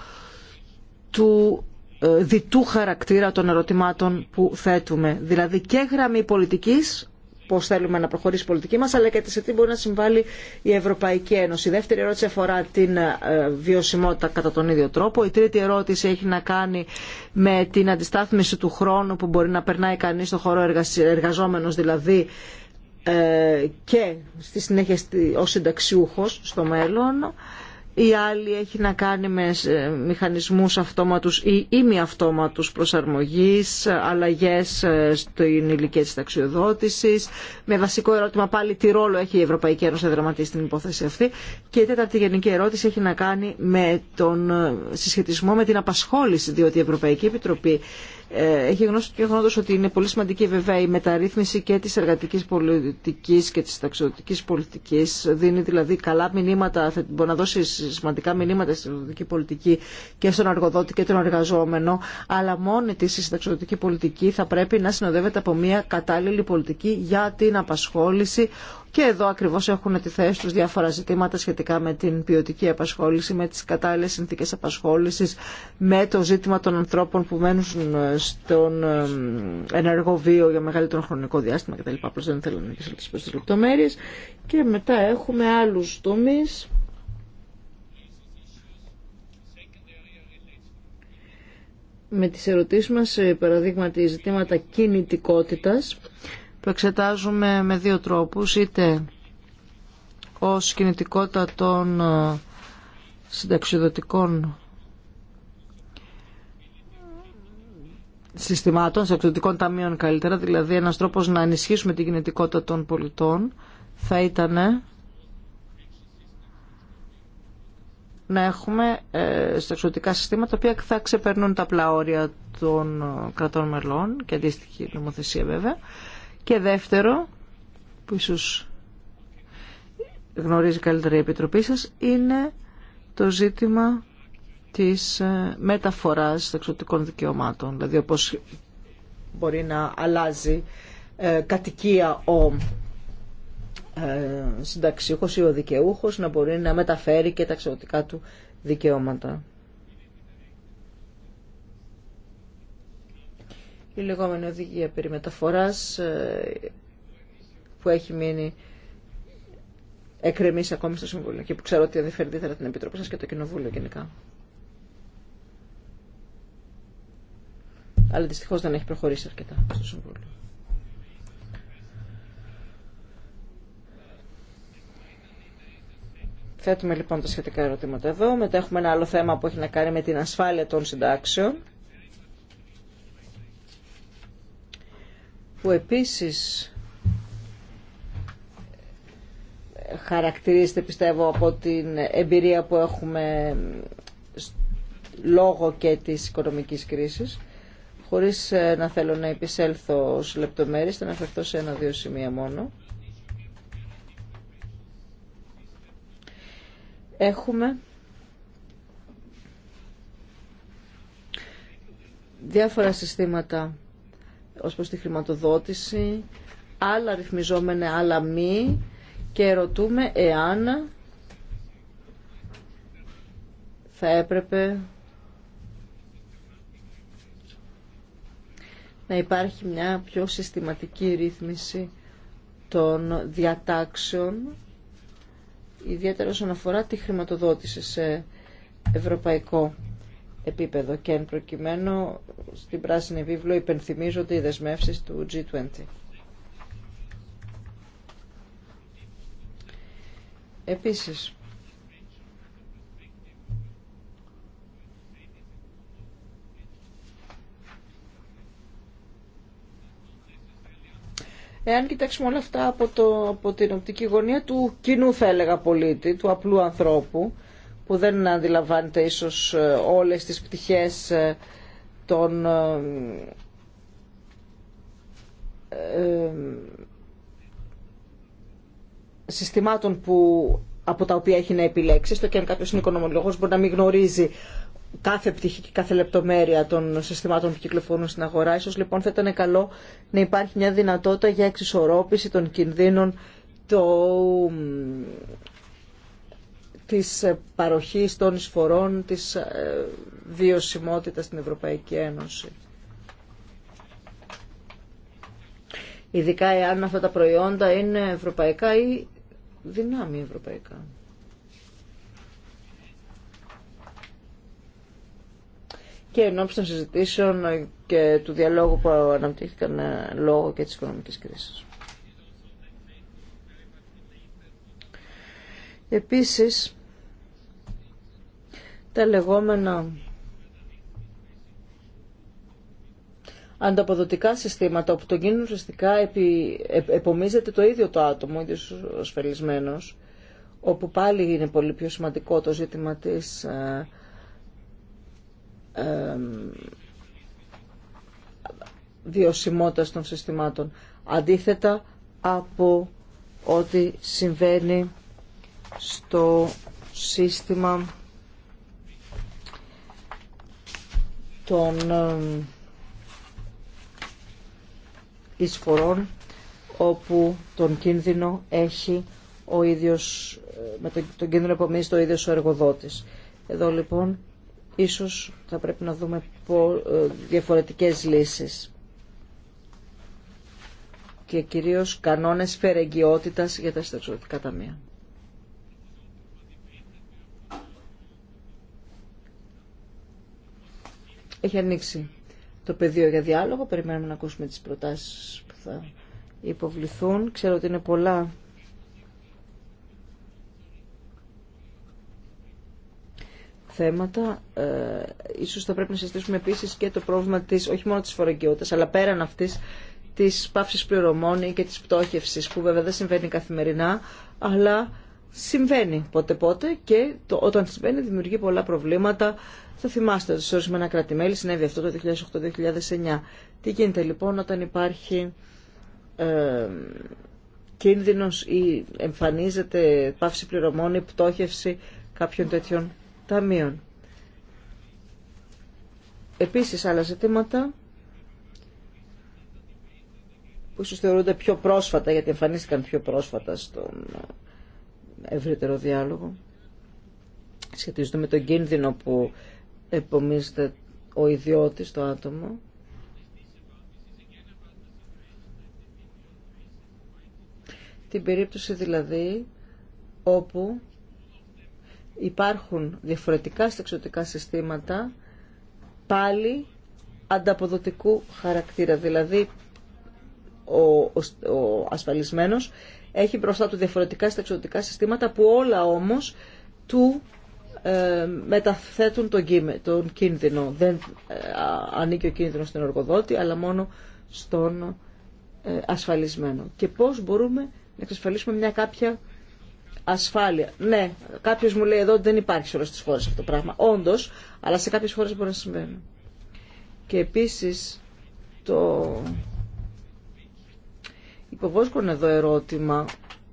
του ε, διτού χαρακτήρα των ερωτημάτων που θέτουμε. Δηλαδή και γραμμή πολιτικής πώ θέλουμε να προχωρήσει η πολιτική μα, αλλά και σε τι μπορεί να συμβάλλει η Ευρωπαϊκή Ένωση. Η δεύτερη ερώτηση αφορά την ε, βιωσιμότητα κατά τον ίδιο τρόπο. Η τρίτη ερώτηση έχει να κάνει με την αντιστάθμιση του χρόνου που μπορεί να περνάει κανεί στον χώρο εργαζόμενο, δηλαδή ε, και στη συνέχεια ω συνταξιούχο στο μέλλον η άλλη έχει να κάνει με ε, μηχανισμούς αυτόματους ή ημιαυτόματους προσαρμογής, αλλαγές ε, στην ηλικία της ταξιοδότησης. Με βασικό ερώτημα πάλι τι ρόλο έχει η Ευρωπαϊκή Ένωση να δραματίσει στην υπόθεση αυτή. Και η τέταρτη γενική ερώτηση έχει να κάνει με τον ε, συσχετισμό με την απασχόληση, διότι η Ευρωπαϊκή Επιτροπή ε, έχει γνώση και γεγονότο ότι είναι πολύ σημαντική βέβαια η μεταρρύθμιση και τη εργατική πολιτική και τη ταξιδιωτική πολιτική. Δίνει δηλαδή καλά μηνύματα, μπορεί να δώσει σημαντικά μηνύματα στην ταξιδιωτική πολιτική και στον εργοδότη και τον εργαζόμενο. Αλλά μόνη τη η ταξιδιωτική πολιτική θα πρέπει να συνοδεύεται από μια κατάλληλη πολιτική για την απασχόληση και εδώ ακριβώς έχουν τη θέση του διάφορα ζητήματα σχετικά με την ποιοτική απασχόληση, με τις κατάλληλε συνθήκε απασχόληση με το ζήτημα των ανθρώπων που μένουν στον ενεργό βίο για μεγαλύτερο χρονικό διάστημα κτλ. Απλώ δεν θέλω να τις τι λεπτομέρειες. Και μετά έχουμε άλλου τομεί. με τις ερωτήσεις μας, ε, παραδείγματι ζητήματα κινητικότητας, που εξετάζουμε με δύο τρόπους, είτε ως κινητικότητα των ε, συνταξιδοτικών συστημάτων, συνταξιδοτικών ταμείων καλύτερα, δηλαδή ένας τρόπος να ενισχύσουμε την κινητικότητα των πολιτών θα ήταν να έχουμε ε, συνταξιδοτικά συστήματα τα οποία θα ξεπερνούν τα πλαόρια των ε, κρατών μελών και αντίστοιχη νομοθεσία βέβαια και δεύτερο, που ίσως γνωρίζει καλύτερα η Επιτροπή σας, είναι το ζήτημα της ε, μεταφοράς εξωτικών δικαιωμάτων. Δηλαδή όπως μπορεί να αλλάζει ε, κατοικία ο ε, συνταξιούχος ή ο δικαιούχος να μπορεί να μεταφέρει και τα εξωτικά του δικαιώματα. η λεγόμενη οδηγία περί μεταφοράς ε, που έχει μείνει εκκρεμής ακόμη στο Συμβούλιο και που ξέρω ότι ενδιαφέρει ιδιαίτερα την Επιτροπή σας και το Κοινοβούλιο γενικά. Αλλά δυστυχώς δεν έχει προχωρήσει αρκετά στο Συμβούλιο. Θέτουμε λοιπόν τα σχετικά ερωτήματα εδώ. Μετά έχουμε ένα άλλο θέμα που έχει να κάνει με την ασφάλεια των συντάξεων. που επίσης χαρακτηρίζεται πιστεύω από την εμπειρία που έχουμε λόγω και της οικονομικής κρίσης χωρίς ε, να θέλω να επισέλθω σε λεπτομέρειες θα αναφερθώ σε ένα-δύο σημεία μόνο έχουμε διάφορα συστήματα ως προς τη χρηματοδότηση, άλλα ρυθμιζόμενα, άλλα μη και ρωτούμε εάν θα έπρεπε να υπάρχει μια πιο συστηματική ρύθμιση των διατάξεων, ιδιαίτερα όσον αφορά τη χρηματοδότηση σε ευρωπαϊκό επίπεδο και εν προκειμένου στην πράσινη βίβλο υπενθυμίζονται οι δεσμεύσεις του G20. Επίσης, Εάν κοιτάξουμε όλα αυτά από, το, από την οπτική γωνία του κοινού, θα έλεγα, πολίτη, του απλού ανθρώπου, που δεν αντιλαμβάνεται ίσως ε, όλες τις πτυχές ε, των ε, συστημάτων που, από τα οποία έχει να επιλέξει, στο και αν κάποιος είναι οικονομολόγος μπορεί να μην γνωρίζει κάθε πτυχή και κάθε λεπτομέρεια των συστημάτων που κυκλοφορούν στην αγορά. Ίσως λοιπόν θα ήταν καλό να υπάρχει μια δυνατότητα για εξισορρόπηση των κινδύνων του της παροχής των εισφορών της ε, βιωσιμότητας στην Ευρωπαϊκή Ένωση. Ειδικά εάν αυτά τα προϊόντα είναι ευρωπαϊκά ή δυνάμει ευρωπαϊκά. Και εν των συζητήσεων και του διαλόγου που αναπτύχθηκαν ε, λόγω και της οικονομικής κρίσης. Επίσης, τα λεγόμενα ανταποδοτικά συστήματα όπου το κίνδυνο ουσιαστικά επι, ε, επομίζεται το ίδιο το άτομο, ο ίδιος ασφαλισμένος, όπου πάλι είναι πολύ πιο σημαντικό το ζήτημα της ε, ε των συστημάτων. Αντίθετα από ό,τι συμβαίνει στο σύστημα των εισφορών όπου τον κίνδυνο έχει ο ίδιος, ε, με τον, κίνδυνο επομένως το ίδιο ο εργοδότης. Εδώ λοιπόν ίσως θα πρέπει να δούμε ε, διαφορετικές λύσεις και κυρίως κανόνες φερεγγιότητας για τα συνταξιδοτικά ταμεία. Έχει ανοίξει το πεδίο για διάλογο. Περιμένουμε να ακούσουμε τις προτάσεις που θα υποβληθούν. Ξέρω ότι είναι πολλά θέματα. Ε, ίσως θα πρέπει να συζητήσουμε επίσης και το πρόβλημα της, όχι μόνο της φορογκαιότητας, αλλά πέραν αυτής της πάυσης πληρωμών ή και της πτώχευσης, που βέβαια δεν συμβαίνει καθημερινά, αλλά συμβαίνει πότε πότε και το, όταν συμβαίνει δημιουργεί πολλά προβλήματα. Θα θυμάστε ότι σε ορισμένα συνέβη αυτό το 2008-2009. Τι γίνεται λοιπόν όταν υπάρχει ε, κίνδυνος ή εμφανίζεται πάυση πληρωμών ή πτώχευση κάποιων τέτοιων ταμείων. Επίσης άλλα ζητήματα που ίσως θεωρούνται πιο πρόσφατα γιατί εμφανίστηκαν πιο πρόσφατα στον ευρύτερο διάλογο. Σχετίζονται με τον κίνδυνο που επομίζεται ο ιδιώτης, το άτομο. Την περίπτωση δηλαδή όπου υπάρχουν διαφορετικά στεξιωτικά συστήματα πάλι ανταποδοτικού χαρακτήρα. Δηλαδή ο, ο ασφαλισμένος έχει μπροστά του διαφορετικά συνταξιδοτικά συστήματα που όλα όμως του ε, μεταθέτουν τον, κίνδυνο, τον κίνδυνο. Δεν ε, ανήκει ο κίνδυνος στον εργοδότη, αλλά μόνο στον ε, ασφαλισμένο. Και πώς μπορούμε να εξασφαλίσουμε μια κάποια ασφάλεια. Ναι, κάποιο μου λέει εδώ ότι δεν υπάρχει σε όλε τι χώρε αυτό το πράγμα. Όντω, αλλά σε κάποιε χώρε μπορεί να συμβαίνει. Και επίση το υποβόσκουν εδώ ερώτημα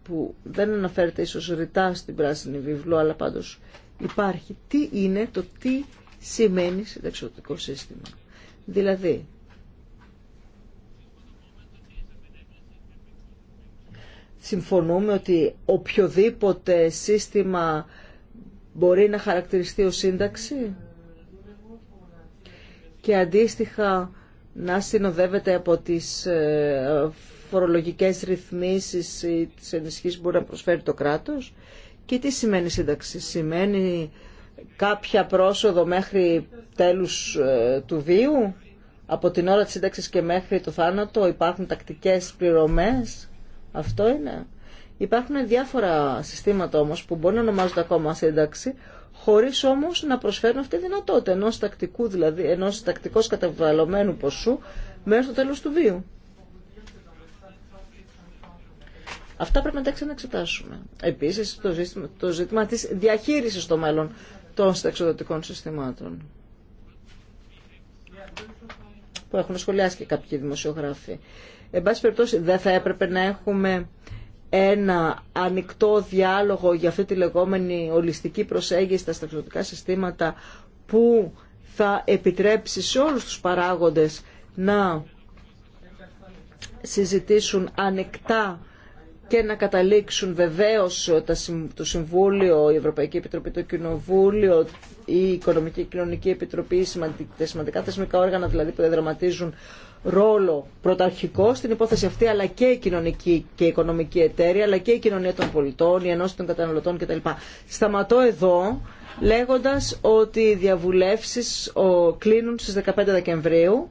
που δεν αναφέρεται ίσως ρητά στην πράσινη βίβλο, αλλά πάντως υπάρχει. Τι είναι το τι σημαίνει συνταξιωτικό σύστημα. Δηλαδή, συμφωνούμε ότι οποιοδήποτε σύστημα μπορεί να χαρακτηριστεί ως σύνταξη και αντίστοιχα να συνοδεύεται από τις ε, φορολογικές ρυθμίσεις ή τις ενισχύσεις που μπορεί να προσφέρει το κράτος. Και τι σημαίνει σύνταξη. Σημαίνει κάποια πρόσοδο μέχρι τέλους ε, του βίου, από την ώρα της σύνταξης και μέχρι το θάνατο υπάρχουν τακτικές πληρωμές. Αυτό είναι. Υπάρχουν διάφορα συστήματα όμως που μπορεί να ονομάζονται ακόμα σύνταξη, χωρίς όμως να προσφέρουν αυτή τη δυνατότητα ενός τακτικού, δηλαδή ενός τακτικός καταβαλλομένου ποσού μέχρι το τέλος του βίου. Αυτά πρέπει να τα ξαναεξετάσουμε. Επίση, το, ζήτημα, το ζήτημα τη διαχείριση στο μέλλον των συνταξιδοτικών συστημάτων. Που έχουν σχολιάσει και κάποιοι δημοσιογράφοι. Εν πάση περιπτώσει, δεν θα έπρεπε να έχουμε ένα ανοιχτό διάλογο για αυτή τη λεγόμενη ολιστική προσέγγιση στα στρατιωτικά συστήματα που θα επιτρέψει σε όλους τους παράγοντες να συζητήσουν ανοιχτά και να καταλήξουν βεβαίως το Συμβούλιο, η Ευρωπαϊκή Επιτροπή, το Κοινοβούλιο, η Οικονομική και Κοινωνική Επιτροπή, τα σημαντικά θεσμικά όργανα δηλαδή που διαδραματίζουν ρόλο πρωταρχικό στην υπόθεση αυτή, αλλά και η κοινωνική και η οικονομική εταίρεια, αλλά και η κοινωνία των πολιτών, η ενώση των καταναλωτών κτλ. Σταματώ εδώ λέγοντας ότι οι διαβουλεύσεις κλείνουν στις 15 Δεκεμβρίου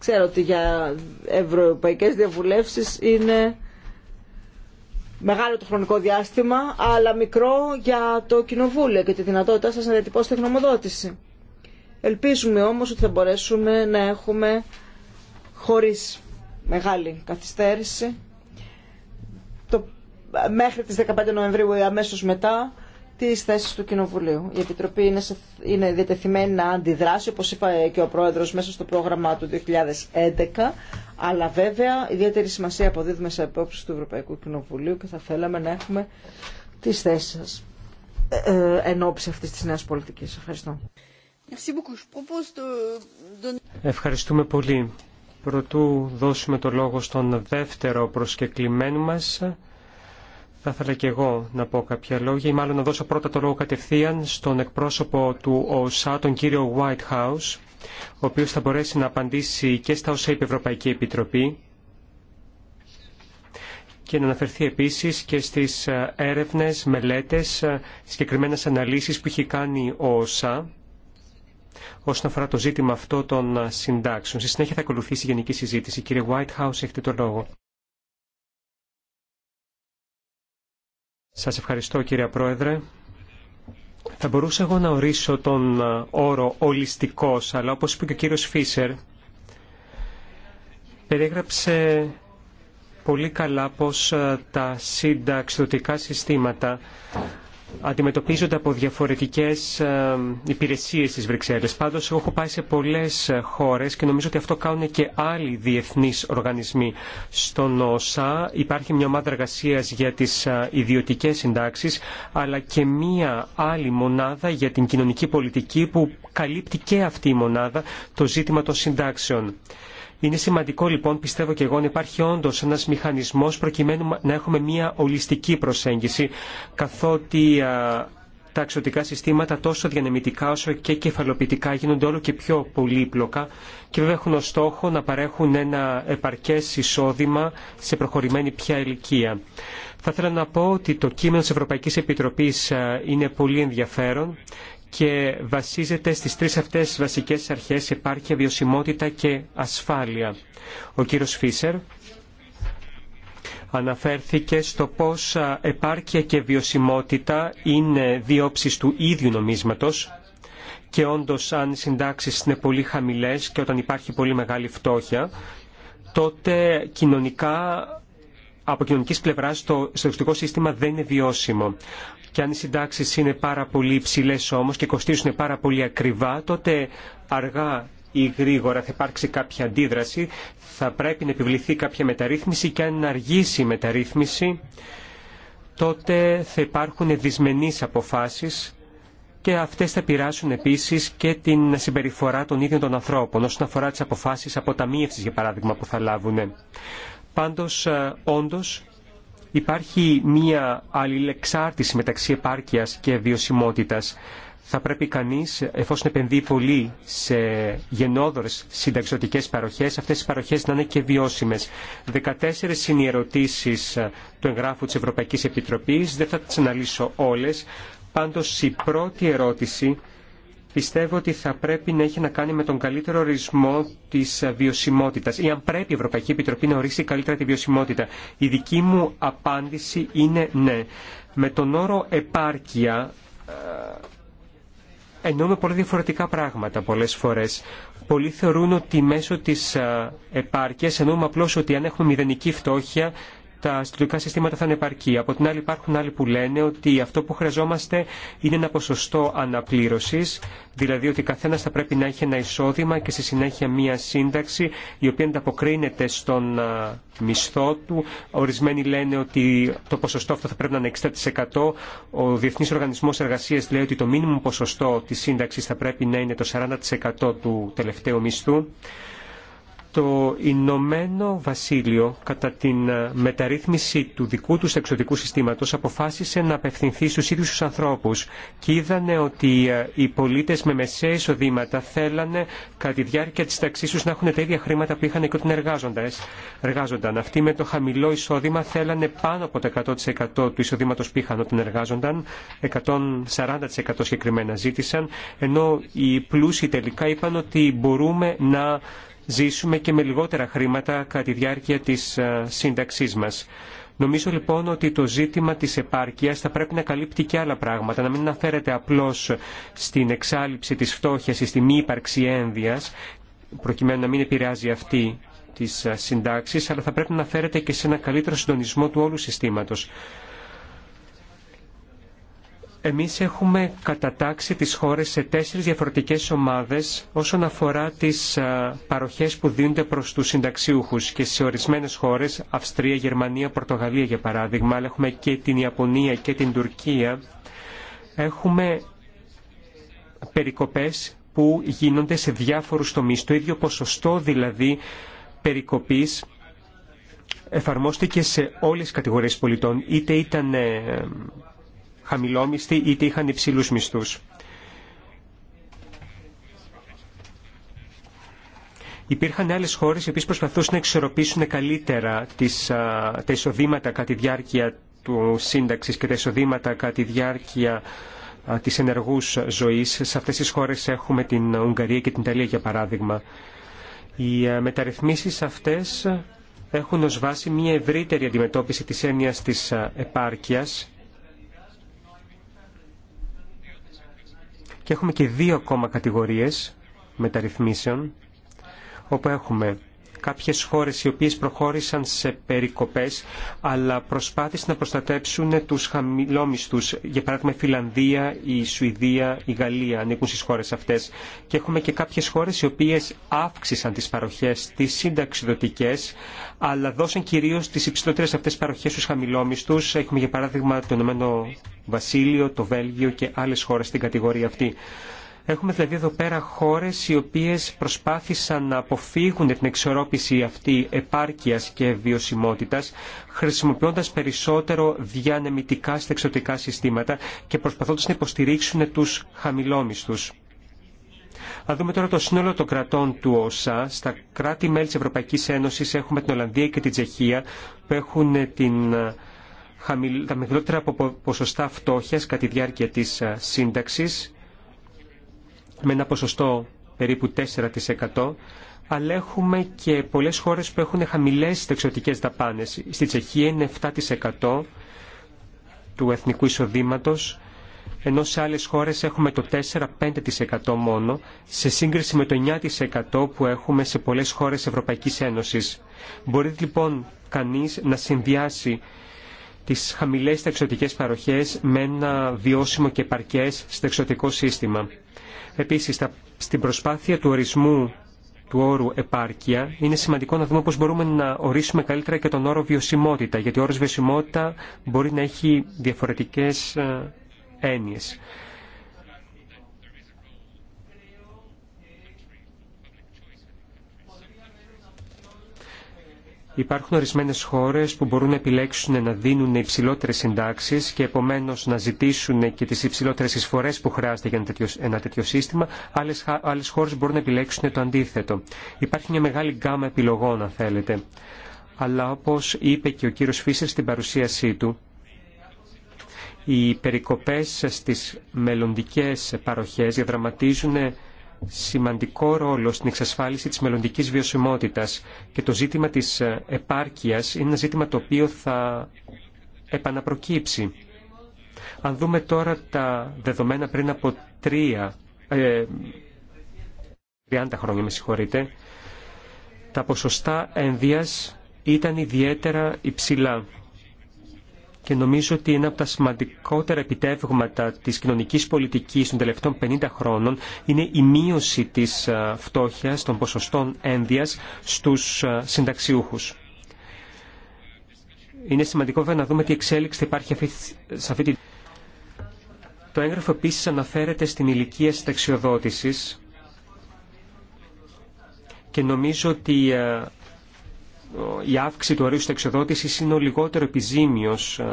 Ξέρω ότι για ευρωπαϊκές διαβουλεύσεις είναι μεγάλο το χρονικό διάστημα, αλλά μικρό για το κοινοβούλιο και τη δυνατότητά σας να διατυπώσετε γνωμοδότηση. Ελπίζουμε όμως ότι θα μπορέσουμε να έχουμε χωρίς μεγάλη καθυστέρηση το, μέχρι τις 15 Νοεμβρίου ή αμέσως μετά τις θέσεις του Κοινοβουλίου. Η Επιτροπή είναι, σε, είναι διατεθειμένη να αντιδράσει, όπως είπα και ο Πρόεδρος μέσα στο πρόγραμμα του 2011, αλλά βέβαια ιδιαίτερη σημασία αποδίδουμε σε απόψεις του Ευρωπαϊκού Κοινοβουλίου και θα θέλαμε να έχουμε τις θέσεις σας ε, ε, εν ώψη αυτής της νέας πολιτικής. Ευχαριστώ. Ευχαριστούμε πολύ. Πρωτού δώσουμε το λόγο στον δεύτερο προσκεκλημένο μας. Θα ήθελα και εγώ να πω κάποια λόγια ή μάλλον να δώσω πρώτα το λόγο κατευθείαν στον εκπρόσωπο του ΟΣΑ, τον κύριο Whitehouse, ο οποίος θα μπορέσει να απαντήσει και στα όσα είπε Ευρωπαϊκή Επιτροπή και να αναφερθεί επίσης και στις ε, έρευνες, μελέτες, ε, συγκεκριμένε αναλύσεις που έχει κάνει ο ΟΣΑ όσον αφορά το ζήτημα αυτό των ε, συντάξεων. Στη συνέχεια θα ακολουθήσει η γενική συζήτηση. Κύριε Whitehouse, έχετε το λόγο. Σας ευχαριστώ κύριε Πρόεδρε. Θα μπορούσα εγώ να ορίσω τον ε, όρο ολιστικός, αλλά όπως είπε και ο κύριος Φίσερ, περιέγραψε πολύ καλά πως ε, τα συνταξιδοτικά συστήματα αντιμετωπίζονται από διαφορετικές ε, υπηρεσίες στις Βρυξέλλες. Πάντως, έχω πάει σε πολλές ε, χώρες και νομίζω ότι αυτό κάνουν και άλλοι διεθνείς οργανισμοί. Στον ΩΣΑ υπάρχει μια ομάδα εργασία για τις ε, ιδιωτικές συντάξεις, αλλά και μια άλλη μονάδα για την κοινωνική πολιτική που καλύπτει και αυτή η μονάδα το ζήτημα των συντάξεων. Είναι σημαντικό λοιπόν, πιστεύω και εγώ, να υπάρχει όντω ένα μηχανισμό προκειμένου να έχουμε μια ολιστική προσέγγιση, καθότι τα αξιωτικά συστήματα τόσο διανεμητικά όσο και κεφαλοποιητικά γίνονται όλο και πιο πολύπλοκα και βέβαια έχουν ως στόχο να παρέχουν ένα επαρκές εισόδημα σε προχωρημένη πια ηλικία. Θα ήθελα να πω ότι το κείμενο της Ευρωπαϊκής Επιτροπής είναι πολύ ενδιαφέρον και βασίζεται στις τρεις αυτές βασικές αρχές επάρκεια, βιωσιμότητα και ασφάλεια. Ο κύριος Φίσερ αναφέρθηκε στο πώς επάρκεια και βιωσιμότητα είναι διόψεις του ίδιου νομίσματος και όντως αν οι συντάξεις είναι πολύ χαμηλές και όταν υπάρχει πολύ μεγάλη φτώχεια, τότε κοινωνικά από κοινωνική πλευράς το εξωτερικό σύστημα δεν είναι βιώσιμο και αν οι συντάξει είναι πάρα πολύ υψηλέ όμω και κοστίζουν πάρα πολύ ακριβά, τότε αργά ή γρήγορα θα υπάρξει κάποια αντίδραση, θα πρέπει να επιβληθεί κάποια μεταρρύθμιση και αν αργήσει η μεταρρύθμιση, τότε θα υπάρχουν δυσμενείς αποφάσεις και αυτές θα πειράσουν επίσης και την συμπεριφορά των ίδιων των ανθρώπων όσον αφορά τις αποφάσεις αποταμίευσης για παράδειγμα που θα λάβουν. Πάντως, ε, όντως, υπάρχει μία αλληλεξάρτηση μεταξύ επάρκειας και βιωσιμότητας. Θα πρέπει κανείς, εφόσον επενδύει πολύ σε γενόδορες συνταξιωτικές παροχές, αυτές οι παροχές να είναι και βιώσιμες. 14 είναι οι ερωτήσεις του εγγράφου της Ευρωπαϊκής Επιτροπής, δεν θα τις αναλύσω όλες. Πάντως η πρώτη ερώτηση πιστεύω ότι θα πρέπει να έχει να κάνει με τον καλύτερο ορισμό τη βιωσιμότητα ή αν πρέπει η Ευρωπαϊκή Επιτροπή να ορίσει καλύτερα τη βιωσιμότητα. Η δική μου απάντηση είναι ναι. Με τον όρο επάρκεια ε, εννοούμε πολύ διαφορετικά πράγματα πολλές φορές. Πολλοί θεωρούν ότι μέσω της ε, επάρκεια εννοούμε απλώ ότι αν έχουμε μηδενική φτώχεια τα αστυνομικά συστήματα θα είναι επαρκή. Από την άλλη υπάρχουν άλλοι που λένε ότι αυτό που χρειαζόμαστε είναι ένα ποσοστό αναπλήρωση, δηλαδή ότι καθένα θα πρέπει να έχει ένα εισόδημα και στη συνέχεια μία σύνταξη η οποία ανταποκρίνεται στον μισθό του. Ορισμένοι λένε ότι το ποσοστό αυτό θα πρέπει να είναι 60%. Ο Διεθνή οργανισμό εργασία λέει ότι το μήνυμο ποσοστό τη σύνταξη θα πρέπει να είναι το 40% του τελευταίου μισθού το Ηνωμένο Βασίλειο κατά την ε, μεταρρύθμιση του δικού του εξωτικού συστήματος αποφάσισε να απευθυνθεί στους ίδιους τους ανθρώπους και είδανε ότι ε, οι πολίτες με μεσαία εισοδήματα θέλανε κατά τη διάρκεια της ταξής να έχουν τα ίδια χρήματα που είχαν και όταν εργάζονταν. Αυτοί με το χαμηλό εισόδημα θέλανε πάνω από το 100% του εισοδήματος που είχαν όταν εργάζονταν, 140% συγκεκριμένα ζήτησαν, ενώ οι πλούσιοι τελικά είπαν ότι μπορούμε να ζήσουμε και με λιγότερα χρήματα κατά τη διάρκεια της ε, σύνταξής μας. Νομίζω λοιπόν ότι το ζήτημα της επάρκειας θα πρέπει να καλύπτει και άλλα πράγματα, να μην αναφέρεται απλώς στην εξάλληψη της φτώχειας ή στη μη ύπαρξη ένδυας, προκειμένου να μην επηρεάζει αυτή της ε, συντάξης, αλλά θα πρέπει να αναφέρεται και σε ένα καλύτερο συντονισμό του όλου συστήματος. Εμείς έχουμε κατατάξει τις χώρες σε τέσσερις διαφορετικές ομάδες όσον αφορά τις ε, παροχές που δίνονται προς τους συνταξιούχους και σε ορισμένες χώρες, Αυστρία, Γερμανία, Πορτογαλία για παράδειγμα, αλλά έχουμε και την Ιαπωνία και την Τουρκία, έχουμε περικοπές που γίνονται σε διάφορους τομείς. Το ίδιο ποσοστό δηλαδή περικοπής εφαρμόστηκε σε όλες τις κατηγορίες πολιτών, είτε ήταν ε, χαμηλόμισθοι είτε είχαν υψηλούς μισθούς. Υπήρχαν άλλες χώρες οι οποίε προσπαθούσαν να εξορροπήσουν καλύτερα τις, τα εισοδήματα κατά τη διάρκεια του σύνταξης και τα εισοδήματα κατά τη διάρκεια της ενεργούς ζωής. Σε αυτές τις χώρες έχουμε την Ουγγαρία και την Ιταλία για παράδειγμα. Οι μεταρρυθμίσεις αυτές έχουν ω βάση μια ευρύτερη αντιμετώπιση της έννοια τη επάρκεια. Και έχουμε και δύο ακόμα κατηγορίες μεταρρυθμίσεων, όπου έχουμε κάποιες χώρες οι οποίες προχώρησαν σε περικοπές αλλά προσπάθησαν να προστατέψουν τους χαμηλόμισθους. Για παράδειγμα η Φιλανδία, η Σουηδία, η Γαλλία ανήκουν στις χώρες αυτές. Και έχουμε και κάποιες χώρες οι οποίες αύξησαν τις παροχές, τις συνταξιδοτικές αλλά δώσαν κυρίως τις υψηλότερες αυτές παροχές στους χαμηλόμισθους. Έχουμε για παράδειγμα το Ηνωμένο Βασίλειο, το Βέλγιο και άλλες χώρες στην κατηγορία αυτή. Έχουμε δηλαδή εδώ πέρα χώρες οι οποίες προσπάθησαν να αποφύγουν την εξορόπηση αυτή επάρκειας και βιωσιμότητας, χρησιμοποιώντας περισσότερο διανεμητικά στα συστήματα και προσπαθώντας να υποστηρίξουν τους χαμηλόμισθους. Αν δούμε τώρα το σύνολο των κρατών του ΩΣΑ, στα κράτη-μέλη της Ευρωπαϊκής Ένωσης έχουμε την Ολλανδία και την Τσεχία που έχουν την τα μεγαλύτερα ποσοστά φτώχειας κατά τη διάρκεια της σύνταξης με ένα ποσοστό περίπου 4%, αλλά έχουμε και πολλές χώρες που έχουν χαμηλές δεξιωτικές δαπάνες. Στη Τσεχία είναι 7% του εθνικού εισοδήματος, ενώ σε άλλες χώρες έχουμε το 4-5% μόνο, σε σύγκριση με το 9% που έχουμε σε πολλές χώρες Ευρωπαϊκής Ένωσης. Μπορεί λοιπόν κανείς να συνδυάσει τις χαμηλές ταξιωτικές παροχές με ένα βιώσιμο και παρκές στεξιωτικό σύστημα. Επίσης, στην προσπάθεια του ορισμού του όρου επάρκεια, είναι σημαντικό να δούμε πώς μπορούμε να ορίσουμε καλύτερα και τον όρο βιωσιμότητα, γιατί ο όρος βιωσιμότητα μπορεί να έχει διαφορετικές ε, έννοιες. Υπάρχουν ορισμένε χώρε που μπορούν να επιλέξουν να δίνουν υψηλότερε συντάξει και επομένω να ζητήσουν και τι υψηλότερε εισφορέ που χρειάζεται για ένα τέτοιο, σύστημα. Άλλε χώρε μπορούν να επιλέξουν το αντίθετο. Υπάρχει μια μεγάλη γκάμα επιλογών, αν θέλετε. Αλλά όπω είπε και ο κύριο Φίσερ στην παρουσίασή του, οι περικοπές στις μελλοντικέ παροχές διαδραματίζουν σημαντικό ρόλο στην εξασφάλιση της μελλοντικής βιωσιμότητας και το ζήτημα της ε, επάρκειας είναι ένα ζήτημα το οποίο θα επαναπροκύψει. Αν δούμε τώρα τα δεδομένα πριν από τρία, ε, 30 χρόνια, με συγχωρείτε, τα ποσοστά ένδυας ήταν ιδιαίτερα υψηλά και νομίζω ότι ένα από τα σημαντικότερα επιτεύγματα της κοινωνικής πολιτικής των τελευταίων 50 χρόνων είναι η μείωση της ε, φτώχειας των ποσοστών ένδυας στους ε, συνταξιούχους. Είναι σημαντικό βέβαια να δούμε τι εξέλιξη υπάρχει σε αυτή τη... Το έγγραφο επίσης αναφέρεται στην ηλικία συνταξιοδότησης και νομίζω ότι ε, η αύξηση του ορίου εξοδότησης είναι ο λιγότερο επιζήμιο ε,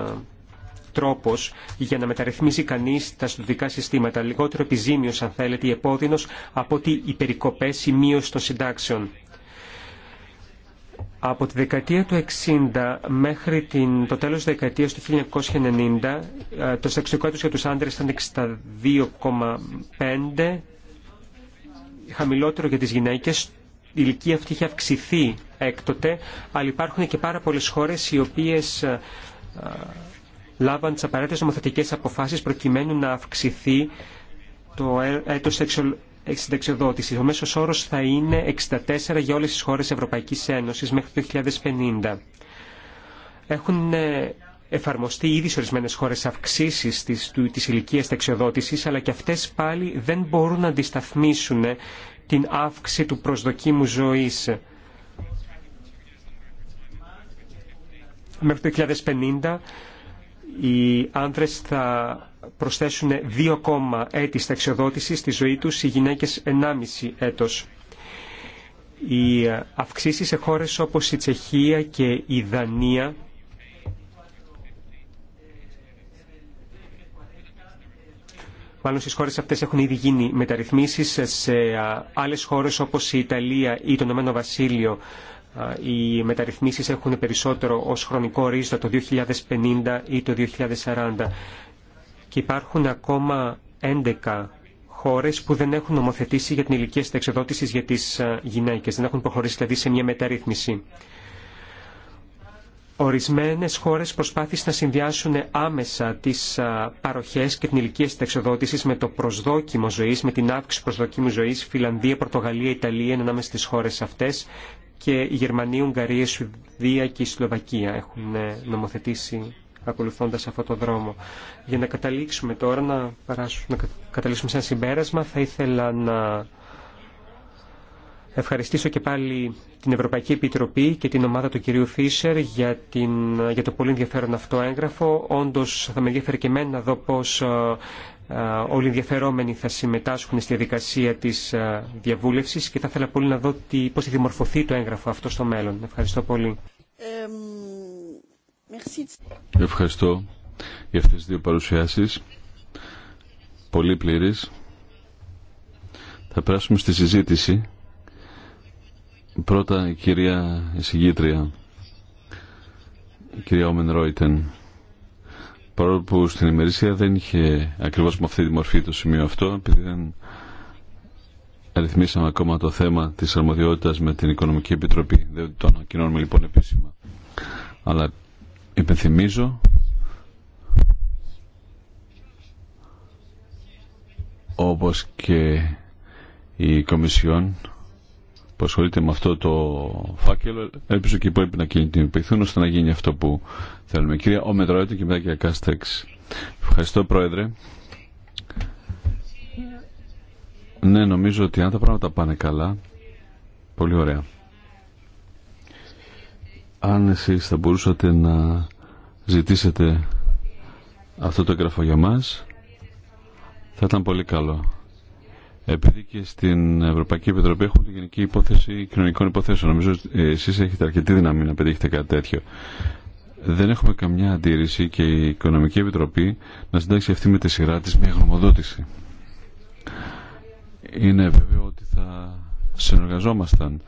τρόπο για να μεταρρυθμίσει κανεί τα συντηρητικά συστήματα. Λιγότερο επιζήμιο, αν θέλετε, ή επώδυνο από ότι οι περικοπέ, η μείωση των συντάξεων. Από τη δεκαετία του 60 μέχρι την, το τέλος της δεκαετίας του 1990 ε, το σεξουαλικό έτος για τους άντρες ήταν 62,5 χαμηλότερο για τις γυναίκες ηλικία αυτή έχει αυξηθεί έκτοτε, αλλά υπάρχουν και πάρα πολλές χώρες οι οποίες ε, ε, λάβαν τις απαραίτητες νομοθετικές αποφάσεις προκειμένου να αυξηθεί το ε, έτος συνταξιοδότηση. Ο μέσος όρος θα είναι 64 για όλες τις χώρες Ευρωπαϊκής Ένωσης μέχρι το 2050. Έχουν εφαρμοστεί ήδη σε ορισμένε χώρε αυξήσει τη της ηλικία αλλά και αυτέ πάλι δεν μπορούν να αντισταθμίσουν την αύξηση του προσδοκίμου ζωής. Μέχρι το 2050 οι άνδρες θα προσθέσουν κόμμα έτη στα αξιοδότηση στη ζωή τους, οι γυναίκες 1,5 έτος. Οι αυξήσεις σε χώρες όπως η Τσεχία και η Δανία Μάλλον στι χώρε αυτές έχουν ήδη γίνει μεταρρυθμίσεις. Σε άλλες χώρες όπως η Ιταλία ή το Ηνωμένο Βασίλειο οι μεταρρυθμίσεις έχουν περισσότερο ως χρονικό ορίζοντα το 2050 ή το 2040. Και υπάρχουν ακόμα 11 χώρε που δεν έχουν νομοθετήσει για την ηλικία εξοδότηση για τι γυναίκες, δεν έχουν προχωρήσει δηλαδή σε μια μεταρρύθμιση. Ορισμένες χώρες προσπάθησαν να συνδυάσουν άμεσα τις παροχές και την ηλικία εξοδότησης με το προσδόκιμο ζωής, με την αύξηση προσδοκίμου ζωής, Φιλανδία, Πορτογαλία, Ιταλία, ανάμεσα στις χώρες αυτές και η Γερμανία, Ουγγαρία, Σουηδία και η Σλοβακία έχουν ε, νομοθετήσει ακολουθώντας αυτό το δρόμο. Για να καταλήξουμε τώρα, να, να καταλήξουμε σε ένα συμπέρασμα, θα ήθελα να ευχαριστήσω και πάλι την Ευρωπαϊκή Επιτροπή και την ομάδα του κυρίου Φίσερ για, το πολύ ενδιαφέρον αυτό έγγραφο. Όντως θα με ενδιαφέρει και εμένα να δω πώς ε, ε, όλοι οι ενδιαφερόμενοι θα συμμετάσχουν στη διαδικασία της ε, διαβούλευσης και θα ήθελα πολύ να δω τι, πώς θα δημορφωθεί το έγγραφο αυτό στο μέλλον. Ευχαριστώ πολύ. Ευχαριστώ για αυτές τις δύο παρουσιάσεις. Πολύ πλήρης. Θα περάσουμε στη συζήτηση. Πρώτα, κυρία εισηγήτρια, κυρία Όμεν Ρόιτεν, παρόλο που στην ημερήσια δεν είχε ακριβώς με αυτή τη μορφή το σημείο αυτό, επειδή δεν αριθμίσαμε ακόμα το θέμα της αρμοδιότητας με την Οικονομική Επιτροπή. Δεν το ανακοινώνουμε λοιπόν επίσημα. Αλλά υπενθυμίζω όπως και η Κομισιόν που ασχολείται με αυτό το φάκελο. Ελπίζω και οι υπόλοιποι να κινητοποιηθούν ώστε να γίνει αυτό που θέλουμε. Κυρία Ομετρόιτη και μετά κυρία Κάστεξ. Ευχαριστώ Πρόεδρε. Ναι, νομίζω ότι αν τα πράγματα πάνε καλά, πολύ ωραία. Αν εσείς θα μπορούσατε να ζητήσετε αυτό το έγγραφο για μας, θα ήταν πολύ καλό επειδή και στην Ευρωπαϊκή Επιτροπή έχουμε την Γενική Υπόθεση Κοινωνικών Υποθέσεων. Νομίζω ότι ε, εσεί έχετε αρκετή δύναμη να πετύχετε κάτι τέτοιο. Δεν έχουμε καμιά αντίρρηση και η Οικονομική Επιτροπή να συντάξει αυτή με τη σειρά τη μια γνωμοδότηση. Είναι βέβαιο ότι θα συνεργαζόμασταν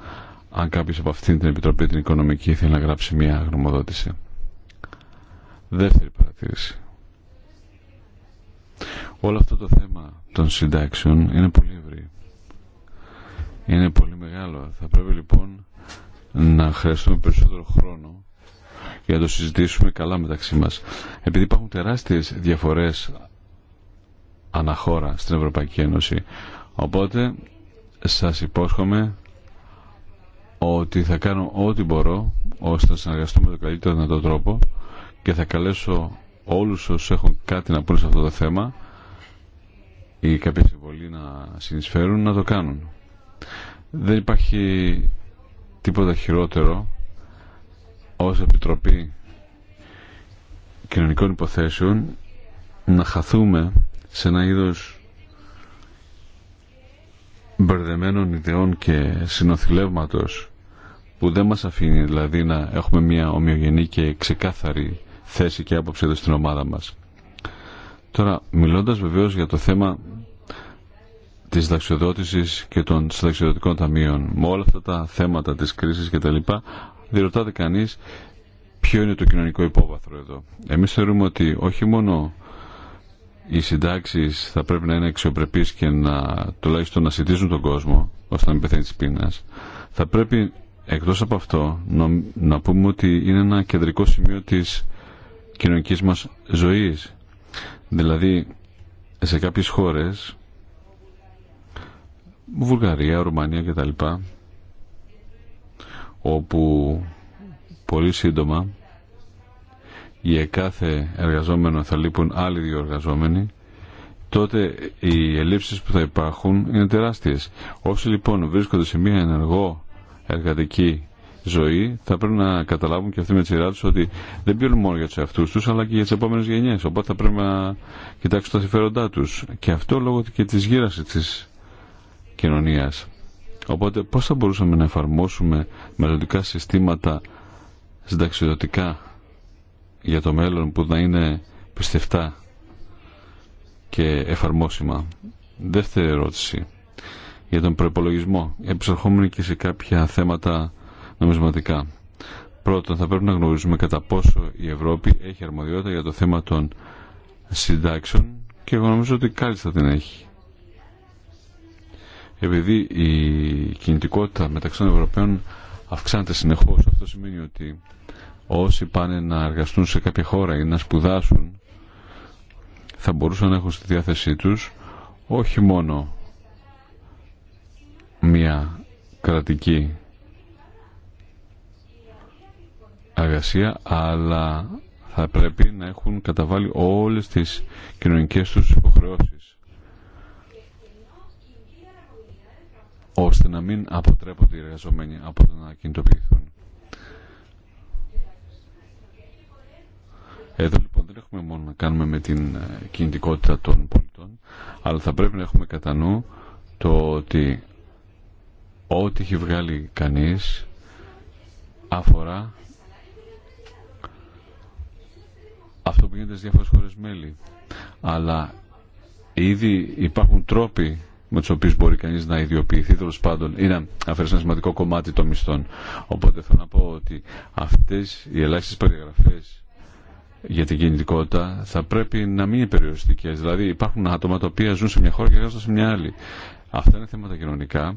αν κάποιο από αυτήν την Επιτροπή την Οικονομική θέλει να γράψει μια γνωμοδότηση. Δεύτερη παρατήρηση. Όλο αυτό το θέμα των συντάξεων είναι πολύ ευρύ. Είναι πολύ μεγάλο. Θα πρέπει λοιπόν να χρειαστούμε περισσότερο χρόνο για να το συζητήσουμε καλά μεταξύ μας. Επειδή υπάρχουν τεράστιες διαφορές αναχώρα στην Ευρωπαϊκή Ένωση. Οπότε σας υπόσχομαι ότι θα κάνω ό,τι μπορώ ώστε να συνεργαστούμε με τον καλύτερο δυνατό τρόπο και θα καλέσω όλους όσους έχουν κάτι να πούνε σε αυτό το θέμα ή κάποια συμβολή να συνεισφέρουν να το κάνουν. Δεν υπάρχει τίποτα χειρότερο ως Επιτροπή Κοινωνικών Υποθέσεων να χαθούμε σε ένα είδος μπερδεμένων ιδεών και συνοθηλεύματος που δεν μας αφήνει δηλαδή να έχουμε μια ομοιογενή και ξεκάθαρη θέση και άποψη εδώ στην ομάδα μας. Τώρα, μιλώντας βεβαίως για το θέμα της δαξιοδότησης και των συνταξιοδοτικών ταμείων, με όλα αυτά τα θέματα της κρίσης και τα λοιπά, διερωτάται κανείς ποιο είναι το κοινωνικό υπόβαθρο εδώ. Εμείς θεωρούμε ότι όχι μόνο οι συντάξει θα πρέπει να είναι αξιοπρεπεί και να τουλάχιστον να συντίζουν τον κόσμο ώστε να μην πεθαίνει τη πείνα. Θα πρέπει εκτό από αυτό να, να πούμε ότι είναι ένα κεντρικό σημείο τη κοινωνικής μας ζωής. Δηλαδή, σε κάποιες χώρες, Βουλγαρία, Ρουμανία κτλ, όπου πολύ σύντομα για κάθε εργαζόμενο θα λείπουν άλλοι δύο εργαζόμενοι, τότε οι ελλείψεις που θα υπάρχουν είναι τεράστιες. Όσοι λοιπόν βρίσκονται σε μια ενεργό εργατική ζωή θα πρέπει να καταλάβουν και αυτοί με τη σειρά του ότι δεν πιούν μόνο για του εαυτού του αλλά και για τι επόμενε γενιέ. Οπότε θα πρέπει να κοιτάξουν τα συμφέροντά του. Και αυτό λόγω και τη γύραση τη κοινωνία. Οπότε πώ θα μπορούσαμε να εφαρμόσουμε μελλοντικά συστήματα συνταξιδοτικά για το μέλλον που να είναι πιστευτά και εφαρμόσιμα. Δεύτερη ερώτηση για τον προπολογισμό. Επισερχόμενοι και σε κάποια θέματα νομισματικά. Πρώτον, θα πρέπει να γνωρίζουμε κατά πόσο η Ευρώπη έχει αρμοδιότητα για το θέμα των συντάξεων και εγώ νομίζω ότι κάλλιστα την έχει. Επειδή η κινητικότητα μεταξύ των Ευρωπαίων αυξάνεται συνεχώς, αυτό σημαίνει ότι όσοι πάνε να εργαστούν σε κάποια χώρα ή να σπουδάσουν θα μπορούσαν να έχουν στη διάθεσή τους όχι μόνο μια κρατική εργασία, αλλά θα πρέπει να έχουν καταβάλει όλες τις κοινωνικές τους υποχρεώσεις ώστε να μην αποτρέπονται οι εργαζομένοι από το να κινητοποιηθούν. Εδώ λοιπόν δεν έχουμε μόνο να κάνουμε με την ε, κινητικότητα των πολιτών, αλλά θα πρέπει να έχουμε κατά νου το ότι ό,τι έχει βγάλει κανείς αφορά αυτό που γίνεται στις διάφορες χώρες μέλη. Αλλά ήδη υπάρχουν τρόποι με τους οποίους μπορεί κανείς να ιδιοποιηθεί τέλο πάντων ή να αφαιρέσει ένα σημαντικό κομμάτι των μισθών. Οπότε θέλω να πω ότι αυτές οι ελάχιστες περιγραφές για την κινητικότητα θα πρέπει να μην είναι περιοριστικέ. Δηλαδή υπάρχουν άτομα τα οποία ζουν σε μια χώρα και εργάζονται σε μια άλλη. Αυτά είναι θέματα κοινωνικά.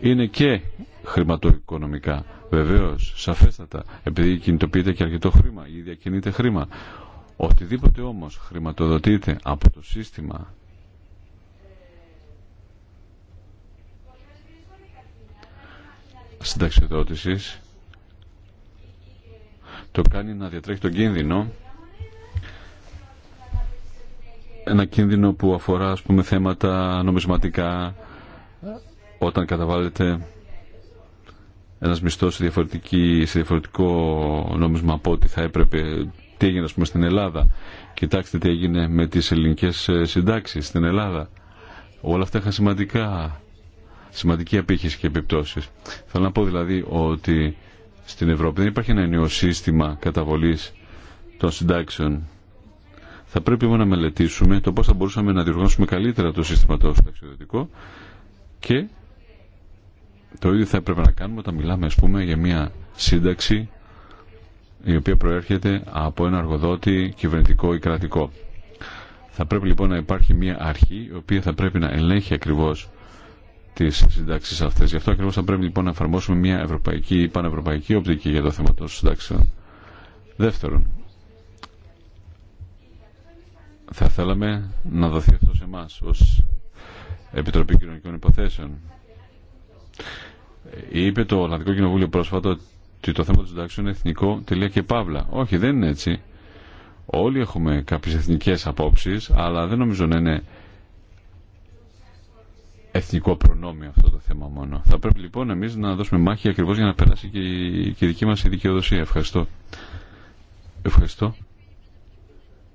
Είναι και χρηματοοικονομικά. Βεβαίω, σαφέστατα, επειδή κινητοποιείται και αρκετό χρήμα ή διακινείται χρήμα. Οτιδήποτε όμως χρηματοδοτείται από το σύστημα συνταξιδότησης το κάνει να διατρέχει τον κίνδυνο ένα κίνδυνο που αφορά ας πούμε θέματα νομισματικά όταν καταβάλλεται ένα μισθό σε, σε διαφορετικό νόμισμα από ό,τι θα έπρεπε τι έγινε α πούμε στην Ελλάδα κοιτάξτε τι έγινε με τι ελληνικέ ε, συντάξει στην Ελλάδα όλα αυτά είχαν σημαντικά σημαντική απήχηση και επιπτώσει. θέλω να πω δηλαδή ότι στην Ευρώπη δεν υπάρχει ένα νέο σύστημα καταβολή των συντάξεων θα πρέπει μόνο να μελετήσουμε το πώ θα μπορούσαμε να διοργανώσουμε καλύτερα το σύστημα το συνταξιοδοτικό και το ίδιο θα έπρεπε να κάνουμε όταν μιλάμε ας πούμε για μια σύνταξη η οποία προέρχεται από ένα αργοδότη κυβερνητικό ή κρατικό. Θα πρέπει λοιπόν να υπάρχει μια αρχή η οποία θα πρέπει να ελέγχει ακριβώς τις συντάξεις αυτές. Γι' αυτό ακριβώς θα πρέπει λοιπόν να εφαρμόσουμε μια ευρωπαϊκή ή πανευρωπαϊκή οπτική για το θέμα των συντάξεων. Δεύτερον, θα θέλαμε να δοθεί αυτό σε εμά ως Επιτροπή Κοινωνικών Υποθέσεων Είπε το Ολλανδικό Κοινοβούλιο πρόσφατα ότι το θέμα των συντάξεων είναι εθνικό τελεία και παύλα. Όχι, δεν είναι έτσι. Όλοι έχουμε κάποιες εθνικές απόψεις, αλλά δεν νομίζω να είναι εθνικό προνόμιο αυτό το θέμα μόνο. Θα πρέπει λοιπόν εμείς να δώσουμε μάχη ακριβώς για να περάσει και η, δική μας η δικαιοδοσία. Ευχαριστώ. Ευχαριστώ.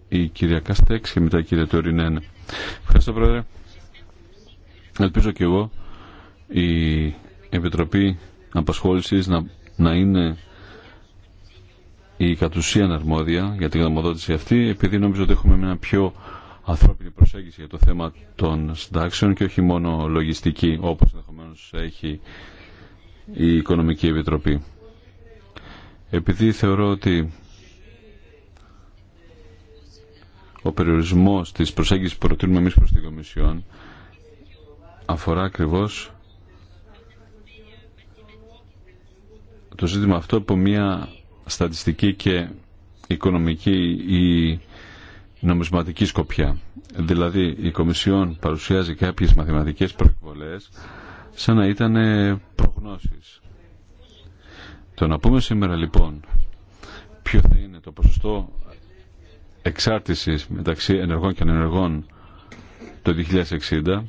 Η κυρία Καστέξ και μετά η κυρία Τωρινέν. Ευχαριστώ πρόεδρε. Ελπίζω και εγώ η Επιτροπή Απασχόλησης να, να είναι η κατουσία αρμόδια για την γραμμοδότηση αυτή, επειδή νομίζω ότι έχουμε μια πιο ανθρώπινη προσέγγιση για το θέμα των συντάξεων και όχι μόνο λογιστική, όπως ενδεχομένω έχει η Οικονομική Επιτροπή. Επειδή θεωρώ ότι ο περιορισμός της προσέγγισης που προτείνουμε εμείς προς την Κομισιόν αφορά ακριβώς το ζήτημα αυτό από μια στατιστική και οικονομική ή νομισματική σκοπιά. Δηλαδή η Κομισιόν παρουσιάζει κάποιες μαθηματικές προεκβολές σαν να ήταν ε, προγνώσεις. Το να πούμε σήμερα λοιπόν ποιο θα είναι το ποσοστό εξάρτησης μεταξύ ενεργών και ανενεργών το 2060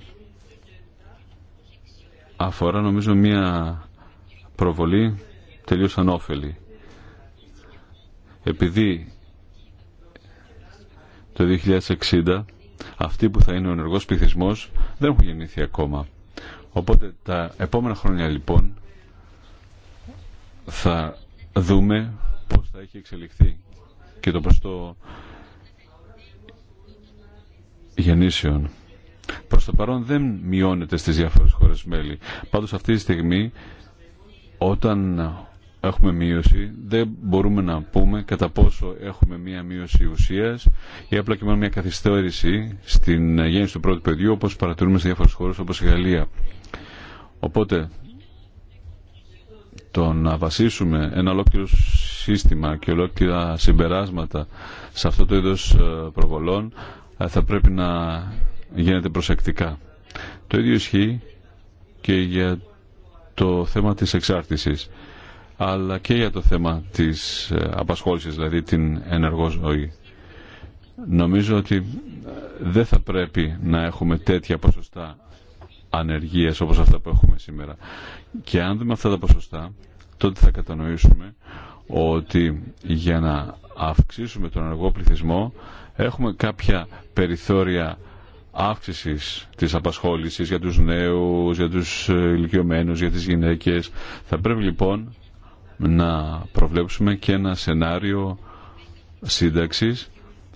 αφορά νομίζω μία προβολή τελείως ανώφελη. Επειδή το 2060 αυτοί που θα είναι ο ενεργός πληθυσμός δεν έχουν γεννήθει ακόμα. Οπότε τα επόμενα χρόνια λοιπόν θα δούμε πώς θα έχει εξελιχθεί και το το γεννήσεων. Προς το παρόν δεν μειώνεται στις διάφορες χώρες μέλη. Πάντως αυτή τη στιγμή όταν έχουμε μείωση, δεν μπορούμε να πούμε κατά πόσο έχουμε μία μείωση ουσίας ή απλά και μόνο μία καθυστέρηση στην γέννηση του πρώτου παιδιού όπως παρατηρούμε όπω παρατηρούμε σε διάφορε χώρε όπω η Γαλλία. οπως παρατηρουμε σε διαφορε χωρε οπως η γαλλια οποτε το να βασίσουμε ένα ολόκληρο σύστημα και ολόκληρα συμπεράσματα σε αυτό το είδος ε, προβολών ε, θα πρέπει να γίνεται προσεκτικά. Το ίδιο ισχύει και για το θέμα της εξάρτησης αλλά και για το θέμα της ε, απασχόλησης, δηλαδή την ενεργό ζωή. Νομίζω ότι ε, δεν θα πρέπει να έχουμε τέτοια ποσοστά ανεργίας όπως αυτά που έχουμε σήμερα. Και αν δούμε αυτά τα ποσοστά, τότε θα κατανοήσουμε ότι για να αυξήσουμε τον ενεργό πληθυσμό έχουμε κάποια περιθώρια αύξησης της απασχόλησης για τους νέους, για τους ε, ηλικιωμένους, για τις γυναίκες. Θα πρέπει λοιπόν να προβλέψουμε και ένα σενάριο σύνταξης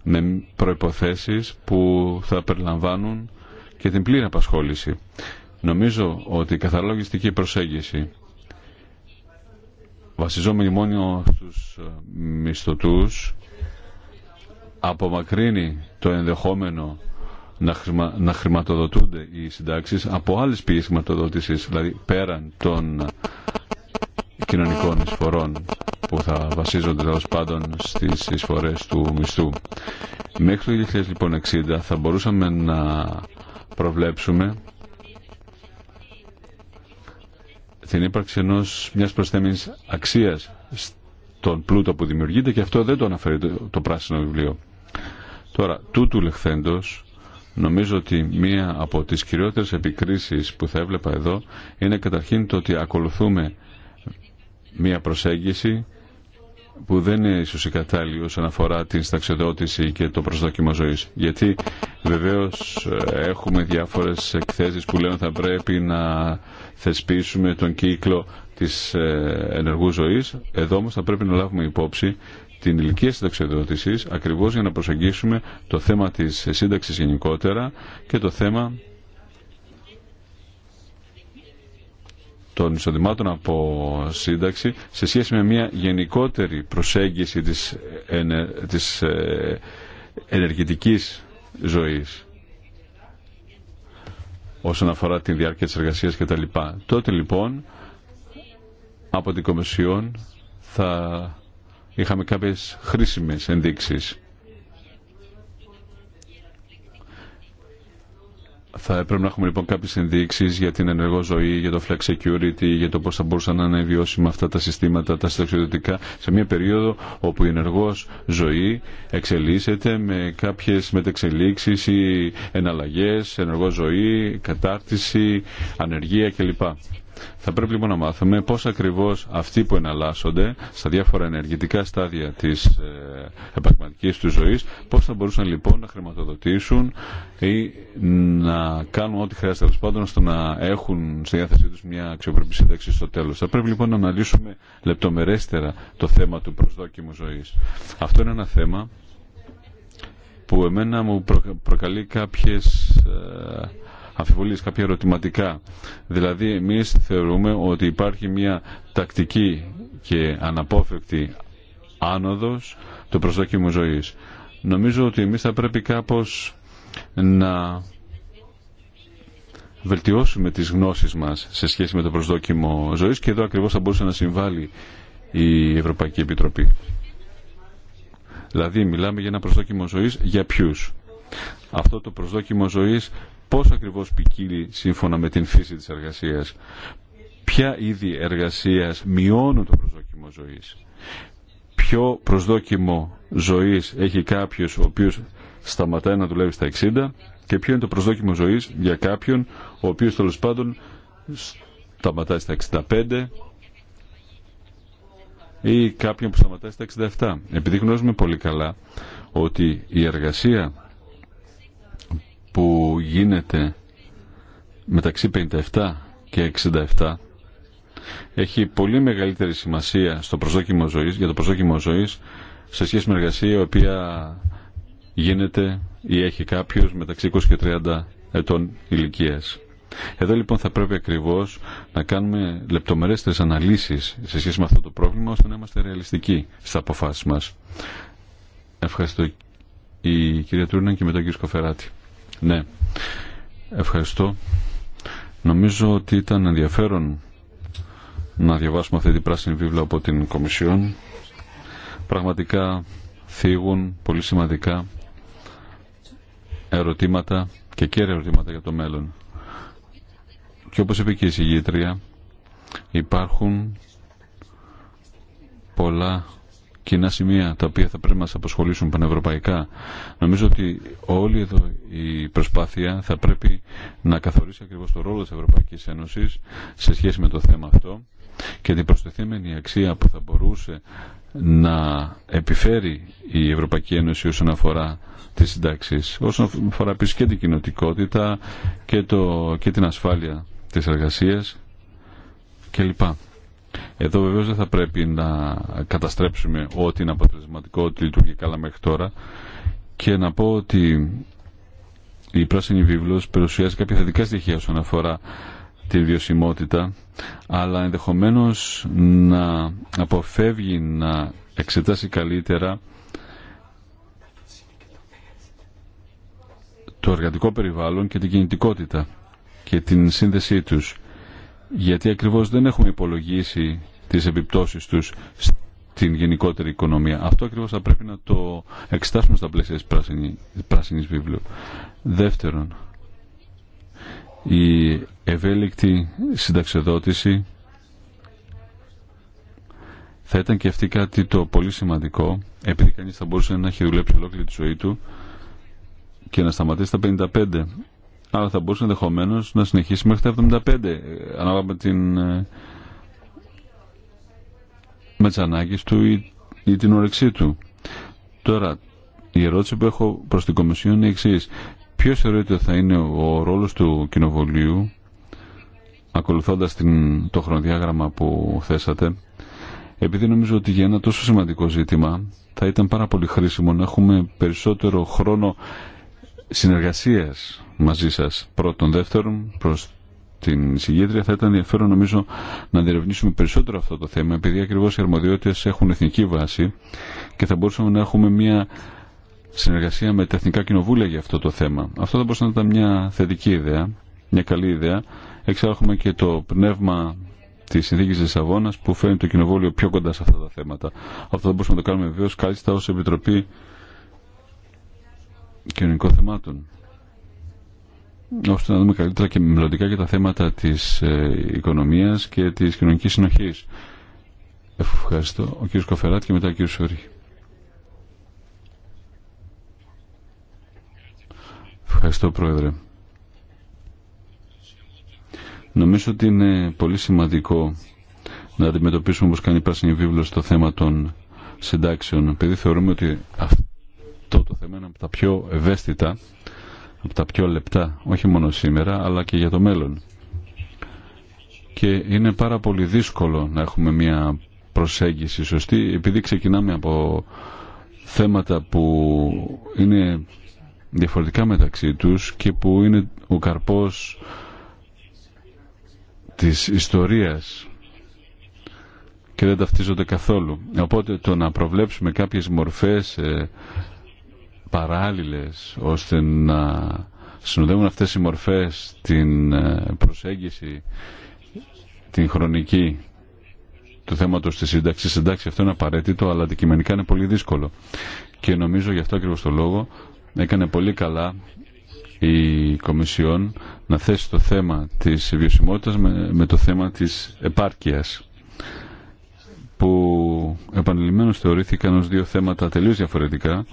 με προϋποθέσεις που θα περιλαμβάνουν και την πλήρη απασχόληση. Νομίζω ότι η καθαρολογιστική προσέγγιση βασιζόμενη μόνο στους ε, μισθωτούς απομακρύνει το ενδεχόμενο να, χρηματοδοτούνται οι συντάξεις από άλλες πηγές χρηματοδότησης, δηλαδή πέραν των κοινωνικών εισφορών που θα βασίζονται τέλο πάντων στις εισφορές του μισθού. Μέχρι το 2060 θα μπορούσαμε να προβλέψουμε την ύπαρξη ενός μιας προσθέμενης αξίας στον πλούτο που δημιουργείται και αυτό δεν το αναφέρει το, πράσινο βιβλίο. Τώρα, τούτου λεχθέντος, νομίζω ότι μία από τις κυριότερες επικρίσεις που θα έβλεπα εδώ είναι καταρχήν το ότι ακολουθούμε μια προσέγγιση που δεν είναι ίσως η κατάλληλη όσον αφορά την σταξιδότηση και το προσδόκιμο ζωής. Γιατί βεβαίως ε, έχουμε διάφορες εκθέσεις που λένε θα πρέπει να θεσπίσουμε τον κύκλο της ε, ενεργού ζωής. Εδώ όμως θα πρέπει να λάβουμε υπόψη την ηλικία σταξιδότηση ακριβώς για να προσεγγίσουμε το θέμα της σύνταξης γενικότερα και το θέμα των εισοδημάτων από σύνταξη σε σχέση με μια γενικότερη προσέγγιση της, ενε, της ε, ενεργητικής ζωής όσον αφορά τη διάρκεια της εργασίας και τα λοιπά. Τότε λοιπόν από την Κομισιόν θα είχαμε κάποιες χρήσιμες ενδείξεις Θα έπρεπε να έχουμε λοιπόν κάποιες ενδείξεις για την ενεργό ζωή, για το flex security, για το πώς θα μπορούσαν να είναι βιώσιμα αυτά τα συστήματα, τα συνταξιδοτικά, σε μια περίοδο όπου η ενεργός ζωή εξελίσσεται με κάποιες μετεξελίξεις ή εναλλαγές, ενεργό ζωή, κατάρτιση, ανεργία κλπ. Θα πρέπει λοιπόν να μάθουμε πώ ακριβώς αυτοί που εναλλάσσονται στα διάφορα ενεργητικά στάδια της ε, επαγγελματική του ζωής, πώ θα μπορούσαν λοιπόν να χρηματοδοτήσουν ή να κάνουν ό,τι χρειάζεται τέλο πάντων ώστε να έχουν στη διάθεσή τους μια αξιοπρεπή σύνταξη στο τέλος. Θα πρέπει λοιπόν να αναλύσουμε λεπτομερέστερα το θέμα του προσδόκιμου ζωή. Αυτό είναι ένα θέμα που εμένα μου προκαλεί κάποιες ε, αμφιβολίες, κάποια ερωτηματικά. Δηλαδή εμείς θεωρούμε ότι υπάρχει μια τακτική και αναπόφευκτη άνοδος του προσδόκιμου ζωής. Νομίζω ότι εμείς θα πρέπει κάπως να βελτιώσουμε τις γνώσεις μας σε σχέση με το προσδόκιμο ζωής και εδώ ακριβώς θα μπορούσε να συμβάλλει η Ευρωπαϊκή Επιτροπή. Δηλαδή μιλάμε για ένα προσδόκιμο ζωής για ποιους. Αυτό το προσδόκιμο ζωής πώς ακριβώς ποικίλει σύμφωνα με την φύση της εργασίας. Ποια είδη εργασίας μειώνουν το προσδόκιμο ζωής. Ποιο προσδόκιμο ζωής έχει κάποιος ο οποίος σταματάει να δουλεύει στα 60 και ποιο είναι το προσδόκιμο ζωής για κάποιον ο οποίος τέλο πάντων σταματάει στα 65 ή κάποιον που σταματάει στα 67. Επειδή γνωρίζουμε πολύ καλά ότι η εργασία που γίνεται μεταξύ 57 και 67 έχει πολύ μεγαλύτερη σημασία στο προσδόκιμο ζωής, για το προσδόκιμο ζωής σε σχέση με εργασία η οποία γίνεται ή έχει κάποιος μεταξύ 20 και 30 ετών ηλικίας. Εδώ λοιπόν θα πρέπει ακριβώς να κάνουμε λεπτομερέστερες αναλύσεις σε σχέση με αυτό το πρόβλημα ώστε να είμαστε ρεαλιστικοί στι αποφάσεις μας. Ευχαριστώ η κυρία Τρούνα και μετά ο κύριο Κοφεράτη. Ναι, ευχαριστώ. Νομίζω ότι ήταν ενδιαφέρον να διαβάσουμε αυτή την πράσινη βίβλα από την Κομισιόν. Πραγματικά θίγουν πολύ σημαντικά ερωτήματα και κέρια ερωτήματα για το μέλλον. Και όπως είπε και η συγγήτρια, υπάρχουν πολλά κοινά σημεία τα οποία θα πρέπει να μας απασχολήσουν πανευρωπαϊκά. Νομίζω ότι όλη εδώ η προσπάθεια θα πρέπει να καθορίσει ακριβώς το ρόλο της Ευρωπαϊκής Ένωσης σε σχέση με το θέμα αυτό και την προσθεθήμενη αξία που θα μπορούσε να επιφέρει η Ευρωπαϊκή Ένωση όσον αφορά τι συντάξει, όσον αφορά επίση και την κοινοτικότητα και, το, και την ασφάλεια τη εργασία κλπ. Εδώ βεβαίω δεν θα πρέπει να καταστρέψουμε ό,τι είναι αποτελεσματικό, ό,τι λειτουργεί καλά μέχρι τώρα και να πω ότι η πράσινη βίβλο παρουσιάζει κάποια θετικά στοιχεία όσον αφορά τη βιωσιμότητα αλλά ενδεχομένω να αποφεύγει να εξετάσει καλύτερα το εργατικό περιβάλλον και την κινητικότητα και την σύνδεσή τους γιατί ακριβώς δεν έχουμε υπολογίσει τις επιπτώσεις τους στην γενικότερη οικονομία. Αυτό ακριβώς θα πρέπει να το εξετάσουμε στα πλαίσια της πράσινη, πράσινης βίβλου. Δεύτερον, η ευέλικτη συνταξιοδότηση θα ήταν και αυτή κάτι το πολύ σημαντικό, επειδή κανείς θα μπορούσε να έχει δουλέψει ολόκληρη τη ζωή του και να σταματήσει τα 55 αλλά θα μπορούσε ενδεχομένω να συνεχίσει μέχρι τα 75 ε, ανάλογα με, την, ε, με του ή, ή την όρεξή του. Τώρα, η την ορεξη του τωρα η ερωτηση που έχω προς την Κομισιόν είναι η εξή. Ποιος θεωρείται θα είναι ο ρόλος του Κοινοβουλίου ακολουθώντας την, το χρονοδιάγραμμα που θέσατε επειδή νομίζω ότι για ένα τόσο σημαντικό ζήτημα θα ήταν πάρα πολύ χρήσιμο να έχουμε περισσότερο χρόνο συνεργασίας μαζί σας πρώτον δεύτερον προς την συγκέντρια θα ήταν ενδιαφέρον νομίζω να διερευνήσουμε περισσότερο αυτό το θέμα επειδή ακριβώς οι αρμοδιότητες έχουν εθνική βάση και θα μπορούσαμε να έχουμε μια συνεργασία με τα εθνικά κοινοβούλια για αυτό το θέμα. Αυτό θα μπορούσε να ήταν μια θετική ιδέα, μια καλή ιδέα. έχουμε και το πνεύμα τη συνθήκη Λισαβόνα που φέρνει το κοινοβούλιο πιο κοντά σε αυτά τα θέματα. Αυτό θα μπορούσαμε να το κάνουμε βεβαίω κάλλιστα ω Επιτροπή κοινωνικών θεμάτων ώστε να δούμε καλύτερα και μελλοντικά και τα θέματα της ε, οικονομίας και της κοινωνικής συνοχής. Ευχαριστώ. Ο κύριος Κοφεράτ και μετά ο κύριος Σουρή. Ευχαριστώ Πρόεδρε. Νομίζω ότι είναι πολύ σημαντικό να αντιμετωπίσουμε όπως κάνει η Πράσινη Βίβλος το θέμα των συντάξεων επειδή θεωρούμε ότι αυτό αυτό το θέμα είναι από τα πιο ευαίσθητα, από τα πιο λεπτά, όχι μόνο σήμερα, αλλά και για το μέλλον. Και είναι πάρα πολύ δύσκολο να έχουμε μια προσέγγιση σωστή, επειδή ξεκινάμε από θέματα που είναι διαφορετικά μεταξύ τους και που είναι ο καρπός της ιστορίας και δεν ταυτίζονται καθόλου. Οπότε το να προβλέψουμε κάποιες μορφές ε, παράλληλες ώστε να συνοδεύουν αυτές οι μορφές την ε, προσέγγιση την χρονική του θέματος της σύνταξης. Εντάξει, αυτό είναι απαραίτητο, αλλά αντικειμενικά είναι πολύ δύσκολο. Και νομίζω γι' αυτό ακριβώ το λόγο έκανε πολύ καλά η Κομισιόν να θέσει το θέμα της βιωσιμότητας με, το θέμα της επάρκειας που επανειλημμένως θεωρήθηκαν ως δύο θέματα τελείως διαφορετικά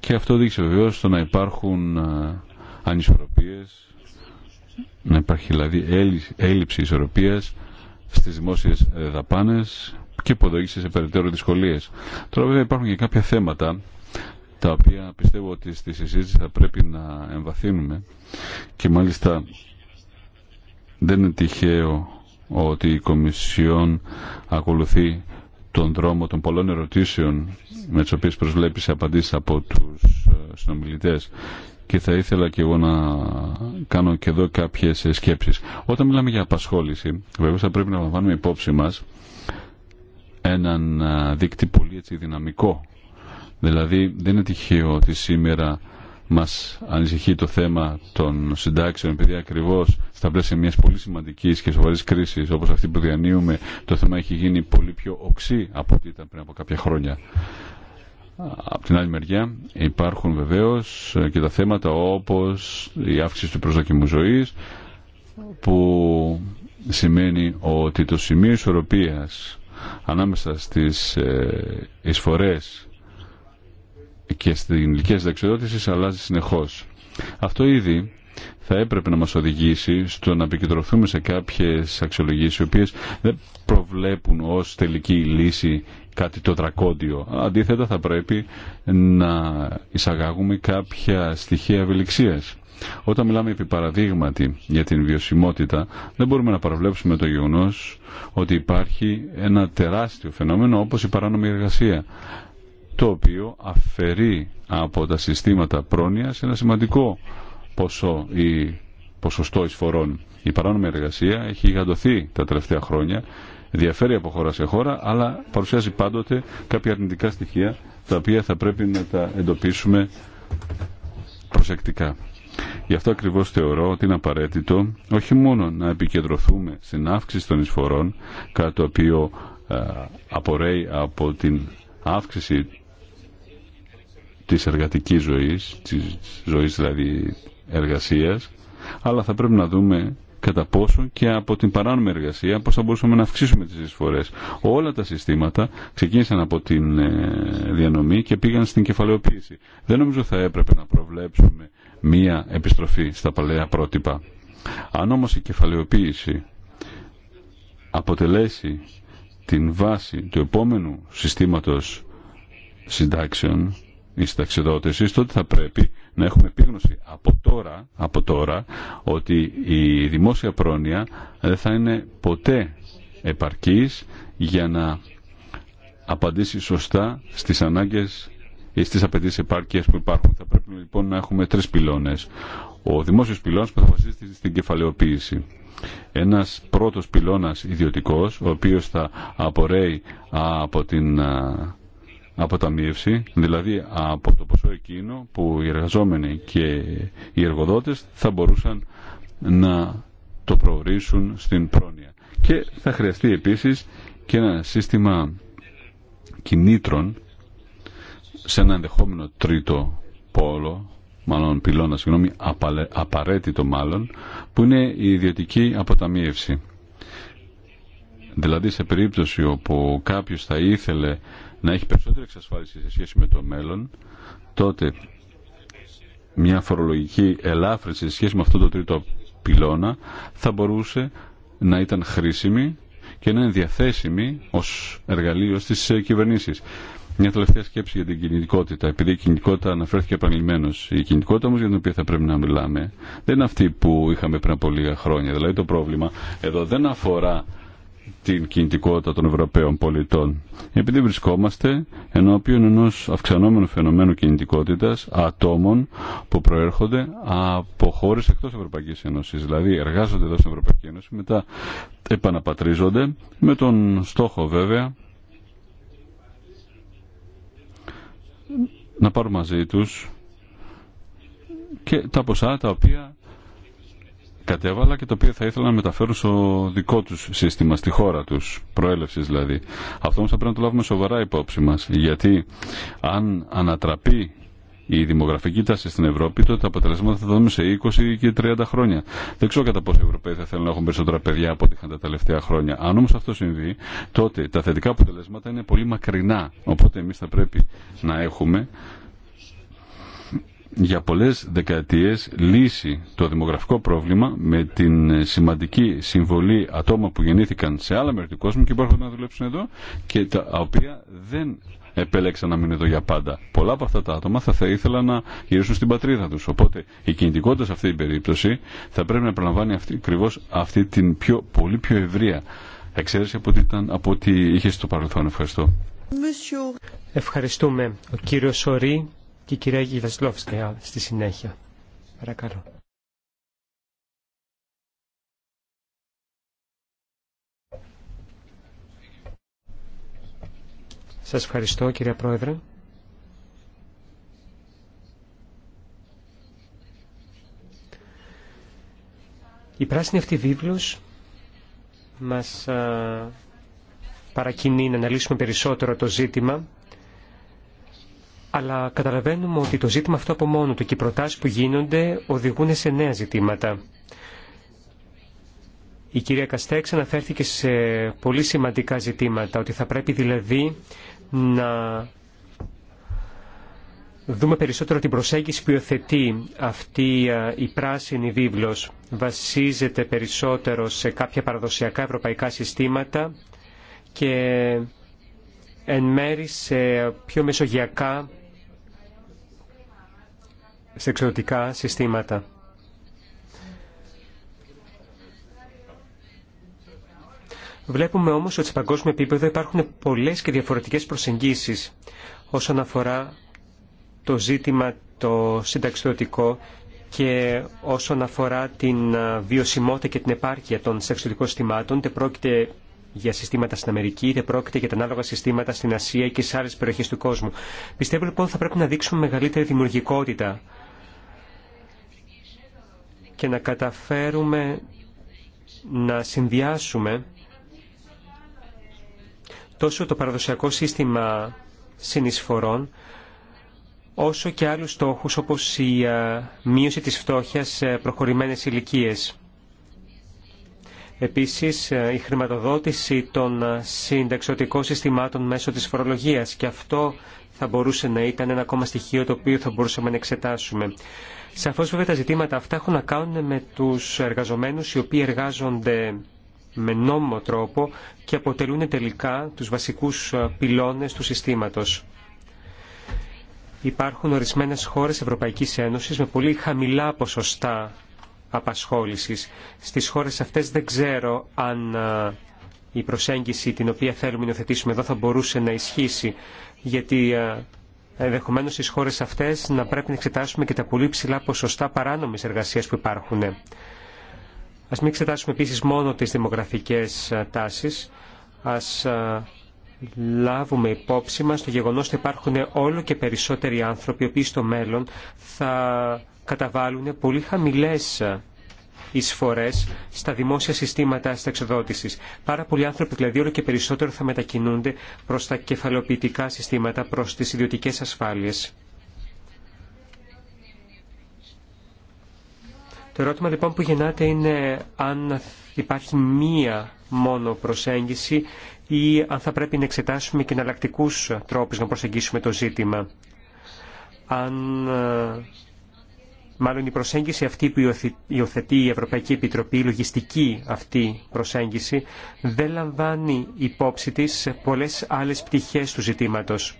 και αυτό δείξει, βεβαίω στο να υπάρχουν ε, ανισορροπίες, να υπάρχει δηλαδή έλλειψη ισορροπίας στις δημόσιε δαπάνε και που σε περαιτέρω δυσκολίε. Τώρα βέβαια υπάρχουν και κάποια θέματα τα οποία πιστεύω ότι στη συζήτηση θα πρέπει να εμβαθύνουμε και μάλιστα δεν είναι τυχαίο ότι η Κομισιόν ακολουθεί τον δρόμο των πολλών ερωτήσεων με τις οποίες προσβλέπεις απαντήσεις από τους ε, συνομιλητές και θα ήθελα και εγώ να κάνω και εδώ κάποιες ε, σκέψεις. Όταν μιλάμε για απασχόληση, βέβαια θα πρέπει να λαμβάνουμε υπόψη μας έναν ε, δείκτη πολύ έτσι δυναμικό. Δηλαδή δεν είναι τυχαίο ότι σήμερα μας ανησυχεί το θέμα των συντάξεων επειδή ακριβώς στα πλαίσια μιας πολύ σημαντικής και σοβαρής κρίσης όπως αυτή που διανύουμε το θέμα έχει γίνει πολύ πιο οξύ από ό,τι ήταν πριν από κάποια χρόνια. Από την άλλη μεριά υπάρχουν βεβαίως και τα θέματα όπως η αύξηση του προσδοκιμού ζωής που σημαίνει ότι το σημείο ισορροπίας ανάμεσα στις ε, εισφορές και στην ηλικία δεξιότητες, αλλάζει συνεχώς. Αυτό ήδη θα έπρεπε να μας οδηγήσει στο να επικεντρωθούμε σε κάποιες αξιολογίες οι οποίες δεν προβλέπουν ως τελική λύση κάτι το τρακόντιο. Αντίθετα θα πρέπει να εισαγάγουμε κάποια στοιχεία ευελιξίας. Όταν μιλάμε επί παραδείγματι για την βιωσιμότητα, δεν μπορούμε να παραβλέψουμε το γεγονός ότι υπάρχει ένα τεράστιο φαινόμενο όπως η παράνομη εργασία το οποίο αφαιρεί από τα συστήματα πρόνοιας ένα σημαντικό ποσό ή ποσοστό εισφορών. Η παράνομη εργασία έχει γιγαντωθεί τα τελευταία χρόνια, διαφέρει από χώρα σε χώρα, αλλά παρουσιάζει πάντοτε κάποια αρνητικά στοιχεία τα οποία θα πρέπει να τα εντοπίσουμε προσεκτικά. Γι' αυτό ακριβώς θεωρώ ότι είναι απαραίτητο όχι μόνο να επικεντρωθούμε στην αύξηση των εισφορών, κάτι το οποίο ε, απορρέει από την αύξηση της εργατικής ζωής, της ζωής δηλαδή εργασίας, αλλά θα πρέπει να δούμε κατά πόσο και από την παράνομη εργασία πώς θα μπορούσαμε να αυξήσουμε τις εισφορές. Όλα τα συστήματα ξεκίνησαν από την ε, διανομή και πήγαν στην κεφαλαιοποίηση. Δεν νομίζω θα έπρεπε να προβλέψουμε μία επιστροφή στα παλαιά πρότυπα. Αν όμως η κεφαλαιοποίηση αποτελέσει την βάση του επόμενου συστήματος συντάξεων οι συνταξιδότηση, τότε θα πρέπει να έχουμε επίγνωση από τώρα, από τώρα ότι η δημόσια πρόνοια δεν θα είναι ποτέ επαρκής για να απαντήσει σωστά στις ανάγκες ή στις απαιτήσεις επάρκειας που υπάρχουν. Θα πρέπει λοιπόν να έχουμε τρεις πυλώνες. Ο δημόσιος πυλώνας που θα βασίζεται στην κεφαλαιοποίηση. Ένας πρώτος πυλώνας ιδιωτικός, ο οποίος θα απορρέει από την αποταμίευση, δηλαδή από το ποσό εκείνο που οι εργαζόμενοι και οι εργοδότες θα μπορούσαν να το προορίσουν στην πρόνοια. Και θα χρειαστεί επίσης και ένα σύστημα κινήτρων σε ένα ενδεχόμενο τρίτο πόλο, μάλλον πυλώνα, συγγνώμη, απαραίτητο μάλλον, που είναι η ιδιωτική αποταμίευση. Δηλαδή σε περίπτωση όπου κάποιος θα ήθελε να έχει περισσότερη εξασφάλιση σε σχέση με το μέλλον, τότε μια φορολογική ελάφρυνση σε σχέση με αυτό το τρίτο πυλώνα θα μπορούσε να ήταν χρήσιμη και να είναι διαθέσιμη ως εργαλείο στις κυβερνήσεις. Μια τελευταία σκέψη για την κινητικότητα. Επειδή η κινητικότητα αναφέρθηκε επανειλημμένω, η κινητικότητα όμω για την οποία θα πρέπει να μιλάμε δεν είναι αυτή που είχαμε πριν από λίγα χρόνια. Δηλαδή το πρόβλημα εδώ δεν αφορά την κινητικότητα των Ευρωπαίων πολιτών. Επειδή βρισκόμαστε ενώπιον ενό αυξανόμενου φαινομένου κινητικότητα ατόμων που προέρχονται από χώρες εκτός Ευρωπαϊκής Ένωση. Δηλαδή εργάζονται εδώ στην Ευρωπαϊκή Ένωση, μετά επαναπατρίζονται με τον στόχο βέβαια να πάρουν μαζί τους και τα ποσά τα οποία κατέβαλα και το οποίο θα ήθελα να μεταφέρουν στο δικό του σύστημα, στη χώρα του προέλευση. δηλαδή. Αυτό όμω θα πρέπει να το λάβουμε σοβαρά υπόψη μα. γιατί αν ανατραπεί η δημογραφική τάση στην Ευρώπη, τότε τα αποτελέσματα θα δούμε σε 20 και 30 χρόνια. Δεν ξέρω κατά πόσο οι Ευρωπαίοι θα θέλουν να έχουν περισσότερα παιδιά από ό,τι είχαν τα τελευταία χρόνια. Αν όμω αυτό συμβεί, τότε τα θετικά αποτελέσματα είναι πολύ μακρινά. Οπότε εμεί θα πρέπει να έχουμε για πολλές δεκαετίες λύσει το δημογραφικό πρόβλημα με την σημαντική συμβολή ατόμων που γεννήθηκαν σε άλλα μέρη του κόσμου και υπάρχουν να δουλέψουν εδώ και τα οποία δεν επέλεξαν να μείνουν εδώ για πάντα. Πολλά από αυτά τα άτομα θα, θα ήθελαν να γυρίσουν στην πατρίδα τους. Οπότε η κινητικότητα σε αυτή την περίπτωση θα πρέπει να προλαμβάνει αυτή, ακριβώ αυτή την πιο, πολύ πιο ευρεία εξαίρεση από ό,τι, από είχε στο παρελθόν. Ευχαριστώ. Ευχαριστούμε. Ο κύριος Σωρή και η κυρία Γιδασλόφσκα ε, στη συνέχεια. Παρακαλώ. Σας ευχαριστώ κυρία Πρόεδρε. Η πράσινη αυτή βίβλος μας παρακινεί να αναλύσουμε περισσότερο το ζήτημα αλλά καταλαβαίνουμε ότι το ζήτημα αυτό από μόνο του και οι προτάσεις που γίνονται οδηγούν σε νέα ζητήματα. Η κυρία Καστέξ αναφέρθηκε σε πολύ σημαντικά ζητήματα, ότι θα πρέπει δηλαδή να δούμε περισσότερο την προσέγγιση που υιοθετεί αυτή η πράσινη βίβλος. Βασίζεται περισσότερο σε κάποια παραδοσιακά ευρωπαϊκά συστήματα και εν μέρη σε πιο μεσογειακά σε εξωτικά συστήματα. Βλέπουμε όμως ότι σε παγκόσμιο επίπεδο υπάρχουν πολλές και διαφορετικές προσεγγίσεις όσον αφορά το ζήτημα το συνταξιδοτικό και όσον αφορά την βιωσιμότητα και την επάρκεια των συνταξιδοτικών συστημάτων, είτε πρόκειται για συστήματα στην Αμερική, είτε πρόκειται για τα ανάλογα συστήματα στην Ασία και σε άλλες περιοχές του κόσμου. Πιστεύω λοιπόν θα πρέπει να δείξουμε μεγαλύτερη δημιουργικότητα και να καταφέρουμε να συνδυάσουμε τόσο το παραδοσιακό σύστημα συνεισφορών, όσο και άλλους στόχους όπως η μείωση της φτώχειας σε προχωρημένες ηλικίες. Επίσης, η χρηματοδότηση των συνταξιωτικών συστημάτων μέσω της φορολογίας και αυτό θα μπορούσε να ήταν ένα ακόμα στοιχείο το οποίο θα μπορούσαμε να εξετάσουμε. Σαφώς βέβαια τα ζητήματα αυτά έχουν να κάνουν με τους εργαζομένους οι οποίοι εργάζονται με νόμιμο τρόπο και αποτελούν τελικά τους βασικούς ε, πυλώνες του συστήματος. Υπάρχουν ορισμένες χώρες Ευρωπαϊκής Ένωσης με πολύ χαμηλά ποσοστά απασχόλησης. Στις χώρες αυτές δεν ξέρω αν ε, η προσέγγιση την οποία θέλουμε να υιοθετήσουμε εδώ θα μπορούσε να ισχύσει, γιατί ε, Ενδεχομένω στις χώρες αυτές να πρέπει να εξετάσουμε και τα πολύ ψηλά ποσοστά παράνομη εργασία που υπάρχουν. Ας μην εξετάσουμε επίσης μόνο τις δημογραφικές τάσεις, ας λάβουμε υπόψη μα το γεγονός ότι υπάρχουν όλο και περισσότεροι άνθρωποι οι οποίοι στο μέλλον θα καταβάλουν πολύ χαμηλές εισφορέ στα δημόσια συστήματα αστεξοδότηση. Πάρα πολλοί άνθρωποι δηλαδή όλο και περισσότερο θα μετακινούνται προ τα κεφαλοποιητικά συστήματα, προ τι ιδιωτικέ ασφάλειες. Το ερώτημα λοιπόν που γεννάται είναι αν υπάρχει μία μόνο προσέγγιση ή αν θα πρέπει να εξετάσουμε και εναλλακτικού τρόπους να προσεγγίσουμε το ζήτημα. Αν Μάλλον η προσέγγιση αυτή που υιοθετεί η Ευρωπαϊκή Επιτροπή, η λογιστική αυτή προσέγγιση, δεν λαμβάνει υπόψη της πολλές άλλες πτυχές του ζητήματος.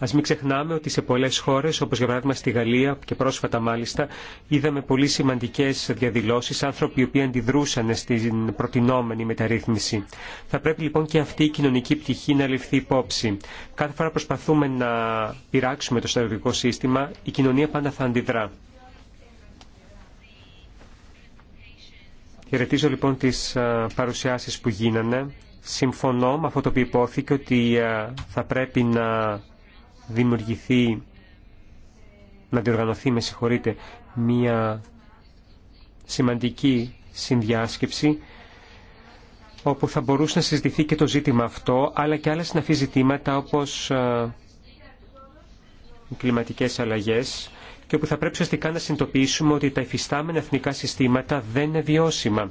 Α μην ξεχνάμε ότι σε πολλέ χώρε, όπω για παράδειγμα στη Γαλλία και πρόσφατα μάλιστα, είδαμε πολύ σημαντικέ διαδηλώσει, άνθρωποι οι οποίοι αντιδρούσαν στην προτινόμενη μεταρρύθμιση. Θα πρέπει λοιπόν και αυτή η κοινωνική πτυχή να ληφθεί υπόψη. Κάθε φορά προσπαθούμε να πειράξουμε το στρατιωτικό σύστημα, η κοινωνία πάντα θα αντιδρά. Χαιρετίζω λοιπόν τις παρουσιάσεις που γίνανε. Συμφωνώ με αυτό το οποίο υπόθηκε ότι θα πρέπει να δημιουργηθεί, να διοργανωθεί, με συγχωρείτε, μια σημαντική συνδιάσκεψη όπου θα μπορούσε να συζητηθεί και το ζήτημα αυτό, αλλά και άλλα συναφή ζητήματα όπως ε, οι κλιματικές αλλαγές και όπου θα πρέπει ουσιαστικά να συνειδητοποιήσουμε ότι τα υφιστάμενα εθνικά συστήματα δεν είναι βιώσιμα.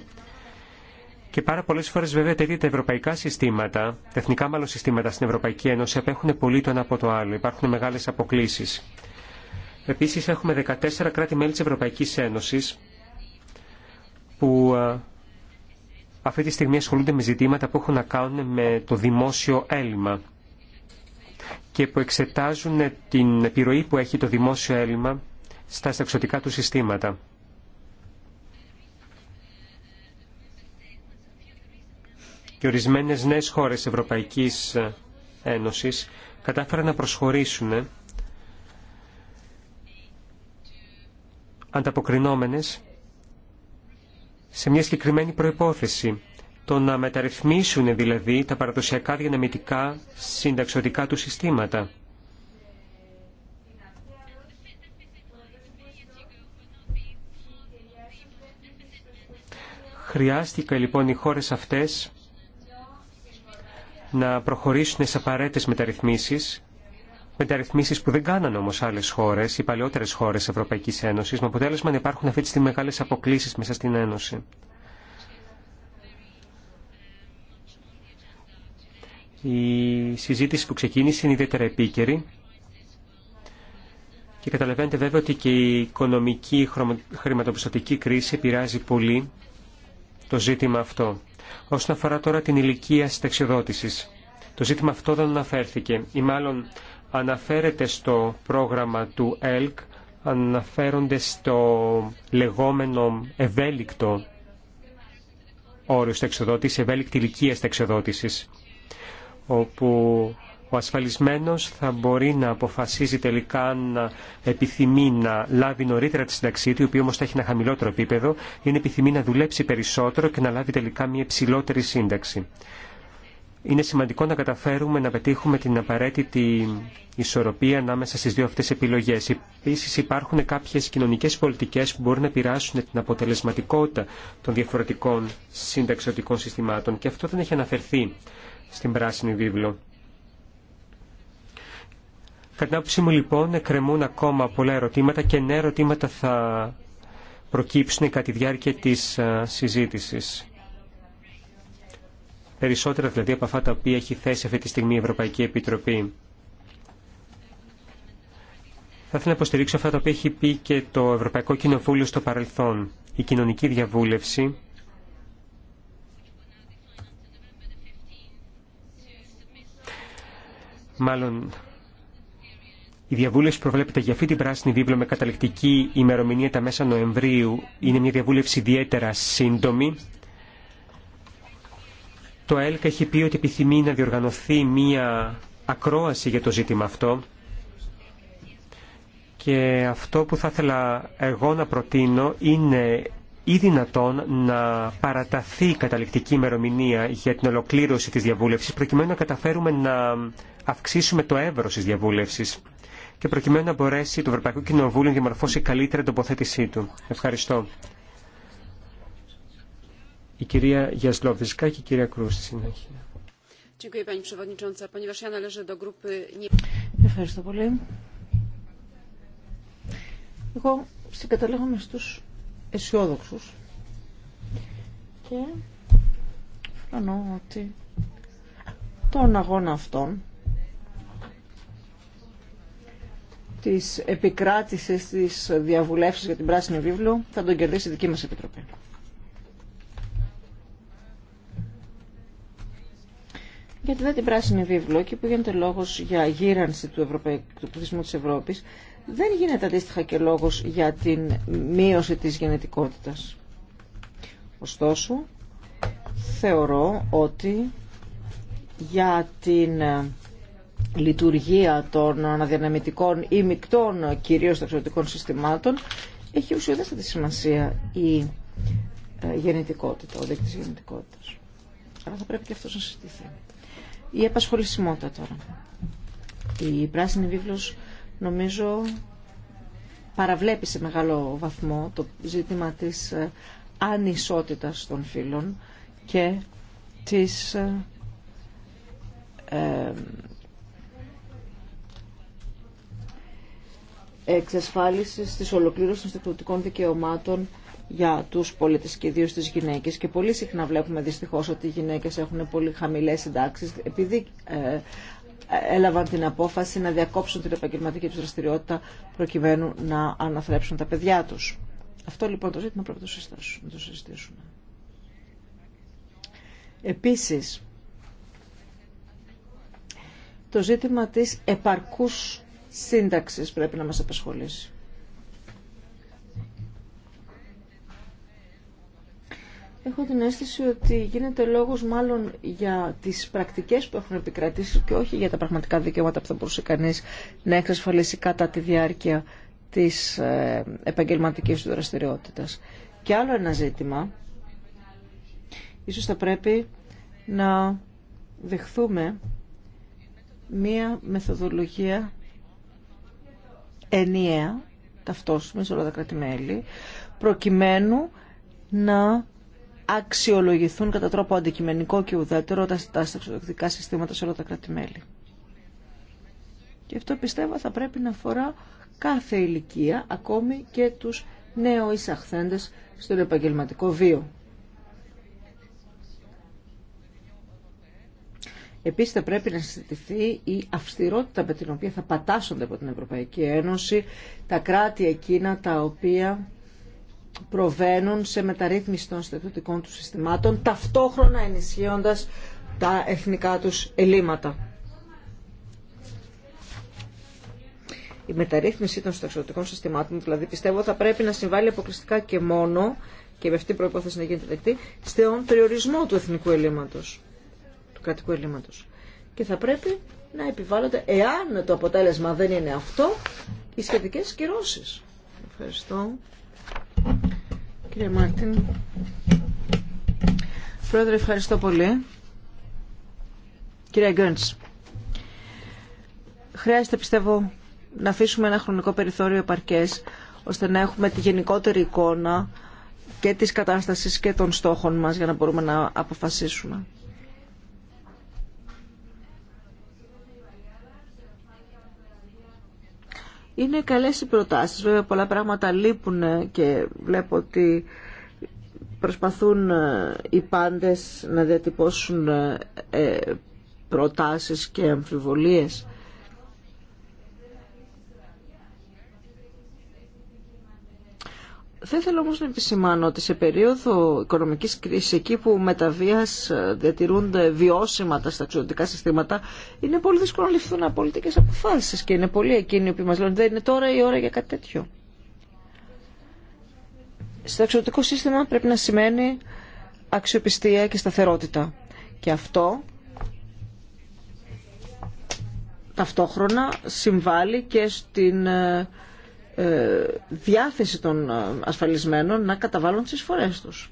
Και πάρα πολλέ φορέ βέβαια τα τα ευρωπαϊκά συστήματα, τα εθνικά μάλλον συστήματα στην Ευρωπαϊκή Ένωση απέχουν πολύ το ένα από το άλλο. Υπάρχουν μεγάλε αποκλήσει. Επίση έχουμε 14 κράτη-μέλη τη Ευρωπαϊκή Ένωση που αυτή τη στιγμή ασχολούνται με ζητήματα που έχουν να κάνουν με το δημόσιο έλλειμμα και που εξετάζουν την επιρροή που έχει το δημόσιο έλλειμμα στα εξωτικά του συστήματα. και ορισμένες νέες χώρες Ευρωπαϊκής Ένωσης κατάφεραν να προσχωρήσουν ανταποκρινόμενες σε μια συγκεκριμένη προϋπόθεση το να μεταρρυθμίσουν δηλαδή τα παραδοσιακά διανεμητικά συνταξιωτικά του συστήματα. Χρειάστηκε λοιπόν οι χώρες αυτές να προχωρήσουν σε απαραίτητε μεταρρυθμίσεις, μεταρρυθμίσεις που δεν κάνανε ή παλιότερε χώρε Ευρωπαϊκή Ένωση, με αποτέλεσμα να υπάρχουν αυτή χώρες, οι παλαιότερες χώρες ευρωπαικη ενωση με αποτέλεσμα να υπάρχουν αυτή τη στιγμή μεγάλες αποκλήσει μέσα στην Ένωση. Η συζήτηση που ξεκίνησε είναι ιδιαίτερα επίκαιρη και καταλαβαίνετε βέβαια ότι και η οικονομική χρηματοπιστωτική κρίση επηρεάζει πολύ το ζήτημα αυτό. Όσον αφορά τώρα την ηλικία ταξιδότηση. Το ζήτημα αυτό δεν αναφέρθηκε ή μάλλον αναφέρεται στο πρόγραμμα του ΕΛΚ, αναφέρονται στο λεγόμενο ευέλικτο όριο ταξιδότηση, ευέλικτη ηλικία εξοδότηση, όπου ο ασφαλισμένος θα μπορεί να αποφασίζει τελικά να επιθυμεί να λάβει νωρίτερα τη συνταξή του, η οποία όμως θα έχει ένα χαμηλότερο επίπεδο, είναι επιθυμεί να δουλέψει περισσότερο και να λάβει τελικά μια υψηλότερη σύνταξη. Είναι σημαντικό να καταφέρουμε να πετύχουμε την απαραίτητη ισορροπία ανάμεσα στις δύο αυτές επιλογές. Επίσης υπάρχουν κάποιες κοινωνικές πολιτικές που μπορούν να πειράσουν την αποτελεσματικότητα των διαφορετικών συνταξιωτικών συστημάτων και αυτό δεν έχει αναφερθεί στην Πράσινη Βίβλο. Κατά άποψή μου λοιπόν εκκρεμούν ακόμα πολλά ερωτήματα και νέα ερωτήματα θα προκύψουν κατά τη διάρκεια της ε, συζήτησης. Περισσότερα δηλαδή από αυτά τα οποία έχει θέσει αυτή τη στιγμή η Ευρωπαϊκή Επιτροπή. Θα ήθελα να υποστηρίξω αυτά τα οποία έχει πει και το Ευρωπαϊκό Κοινοβούλιο στο παρελθόν. Η κοινωνική διαβούλευση μάλλον η διαβούλευση που προβλέπεται για αυτή την πράσινη βίβλο με καταληκτική ημερομηνία τα μέσα Νοεμβρίου είναι μια διαβούλευση ιδιαίτερα σύντομη. Το ΕΛΚΑ έχει πει ότι επιθυμεί να διοργανωθεί μια ακρόαση για το ζήτημα αυτό. Και αυτό που θα ήθελα εγώ να προτείνω είναι ή δυνατόν να παραταθεί η καταληκτική ημερομηνία για την ολοκλήρωση της διαβούλευσης προκειμένου να καταφέρουμε να αυξήσουμε το εύρος της διαβούλευσης και προκειμένου να μπορέσει το Ευρωπαϊκό Κοινοβούλιο να διαμορφώσει καλύτερα τοποθέτησή του. Ευχαριστώ. Η κυρία Γιασλόβισκα και η κυρία Κρούς στη συνέχεια. Ευχαριστώ πολύ. Εγώ συγκαταλέγομαι στους αισιόδοξους και φρονώ ότι τον αγώνα αυτόν της επικράτησης της διαβουλεύσης για την Πράσινη Βίβλο θα τον κερδίσει η δική μας Επιτροπή. Γιατί δεν την Πράσινη Βίβλο, και που γίνεται λόγος για γύρανση του, Ευρωπαϊκού, του πληθυσμού της Ευρώπης, δεν γίνεται αντίστοιχα και λόγος για την μείωση της γενετικότητας. Ωστόσο, θεωρώ ότι για την λειτουργία των αναδιανεμητικών ή μεικτών κυρίως ταξιδιωτικών συστημάτων έχει ουσιαδέστατη σημασία η ε, γεννητικότητα, ο δείκτης γεννητικότητας. Αλλά θα πρέπει και αυτό να συζητηθεί. Η επασχολησιμότητα τώρα. Η πράσινη βίβλος νομίζω παραβλέπει σε μεγάλο βαθμό το ζήτημα της ε, ανισότητας των φύλων και της ε, εξασφάλισης της ολοκλήρωσης των στεκτοτικών δικαιωμάτων για τους πολίτες και ιδίως τις γυναίκες και πολύ συχνά βλέπουμε δυστυχώς ότι οι γυναίκες έχουν πολύ χαμηλές συντάξεις επειδή ε, έλαβαν την απόφαση να διακόψουν την επαγγελματική τους δραστηριότητα προκειμένου να αναθρέψουν τα παιδιά τους. Αυτό λοιπόν το ζήτημα πρέπει να το συζητήσουμε. Επίσης, το ζήτημα της επαρκούς σύνταξης πρέπει να μας απασχολήσει. Έχω την αίσθηση ότι γίνεται λόγος μάλλον για τις πρακτικές που έχουν επικρατήσει και όχι για τα πραγματικά δικαιώματα που θα μπορούσε κανείς να εξασφαλίσει κατά τη διάρκεια της ε, επαγγελματικής του δραστηριότητας. Και άλλο ένα ζήτημα, ίσως θα πρέπει να δεχθούμε μία μεθοδολογία ενιαία, ταυτόσιμη σε όλα τα κρατη προκειμένου να αξιολογηθούν κατά τρόπο αντικειμενικό και ουδέτερο τα σταξιοδοκτικά συστήματα σε όλα τα κρατη Και αυτό πιστεύω θα πρέπει να αφορά κάθε ηλικία, ακόμη και τους νέο εισαχθέντες στον επαγγελματικό βίο. Επίσης θα πρέπει να συζητηθεί η αυστηρότητα με την οποία θα πατάσσονται από την Ευρωπαϊκή Ένωση τα κράτη εκείνα τα οποία προβαίνουν σε μεταρρύθμιση των στετιωτικών του συστημάτων, ταυτόχρονα ενισχύοντας τα εθνικά τους ελλείμματα. Η μεταρρύθμιση των συνταξιδοτικών συστημάτων, δηλαδή πιστεύω, θα πρέπει να συμβάλλει αποκλειστικά και μόνο, και με αυτή την προπόθεση να γίνεται δεκτή, στον περιορισμό του εθνικού ελλείμματος δημοκρατικού ελλείμματος. Και θα πρέπει να επιβάλλονται, εάν το αποτέλεσμα δεν είναι αυτό, οι σχετικέ κυρώσει. Ευχαριστώ. Κύριε Μάρτιν. Πρόεδρε, ευχαριστώ πολύ. Κύριε Γκέρντς. Χρειάζεται, πιστεύω, να αφήσουμε ένα χρονικό περιθώριο επαρκές, ώστε να έχουμε τη γενικότερη εικόνα και της κατάστασης και των στόχων μας για να μπορούμε να αποφασίσουμε. Είναι καλές οι προτάσεις. Βέβαια πολλά πράγματα λείπουν και βλέπω ότι προσπαθούν ε, οι πάντες να διατυπώσουν ε, ε, προτάσεις και αμφιβολίες. Θα ήθελα όμως να επισημάνω ότι σε περίοδο οικονομικής κρίσης, εκεί που με τα ε, διατηρούνται βιώσιμα τα σταξιδιωτικά συστήματα, είναι πολύ δύσκολο να ληφθούν πολιτικέ αποφάσεις και είναι πολλοί εκείνοι που μας λένε δεν είναι τώρα η ώρα για κάτι τέτοιο. αξιωτικό σύστημα πρέπει να σημαίνει αξιοπιστία και σταθερότητα. Και αυτό ταυτόχρονα συμβάλλει και στην ε, ε, διάθεση των ε, ασφαλισμένων να καταβάλουν τις φορές τους.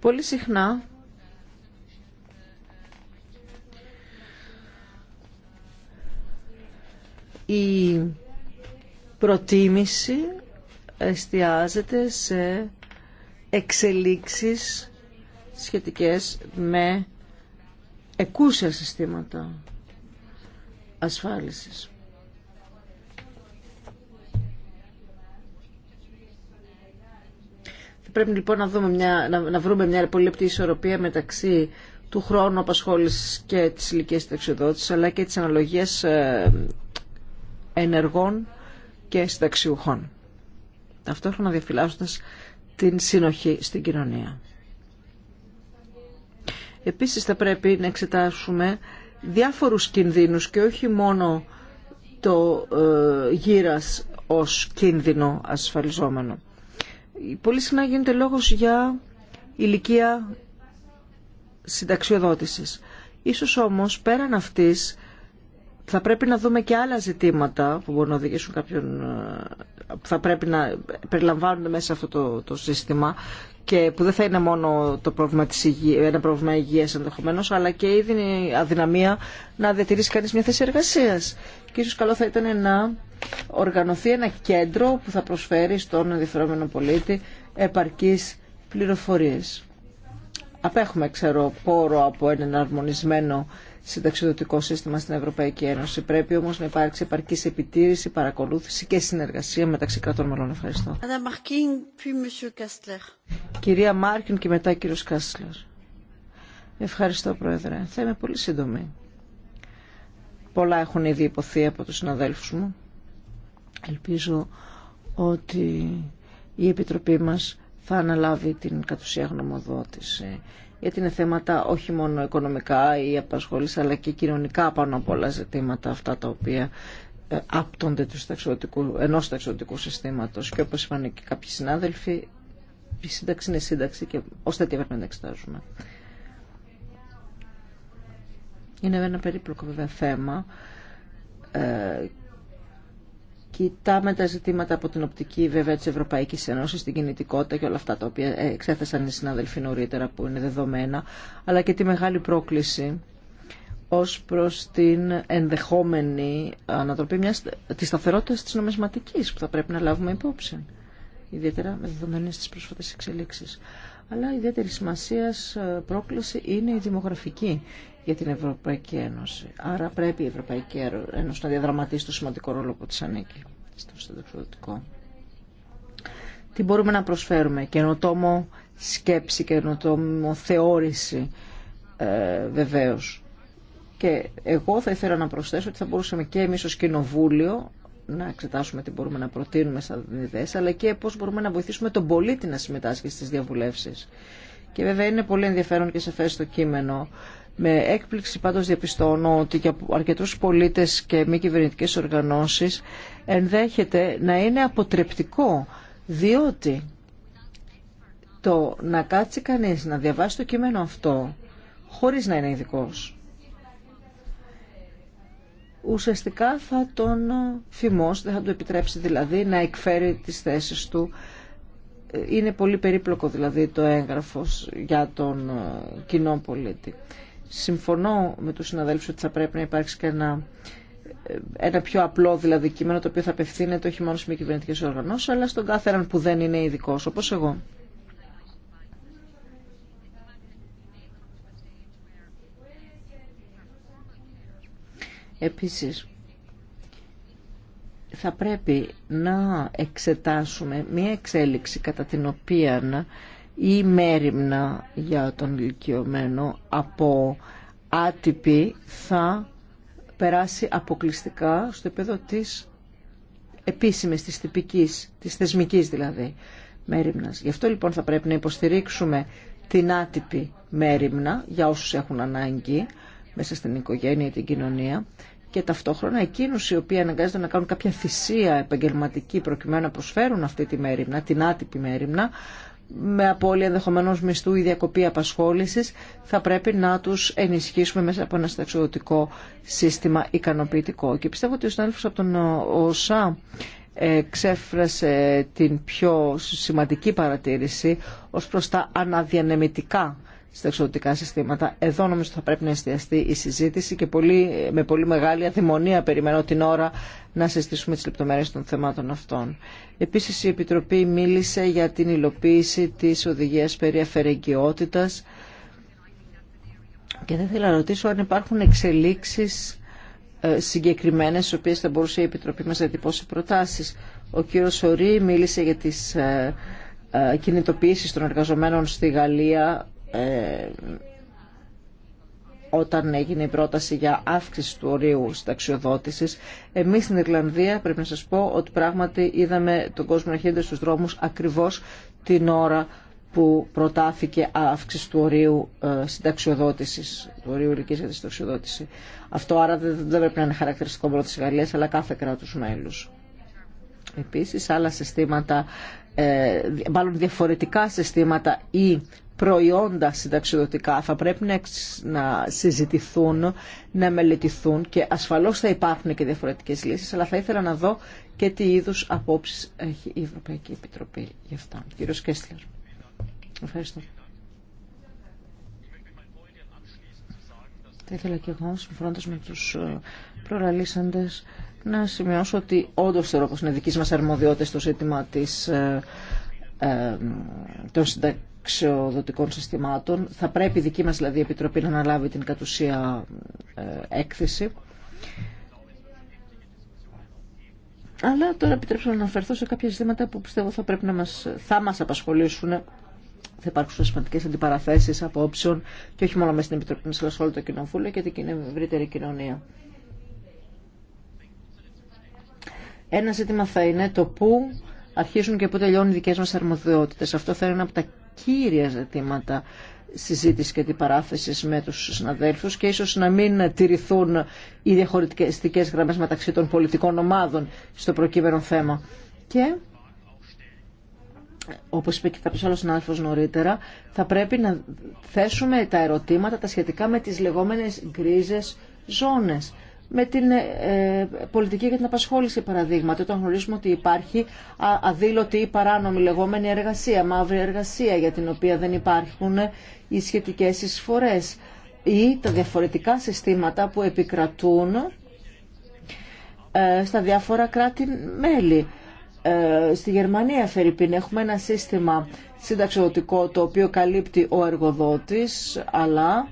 Πολύ συχνά η προτίμηση εστιάζεται σε εξελίξεις σχετικές με εκούσια συστήματα ασφάλισης. Θα πρέπει λοιπόν να, δούμε μια, να, να βρούμε μια πολύ λεπτή ισορροπία μεταξύ του χρόνου απασχόλησης και της ηλικίας συνταξιοδότησης αλλά και της αναλογίας ε, ενεργών και συνταξιουχών. Ταυτόχρονα διαφυλάσσοντας την συνοχή στην κοινωνία. Επίσης θα πρέπει να εξετάσουμε διάφορους κινδύνους και όχι μόνο το ε, γύρας ως κίνδυνο ασφαλιζόμενο. Πολύ συχνά γίνεται λόγος για ηλικία συνταξιοδότησης. Ίσως όμως πέραν αυτής θα πρέπει να δούμε και άλλα ζητήματα που μπορούν να οδηγήσουν κάποιον, ε, θα πρέπει να περιλαμβάνονται μέσα σε αυτό το, το σύστημα και που δεν θα είναι μόνο το πρόβλημα της υγεία, ένα πρόβλημα υγείας ενδεχομένως, αλλά και η αδυναμία να διατηρήσει κανείς μια θέση εργασίας. Και ίσως καλό θα ήταν να οργανωθεί ένα κέντρο που θα προσφέρει στον ενδιαφερόμενο πολίτη επαρκείς πληροφορίες. Απέχουμε, ξέρω, πόρο από έναν αρμονισμένο συνταξιδοτικό σύστημα στην Ευρωπαϊκή Ένωση. Πρέπει όμως να υπάρξει επαρκή επιτήρηση, παρακολούθηση και συνεργασία μεταξύ κρατών μελών. Ευχαριστώ. Κυρία Μάρκιν και μετά κύριο Κάσλερ. Ευχαριστώ Πρόεδρε. Θα είμαι πολύ σύντομη. Πολλά έχουν ήδη υποθεί από τους συναδέλφους μου. Ελπίζω ότι η Επιτροπή μας θα αναλάβει την κατουσία γνωμοδότηση γιατί είναι θέματα όχι μόνο οικονομικά ή απασχόληση, αλλά και κοινωνικά πάνω από όλα ζητήματα αυτά τα οποία ε, άπτονται του ταξιδιωτικού, ενός ταξιδιωτικού συστήματος. Και όπως είπαν και κάποιοι συνάδελφοι, η σύνταξη είναι σύνταξη και ω τέτοια πρέπει να εξετάζουμε. Είναι ένα περίπλοκο βέβαια θέμα ε, κοιτάμε τα ζητήματα από την οπτική βέβαια της Ευρωπαϊκής Ένωσης, την κινητικότητα και όλα αυτά τα οποία ε, εξέθεσαν οι συνάδελφοι νωρίτερα που είναι δεδομένα, αλλά και τη μεγάλη πρόκληση ως προς την ενδεχόμενη ανατροπή μιας, της σταθερότητας της νομισματικής που θα πρέπει να λάβουμε υπόψη. Ιδιαίτερα με δεδομένες τις πρόσφατες εξελίξεις. Αλλά ιδιαίτερη σημασία ε, πρόκληση είναι η δημογραφική για την Ευρωπαϊκή Ένωση. Άρα πρέπει η Ευρωπαϊκή Ένωση να διαδραματίσει το σημαντικό ρόλο που της ανήκει στο συνταξιδοτικό. Τι μπορούμε να προσφέρουμε, καινοτόμο σκέψη, καινοτόμο θεώρηση ε, βεβαίως. Και εγώ θα ήθελα να προσθέσω ότι θα μπορούσαμε και εμείς ως κοινοβούλιο να εξετάσουμε τι μπορούμε να προτείνουμε σαν ιδέες, αλλά και πώς μπορούμε να βοηθήσουμε τον πολίτη να συμμετάσχει στις διαβουλεύσεις. Και βέβαια είναι πολύ ενδιαφέρον και σε φέρει το κείμενο με έκπληξη πάντως διαπιστώνω ότι για αρκετούς πολίτες και μη κυβερνητικέ οργανώσεις ενδέχεται να είναι αποτρεπτικό, διότι το να κάτσει κανείς να διαβάσει το κείμενο αυτό χωρίς να είναι ειδικό. ουσιαστικά θα τον φημώσει, δεν θα του επιτρέψει δηλαδή να εκφέρει τις θέσεις του ε, είναι πολύ περίπλοκο δηλαδή το έγγραφος για τον ε, κοινό πολίτη συμφωνώ με τους συναδέλφους ότι θα πρέπει να υπάρξει και ένα, ένα πιο απλό δηλαδή κείμενο το οποίο θα απευθύνεται όχι μόνο στις μη κυβερνητικέ οργανώσεις αλλά στον κάθε έναν που δεν είναι ειδικό, όπως εγώ. Επίσης, θα πρέπει να εξετάσουμε μία εξέλιξη κατά την οποία ή μέρημνα για τον ηλικιωμένο από άτυπη θα περάσει αποκλειστικά στο επίπεδο της επίσημης, της τυπικής, της θεσμικής δηλαδή μέρημνας. Γι' αυτό λοιπόν θα πρέπει να υποστηρίξουμε την άτυπη μέρημνα για όσους έχουν ανάγκη μέσα στην οικογένεια ή την κοινωνία και ταυτόχρονα εκείνους οι οποίοι αναγκάζονται να κάνουν κάποια θυσία επαγγελματική προκειμένου να προσφέρουν αυτή τη μέρημνα, την άτυπη μέρημνα, με απώλεια ενδεχομένω μισθού ή διακοπή απασχόληση, θα πρέπει να τους ενισχύσουμε μέσα από ένα συνταξιδοτικό σύστημα ικανοποιητικό. Και πιστεύω ότι ο συνάδελφο από τον ΟΣΑ ε, ξέφρασε την πιο σημαντική παρατήρηση ως προς τα αναδιανεμητικά στα εξωτικά συστήματα. Εδώ νομίζω θα πρέπει να εστιαστεί η συζήτηση και πολύ, με πολύ μεγάλη αδημονία περιμένω την ώρα να συζητήσουμε τις λεπτομέρειες των θεμάτων αυτών. Επίσης η Επιτροπή μίλησε για την υλοποίηση της οδηγίας περί αφαιρεγγιότητας και δεν θέλω να ρωτήσω αν υπάρχουν εξελίξεις ε, συγκεκριμένες στις οποίες θα μπορούσε η Επιτροπή μας να εντυπώσει προτάσεις. Ο κύριος Σωρή μίλησε για τις ε, ε, κινητοποιήσεις των εργαζομένων στη Γαλλία ε, όταν έγινε η πρόταση για αύξηση του ορίου συνταξιοδότησης. Εμείς στην Ιρλανδία πρέπει να σας πω ότι πράγματι είδαμε τον κόσμο να στους δρόμους ακριβώς την ώρα που προτάθηκε αύξηση του ορίου ε, συνταξιοδότηση, του ορίου ηλικία για τη συνταξιοδότηση. Αυτό άρα δεν, δεν πρέπει να είναι χαρακτηριστικό μόνο τη Γαλλία, αλλά κάθε κράτο μέλου. Επίση, άλλα συστήματα, ε, μάλλον διαφορετικά συστήματα ή προϊόντα συνταξιδοτικά θα πρέπει να, να συζητηθούν, να μελετηθούν και ασφαλώς θα υπάρχουν και διαφορετικές λύσεις, αλλά θα ήθελα να δω και τι είδους απόψεις έχει η Ευρωπαϊκή Επιτροπή γι' αυτά. Κύριο Κέστλερ. Ευχαριστώ. Θα ήθελα και εγώ, συμφωνώντας με τους ε, προλαλήσαντες, να σημειώσω ότι όντως θεωρώ πως είναι δικής μας αρμοδιότητα στο ζήτημα της, ε, ε ξεοδοτικών συστημάτων. Θα πρέπει η δική μας δηλαδή Επιτροπή να αναλάβει την κατουσία ε, έκθεση. Αλλά τώρα επιτρέψτε να αναφερθώ σε κάποια ζητήματα που πιστεύω θα πρέπει να μας, θα μας απασχολήσουν. Θα υπάρξουν σημαντικέ αντιπαραθέσει απόψεων και όχι μόνο μέσα στην Επιτροπή μα, αλλά σε όλο το κοινοβούλιο και την ευρύτερη κοινωνία. Ένα ζήτημα θα είναι το πού αρχίζουν και πού τελειώνουν οι δικέ μα αρμοδιότητε. Αυτό θα είναι ένα από τα κύρια ζητήματα συζήτηση και την παράθεση με τους συναδέλφους και ίσως να μην τηρηθούν οι διαχωριστικές γραμμές μεταξύ των πολιτικών ομάδων στο προκείμενο θέμα. Και όπως είπε και κάποιος άλλος συνάδελφος νωρίτερα, θα πρέπει να θέσουμε τα ερωτήματα τα σχετικά με τις λεγόμενες γκρίζες ζώνες με την ε, πολιτική για την απασχόληση παραδείγματι, όταν γνωρίζουμε ότι υπάρχει αδήλωτη ή παράνομη λεγόμενη εργασία, μαύρη εργασία για την οποία δεν υπάρχουν ε, οι σχετικές εισφορές ή τα διαφορετικά συστήματα που επικρατούν ε, στα διάφορα κράτη-μέλη. στη Γερμανία, Φερρυπίν, έχουμε ένα σύστημα συνταξιδοτικό το οποίο καλύπτει ο εργοδότης, αλλά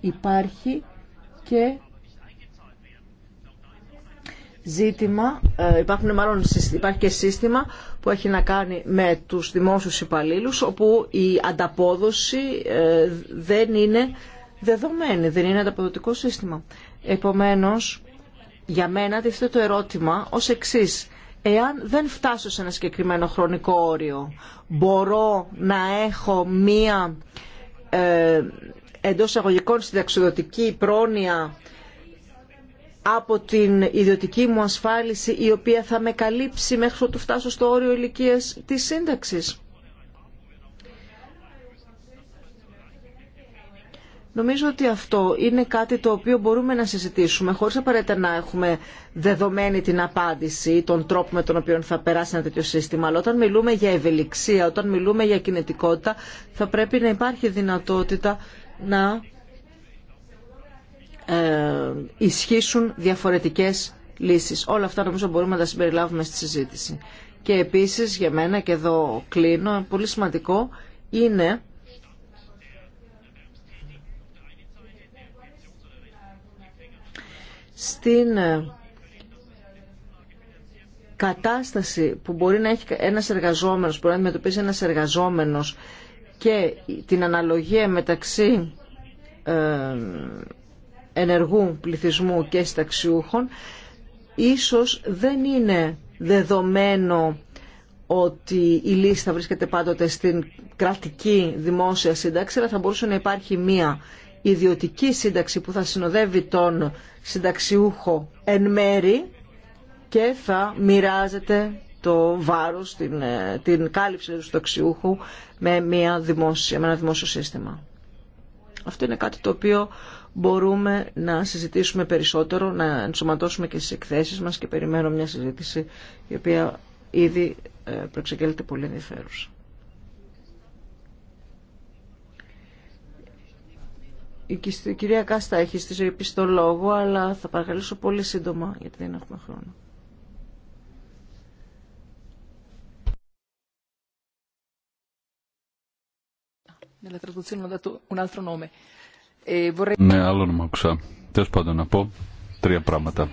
υπάρχει και ζήτημα, ε, υπάρχουν μάλλον, υπάρχει και σύστημα που έχει να κάνει με τους δημόσιους υπαλλήλους όπου η ανταπόδοση ε, δεν είναι δεδομένη, δεν είναι ανταποδοτικό σύστημα. Επομένως, για μένα τίθεται το ερώτημα ως εξής. Εάν δεν φτάσω σε ένα συγκεκριμένο χρονικό όριο, μπορώ να έχω μία ε, εντός αγωγικών συνταξιδοτική πρόνοια από την ιδιωτική μου ασφάλιση η οποία θα με καλύψει μέχρι ότου φτάσω στο όριο ηλικίας της σύνταξης. Νομίζω ότι αυτό είναι κάτι το οποίο μπορούμε να συζητήσουμε χωρίς απαραίτητα να έχουμε δεδομένη την απάντηση ή τον τρόπο με τον οποίο θα περάσει ένα τέτοιο σύστημα. Αλλά όταν μιλούμε για ευελιξία, όταν μιλούμε για κινητικότητα θα πρέπει να υπάρχει δυνατότητα να ε, ισχύσουν διαφορετικές λύσεις. Όλα αυτά νομίζω μπορούμε να τα συμπεριλάβουμε στη συζήτηση. Και επίσης για μένα, και εδώ κλείνω, πολύ σημαντικό είναι στην ε, κατάσταση που μπορεί να έχει ένας εργαζόμενος, που μπορεί να αντιμετωπίσει ένας εργαζόμενος και την αναλογία μεταξύ ε, ενεργού πληθυσμού και συνταξιούχων, ίσως δεν είναι δεδομένο ότι η λύση θα βρίσκεται πάντοτε στην κρατική δημόσια σύνταξη, αλλά θα μπορούσε να υπάρχει μία ιδιωτική σύνταξη που θα συνοδεύει τον συνταξιούχο εν μέρη και θα μοιράζεται το βάρος, την, ε, την κάλυψη του συνταξιούχου με, μια δημόσια, με ένα δημόσιο σύστημα. Αυτό είναι κάτι το οποίο μπορούμε να συζητήσουμε περισσότερο, να ενσωματώσουμε και στις εκθέσεις μας και περιμένω μια συζήτηση η οποία ήδη ε, προεξεγγέλλεται πολύ ενδιαφέρουσα. Η κυρία Κάστα έχει στη ζωή το λόγο, αλλά θα παρακαλήσω πολύ σύντομα γιατί δεν έχουμε χρόνο. Nella traduzione ho dato un altro nome. Ε, ναι, άλλον μ' άκουσα. Τέλο πάντων να πω τρία πράγματα.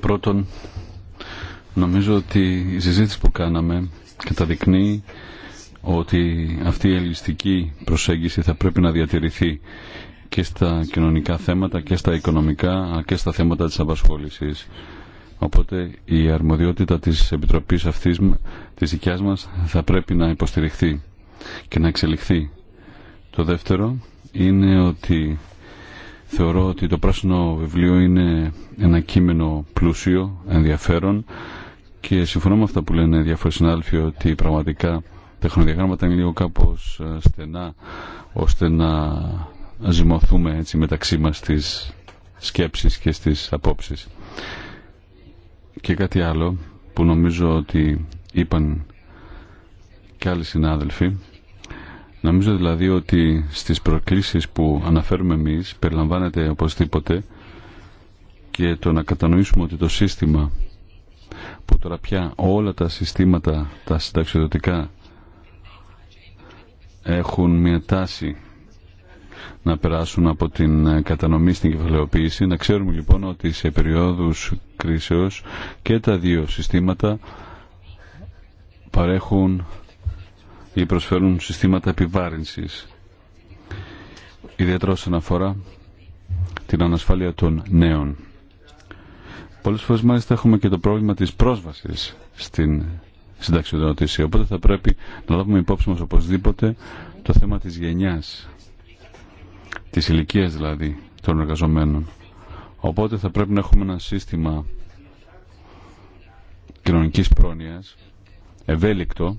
Πρώτον, νομίζω ότι η συζήτηση που κάναμε καταδεικνύει ότι αυτή η ελιστική προσέγγιση θα πρέπει να διατηρηθεί και στα κοινωνικά θέματα και στα οικονομικά και στα θέματα της απασχόλησης. Οπότε η αρμοδιότητα της Επιτροπής αυτής της δικιάς μας θα πρέπει να υποστηριχθεί και να εξελιχθεί. Το δεύτερο είναι ότι θεωρώ ότι το πράσινο βιβλίο είναι ένα κείμενο πλούσιο, ενδιαφέρον και συμφωνώ με αυτά που λένε διάφοροι συνάδελφοι ότι πραγματικά τα χρονοδιαγράμματα είναι λίγο κάπως ε, στενά ώστε να ζυμωθούμε έτσι μεταξύ μας στις σκέψεις και στις απόψεις. Και κάτι άλλο που νομίζω ότι είπαν και άλλοι συνάδελφοι Νομίζω δηλαδή ότι στις προκλήσεις που αναφέρουμε εμείς περιλαμβάνεται οπωσδήποτε και το να κατανοήσουμε ότι το σύστημα που τώρα πια όλα τα συστήματα τα συνταξιδοτικά έχουν μια τάση να περάσουν από την κατανομή στην κεφαλαιοποίηση. Να ξέρουμε λοιπόν ότι σε περιόδους κρίσεως και τα δύο συστήματα παρέχουν ή προσφέρουν συστήματα επιβάρυνσης. Ιδιαίτερα όσον αφορά την ανασφάλεια των νέων. Πολλές φορές μάλιστα έχουμε και το πρόβλημα της πρόσβασης στην συνταξιοδότηση. Οπότε θα πρέπει να λάβουμε υπόψη μας οπωσδήποτε το θέμα της γενιάς, της ηλικίας δηλαδή των εργαζομένων. Οπότε θα πρέπει να έχουμε ένα σύστημα κοινωνικής πρόνοιας ευέλικτο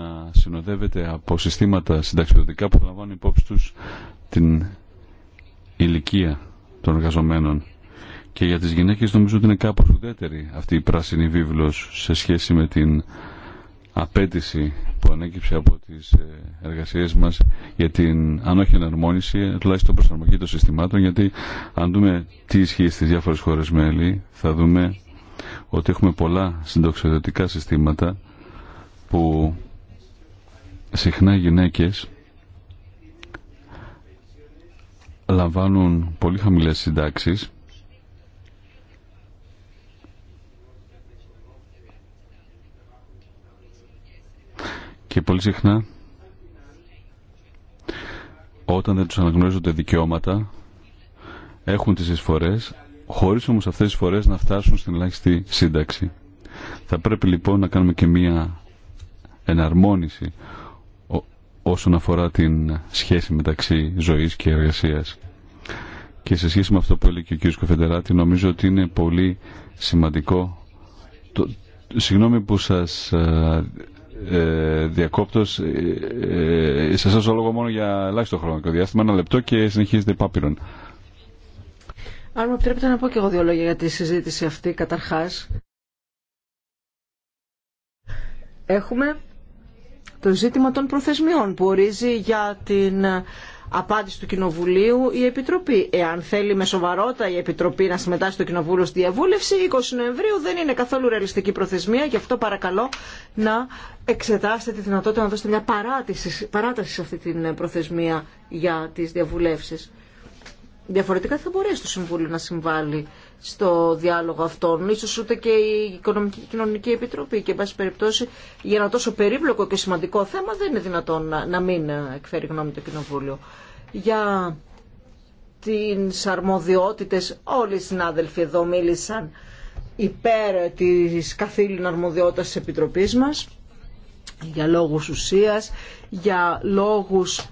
να συνοδεύεται από συστήματα συνταξιδοτικά που λαμβάνουν υπόψη τους την ηλικία των εργαζομένων. Και για τις γυναίκες νομίζω ότι είναι κάπως ουδέτερη αυτή η πράσινη βίβλος σε σχέση με την απέτηση που ανέκυψε από τις ε, εργασίες μας για την αν όχι εναρμόνιση, τουλάχιστον προσαρμογή των συστημάτων γιατί αν δούμε τι ισχύει στις διάφορες χώρες μέλη θα δούμε ότι έχουμε πολλά συντοξιδοτικά συστήματα που συχνά οι γυναίκες λαμβάνουν πολύ χαμηλές συντάξεις και πολύ συχνά όταν δεν τους αναγνωρίζονται δικαιώματα έχουν τις εισφορές χωρίς όμως αυτές τις φορές να φτάσουν στην ελάχιστη σύνταξη. Θα πρέπει λοιπόν να κάνουμε και μία εναρμόνιση όσον αφορά την σχέση μεταξύ ζωής και εργασίας. Και σε σχέση με αυτό που έλεγε και ο κ. Κοφεντεράτη, νομίζω ότι είναι πολύ σημαντικό. Το, συγγνώμη που σας ε, ε, διακόπτω. Ε, σε εσάς λόγο μόνο για ελάχιστο χρονικό διάστημα, ένα λεπτό και συνεχίζεται πάπυρον. Αν μου επιτρέπετε να πω και εγώ δύο λόγια για τη συζήτηση αυτή, καταρχάς. Έχουμε το ζήτημα των προθεσμιών που ορίζει για την απάντηση του Κοινοβουλίου η Επιτροπή. Εάν θέλει με σοβαρότητα η Επιτροπή να συμμετάσχει στο Κοινοβούλιο στη διαβούλευση, 20 Νοεμβρίου δεν είναι καθόλου ρεαλιστική προθεσμία, γι' αυτό παρακαλώ να εξετάσετε τη δυνατότητα να δώσετε μια παράταση σε αυτή την προθεσμία για τις διαβουλεύσεις. Διαφορετικά θα μπορέσει το Συμβούλιο να συμβάλλει στο διάλογο αυτόν, ίσως ούτε και η Οικονομική και Κοινωνική Επιτροπή και, εν πάση περιπτώσει, για ένα τόσο περίπλοκο και σημαντικό θέμα δεν είναι δυνατόν να, να μην εκφέρει γνώμη το Κοινοβούλιο. Για τις αρμοδιότητες όλοι οι συνάδελφοι εδώ μίλησαν υπέρ της καθήλυνα αρμοδιότητας της Επιτροπής μας για λόγους ουσίας, για λόγους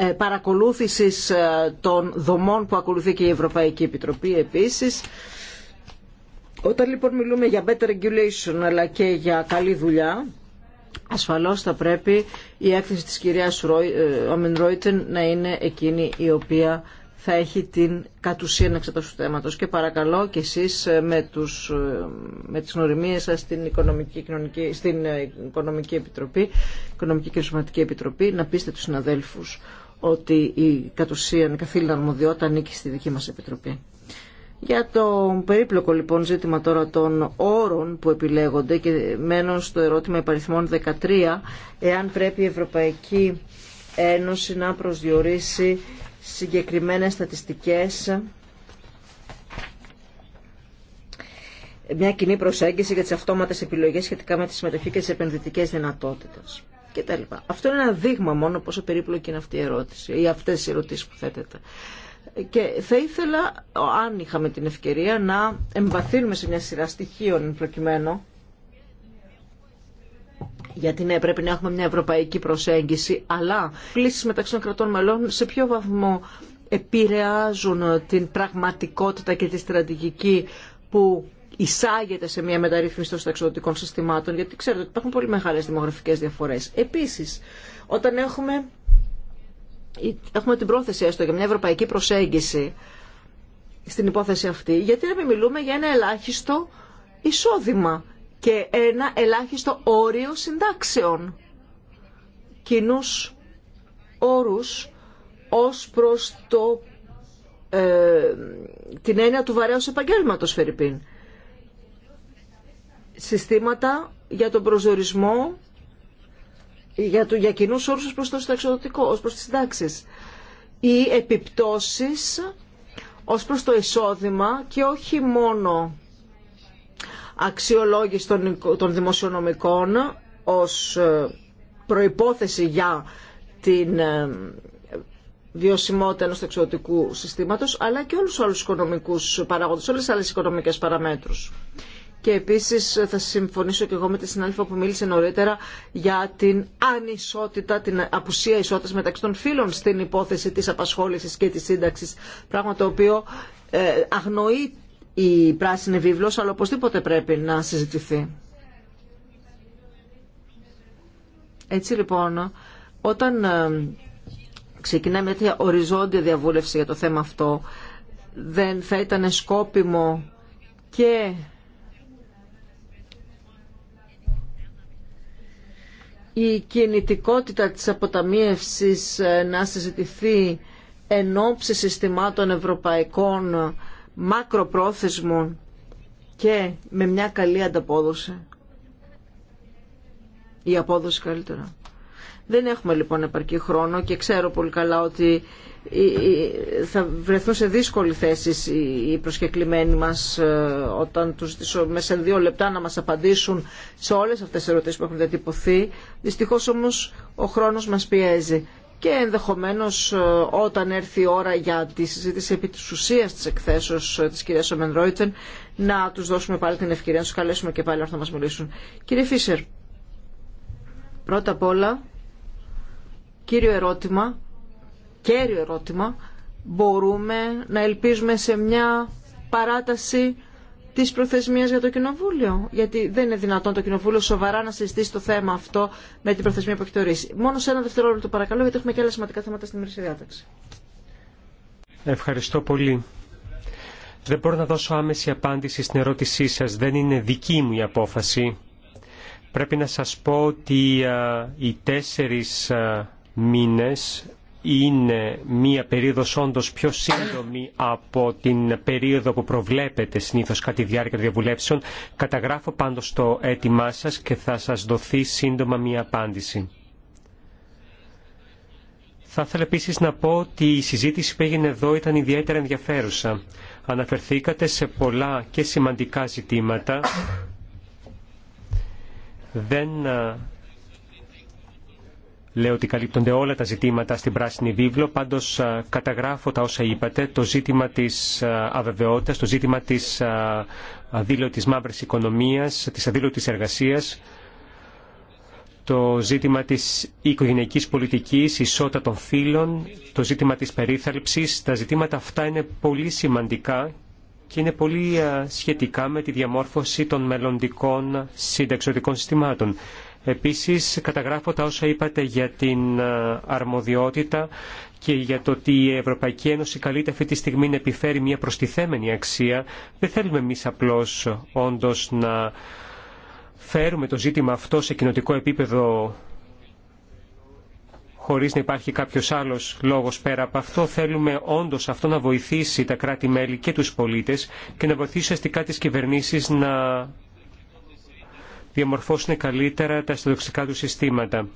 ε, παρακολούθησης ε, των δομών που ακολουθεί και η Ευρωπαϊκή Επιτροπή επίσης. Όταν λοιπόν μιλούμε για better regulation αλλά και για καλή δουλειά, ασφαλώς θα πρέπει η έκθεση της κυρίας ε, Ομινρόιτεν να είναι εκείνη η οποία θα έχει την κατουσία να εξετάσει του θέματος. Και παρακαλώ και εσείς με, τους, με τις γνωριμίες σας στην Οικονομική, Κοινωνική, στην Οικονομική Επιτροπή, Οικονομική και Σωματική Επιτροπή, να πείστε τους συναδέλφους ότι η κατουσία καθήλυνα αρμοδιότητα ανήκει στη δική μας Επιτροπή. Για το περίπλοκο λοιπόν ζήτημα τώρα των όρων που επιλέγονται και μένω στο ερώτημα υπαριθμών 13 εάν πρέπει η Ευρωπαϊκή Ένωση να προσδιορίσει συγκεκριμένες στατιστικές μια κοινή προσέγγιση για τις αυτόματες επιλογές σχετικά με τη συμμετοχή και τις επενδυτικές δυνατότητες κτλ. Αυτό είναι ένα δείγμα μόνο πόσο περίπλοκη είναι αυτή η ερώτηση ή αυτές οι ερωτήσεις που θέτεται. Και θα ήθελα, αν είχαμε την ευκαιρία, να εμβαθύνουμε σε μια σειρά στοιχείων προκειμένου γιατί ναι, πρέπει να έχουμε μια ευρωπαϊκή προσέγγιση, αλλά πλήσεις μεταξύ των κρατών μελών σε ποιο βαθμό επηρεάζουν την πραγματικότητα και τη στρατηγική που εισάγεται σε μια μεταρρύθμιση των συνταξιδοτικών συστημάτων, γιατί ξέρετε ότι υπάρχουν πολύ μεγάλες δημογραφικές διαφορές. Επίσης, όταν έχουμε, έχουμε την πρόθεση έστω για μια ευρωπαϊκή προσέγγιση στην υπόθεση αυτή, γιατί να μην μιλούμε για ένα ελάχιστο εισόδημα και ένα ελάχιστο όριο συντάξεων. Κοινού όρους ως προς το, ε, την έννοια του βαρέως επαγγέλματος, Φερρυπίν συστήματα για τον προσδιορισμό για, το, για κοινούς όρους ως προς το εξοδοτικό, ως προς τις συντάξεις ή επιπτώσεις ως προς το εισόδημα και όχι μόνο αξιολόγηση των, των δημοσιονομικών ως ε, προϋπόθεση για την ε, βιωσιμότητα ενός εξωτικού συστήματος, αλλά και όλους τους άλλους οικονομικούς παράγοντες, όλες τις άλλες οικονομικές παραμέτρους και επίσης θα συμφωνήσω και εγώ με τη συνάδελφα που μίλησε νωρίτερα για την ανισότητα, την απουσία ισότητας μεταξύ των φύλων στην υπόθεση της απασχόλησης και της σύνταξης, πράγμα το οποίο ε, αγνοεί η πράσινη βίβλος, αλλά οπωσδήποτε πρέπει να συζητηθεί. Έτσι λοιπόν, όταν ε, ξεκινάμε μια οριζόντια διαβούλευση για το θέμα αυτό, δεν θα ήταν σκόπιμο και η κινητικότητα της αποταμίευσης ε, να συζητηθεί εν ώψη συστημάτων ευρωπαϊκών μακροπρόθεσμων και με μια καλή ανταπόδοση. Η απόδοση καλύτερα. Δεν έχουμε λοιπόν επαρκή χρόνο και ξέρω πολύ καλά ότι ε, ε, θα βρεθούν σε δύσκολη θέση οι προσκεκλημένοι μας ε, όταν τους ζητήσω μέσα σε δύο λεπτά να μας απαντήσουν σε όλες αυτές τις ερωτήσεις που έχουν διατυπωθεί. Δυστυχώς όμως ο χρόνος μας πιέζει και ενδεχομένως όταν έρθει η ώρα για τη συζήτηση επί της ουσίας της εκθέσεως της κυρίας Ομενρόιτεν να τους δώσουμε πάλι την ευκαιρία να τους καλέσουμε και πάλι να μας μιλήσουν. Κύριε Φίσερ, πρώτα απ' όλα, κύριο ερώτημα κέριο ερώτημα, μπορούμε να ελπίζουμε σε μια παράταση τη προθεσμία για το Κοινοβούλιο. Γιατί δεν είναι δυνατόν το Κοινοβούλιο σοβαρά να συζητήσει το θέμα αυτό με την προθεσμία που έχει το ορίσει. Μόνο σε ένα δευτερόλεπτο παρακαλώ, γιατί έχουμε και άλλα σημαντικά θέματα στην ημερήσια διάταξη. Ευχαριστώ πολύ. Δεν μπορώ να δώσω άμεση απάντηση στην ερώτησή σας. Δεν είναι δική μου η απόφαση. Πρέπει να σας πω ότι ε, οι τέσσερις α, ε, μήνες είναι μία περίοδος όντως πιο σύντομη από την περίοδο που προβλέπεται συνήθως κατά τη διάρκεια των διαβουλεύσεων. Καταγράφω πάντως το αίτημά σας και θα σας δοθεί σύντομα μία απάντηση. Θα ήθελα επίσης να πω ότι η συζήτηση που έγινε εδώ ήταν ιδιαίτερα ενδιαφέρουσα. Αναφερθήκατε σε πολλά και σημαντικά ζητήματα. Δεν λέω ότι καλύπτονται όλα τα ζητήματα στην Πράσινη Βίβλο, πάντως καταγράφω τα όσα είπατε, το ζήτημα τη αβεβαιότητα, το ζήτημα της Μαύρη μαύρης οικονομίας, της εργασία, εργασίας, το ζήτημα της οικογενειακής πολιτικής, ισότητα των φύλων, το ζήτημα της περίθαλψης. Τα ζητήματα αυτά είναι πολύ σημαντικά και είναι πολύ σχετικά με τη διαμόρφωση των μελλοντικών συνταξιωτικών συστημάτων. Επίσης καταγράφω τα όσα είπατε για την ε, αρμοδιότητα και για το ότι η Ευρωπαϊκή Ένωση καλείται αυτή τη στιγμή να επιφέρει μια προστιθέμενη αξία. Δεν θέλουμε εμεί απλώς όντως να φέρουμε το ζήτημα αυτό σε κοινοτικό επίπεδο χωρίς να υπάρχει κάποιος άλλος λόγος πέρα από αυτό. Θέλουμε όντως αυτό να βοηθήσει τα κράτη-μέλη και τους πολίτες και να βοηθήσει αστικά τις κυβερνήσεις να διαμορφώσουν καλύτερα τα συνδοξικά του συστήματα.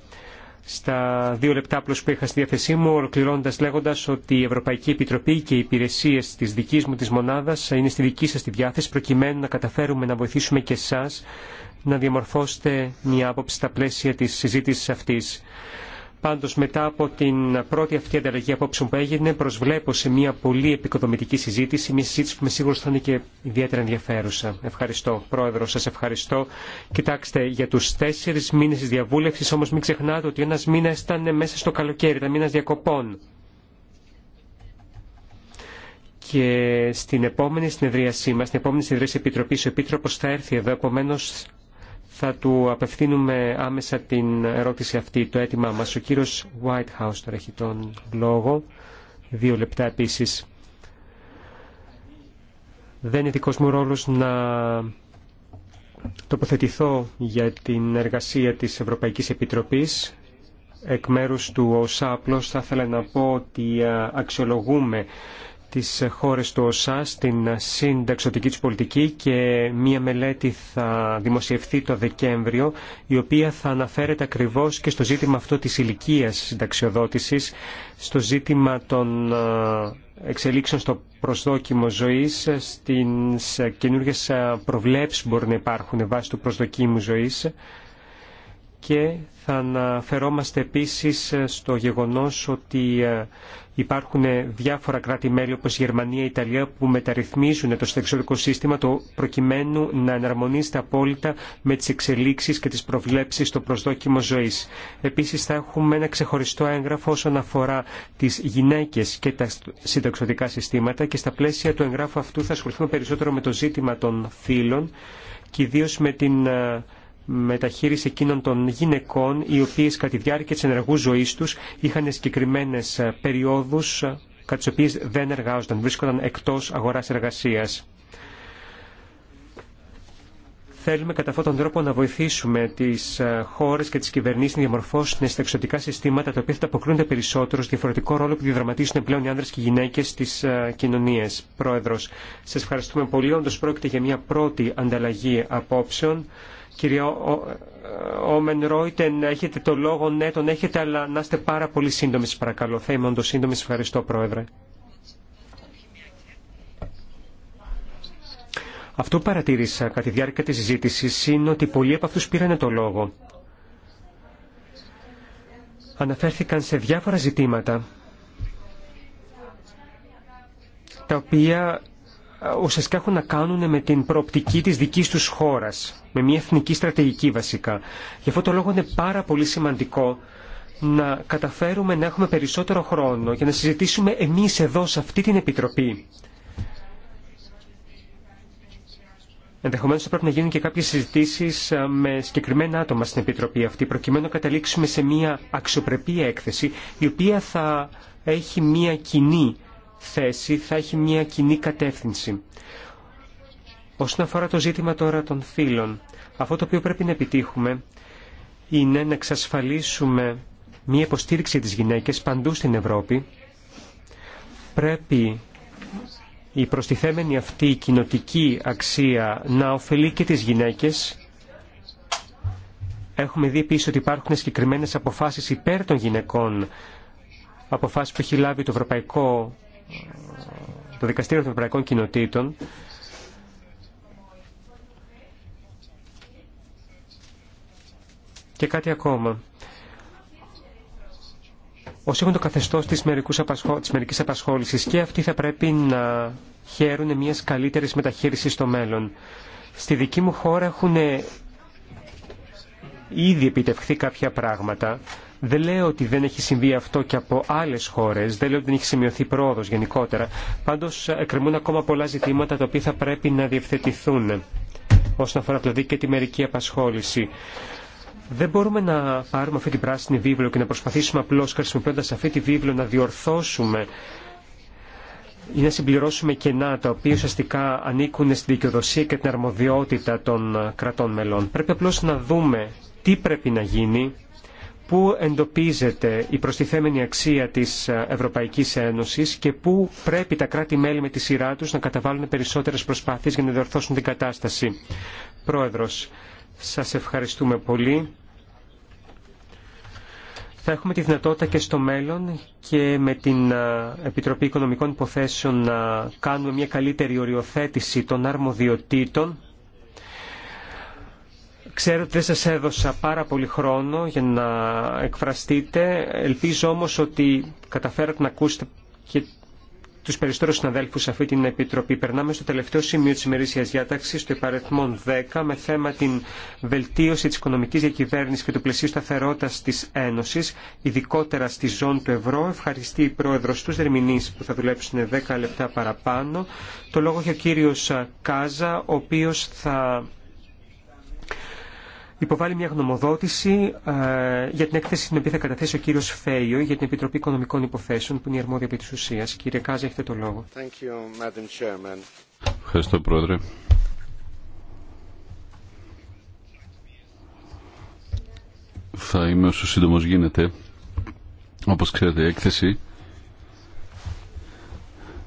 Στα δύο λεπτά απλώς που είχα στη διάθεσή μου, ολοκληρώνοντα λέγοντας ότι η Ευρωπαϊκή Επιτροπή και οι υπηρεσίε της δική μου τη μονάδα είναι στη δική σα τη διάθεση προκειμένου να καταφέρουμε να βοηθήσουμε και εσάς να διαμορφώσετε μια άποψη στα πλαίσια τη συζήτηση αυτή. Πάντως μετά από την πρώτη αυτή ανταλλαγή απόψεων που έγινε προσβλέπω σε μια πολύ επικοδομητική συζήτηση, μια συζήτηση που με σίγουρο θα είναι και ιδιαίτερα ενδιαφέρουσα. Ευχαριστώ Πρόεδρο, σα ευχαριστώ. Κοιτάξτε, για του τέσσερι μήνε τη διαβούλευση, όμω μην ξεχνάτε ότι ένα μήνα ήταν μέσα στο καλοκαίρι, ήταν μήνα διακοπών. Και στην επόμενη συνεδρίασή μα, στην επόμενη συνεδρίαση Επιτροπή, ο επίτροπο θα έρθει εδώ, επομένω θα του απευθύνουμε άμεσα την ερώτηση αυτή, το αίτημά μας. Ο κύριος Whitehouse τώρα έχει τον λόγο. Δύο λεπτά επίσης. Δεν είναι δικός μου ρόλος να τοποθετηθώ για την εργασία της Ευρωπαϊκής Επιτροπής. Εκ μέρους του ΟΣΑ απλώς θα ήθελα να πω ότι ε, αξιολογούμε τι χώρες του ΟΣΑ στην συνταξιωτική της πολιτική και μία μελέτη θα δημοσιευθεί το Δεκέμβριο η οποία θα αναφέρεται ακριβώς και στο ζήτημα αυτό της ηλικία συνταξιοδότησης, στο ζήτημα των ε, εξελίξεων στο προσδόκιμο ζωής, ε, στις ε, καινούργιες προβλέψεις που μπορεί να υπάρχουν βάσει του προσδοκίμου ζωής και θα αναφερόμαστε επίσης στο γεγονός ότι ε, υπάρχουν διάφορα κράτη-μέλη όπως η Γερμανία, η Ιταλία που μεταρρυθμίζουν το στεξιωτικό σύστημα το προκειμένου να εναρμονίζεται απόλυτα με τις εξελίξεις και τις προβλέψεις στο προσδόκιμο ζωής. Επίσης θα έχουμε ένα ξεχωριστό έγγραφο όσον αφορά τις γυναίκες και τα συνταξιωτικά συστήματα και στα πλαίσια του εγγράφου αυτού θα ασχοληθούμε περισσότερο με το ζήτημα των φύλων και ιδίω με την ε, μεταχείριση εκείνων των γυναικών οι οποίες κατά τη διάρκεια της ενεργού ζωής τους είχαν συγκεκριμένε ε, περιόδους ε, κατά τις οποίες δεν εργάζονταν, βρίσκονταν εκτός αγοράς εργασίας. Θέλουμε κατά αυτόν τον τρόπο να βοηθήσουμε τι ε, χώρε και τι κυβερνήσει να διαμορφώσουν στα εξωτικά συστήματα τα οποία θα τα περισσότερο στο διαφορετικό ρόλο που διαδραματίζουν πλέον οι άνδρε και οι γυναίκε στι κοινωνίε. Πρόεδρο, σα ευχαριστούμε πολύ. Όντω πρόκειται για μια πρώτη ανταλλαγή απόψεων. Κύριε Όμεν Ρόιτεν, έχετε το λόγο, ναι, τον έχετε, αλλά να είστε πάρα πολύ σύντομοι, παρακαλώ. Θα είμαι όντως σύντομη, ευχαριστώ, Πρόεδρε. Αυτό που παρατήρησα κατά τη διάρκεια της συζήτησης είναι ότι πολλοί από αυτούς πήραν το λόγο. Αναφέρθηκαν σε διάφορα ζητήματα τα οποία ουσιαστικά έχουν να κάνουν με την προοπτική της δικής τους χώρας, με μια εθνική στρατηγική βασικά. Γι' αυτό το λόγο είναι πάρα πολύ σημαντικό να καταφέρουμε να έχουμε περισσότερο χρόνο για να συζητήσουμε εμείς εδώ σε αυτή την Επιτροπή. Ενδεχομένως θα πρέπει να γίνουν και κάποιες συζητήσεις με συγκεκριμένα άτομα στην Επιτροπή αυτή, προκειμένου να καταλήξουμε σε μια αξιοπρεπή έκθεση, η οποία θα έχει μια κοινή θέση θα έχει μια κοινή κατεύθυνση. Όσον αφορά το ζήτημα τώρα των φύλων, αυτό το οποίο πρέπει να επιτύχουμε είναι να εξασφαλίσουμε μια υποστήριξη της γυναίκες παντού στην Ευρώπη. Πρέπει η προστιθέμενη αυτή η κοινοτική αξία να ωφελεί και τις γυναίκες. Έχουμε δει επίσης ότι υπάρχουν συγκεκριμένε αποφάσεις υπέρ των γυναικών, αποφάσεις που έχει λάβει το Ευρωπαϊκό το Δικαστήριο των Ευρωπαϊκών Κοινοτήτων και κάτι ακόμα. Όσοι έχουν το καθεστώ τη απασχό... μερικής και αυτοί θα πρέπει να χαίρουν μια καλύτερη μεταχείρισης στο μέλλον. Στη δική μου χώρα έχουν ήδη επιτευχθεί κάποια πράγματα δεν λέω ότι δεν έχει συμβεί αυτό και από άλλε χώρε, δεν λέω ότι δεν έχει σημειωθεί πρόοδο γενικότερα. Πάντω, εκκρεμούν ακόμα πολλά ζητήματα τα οποία θα πρέπει να διευθετηθούν όσον αφορά δηλαδή και τη μερική απασχόληση. Δεν μπορούμε να πάρουμε αυτή την πράσινη βίβλο και να προσπαθήσουμε απλώ χρησιμοποιώντα αυτή τη βίβλο να διορθώσουμε ή να συμπληρώσουμε κενά τα οποία ουσιαστικά ανήκουν στην δικαιοδοσία και την αρμοδιότητα των κρατών μελών. Πρέπει απλώ να δούμε τι πρέπει να γίνει πού εντοπίζεται η προστιθέμενη αξία της ε, Ευρωπαϊκής Ένωσης και πού πρέπει τα κράτη-μέλη με τη σειρά τους να καταβάλουν περισσότερες προσπάθειες για να διορθώσουν την κατάσταση. Πρόεδρος, σας ευχαριστούμε πολύ. Θα έχουμε τη δυνατότητα και στο μέλλον και με την ε, Επιτροπή Οικονομικών Υποθέσεων να κάνουμε μια καλύτερη οριοθέτηση των αρμοδιοτήτων Ξέρω ότι δεν σας έδωσα πάρα πολύ χρόνο για να εκφραστείτε. Ελπίζω όμως ότι καταφέρατε να ακούσετε και τους περισσότερους συναδέλφους σε αυτή την Επιτροπή. Περνάμε στο τελευταίο σημείο της ημερήσιας διάταξης, στο υπαρεθμόν 10, με θέμα την βελτίωση της οικονομικής διακυβέρνησης και του πλαισίου σταθερότητας της Ένωσης, ειδικότερα στη ζώνη του ευρώ. Ευχαριστεί η πρόεδρος του Δερμηνής που θα δουλέψουν 10 λεπτά παραπάνω. Το λόγο έχει ο κύριος Κάζα, ο οποίος θα υποβάλει μια γνωμοδότηση ε, για την έκθεση την οποία θα καταθέσει ο κύριος Φέιο για την Επιτροπή Οικονομικών Υποθέσεων που είναι η αρμόδια επί τη ουσία. Κύριε Κάζα, έχετε το λόγο. you, Ευχαριστώ, Πρόεδρε. Θα είμαι όσο σύντομο γίνεται. Όπως ξέρετε, η έκθεση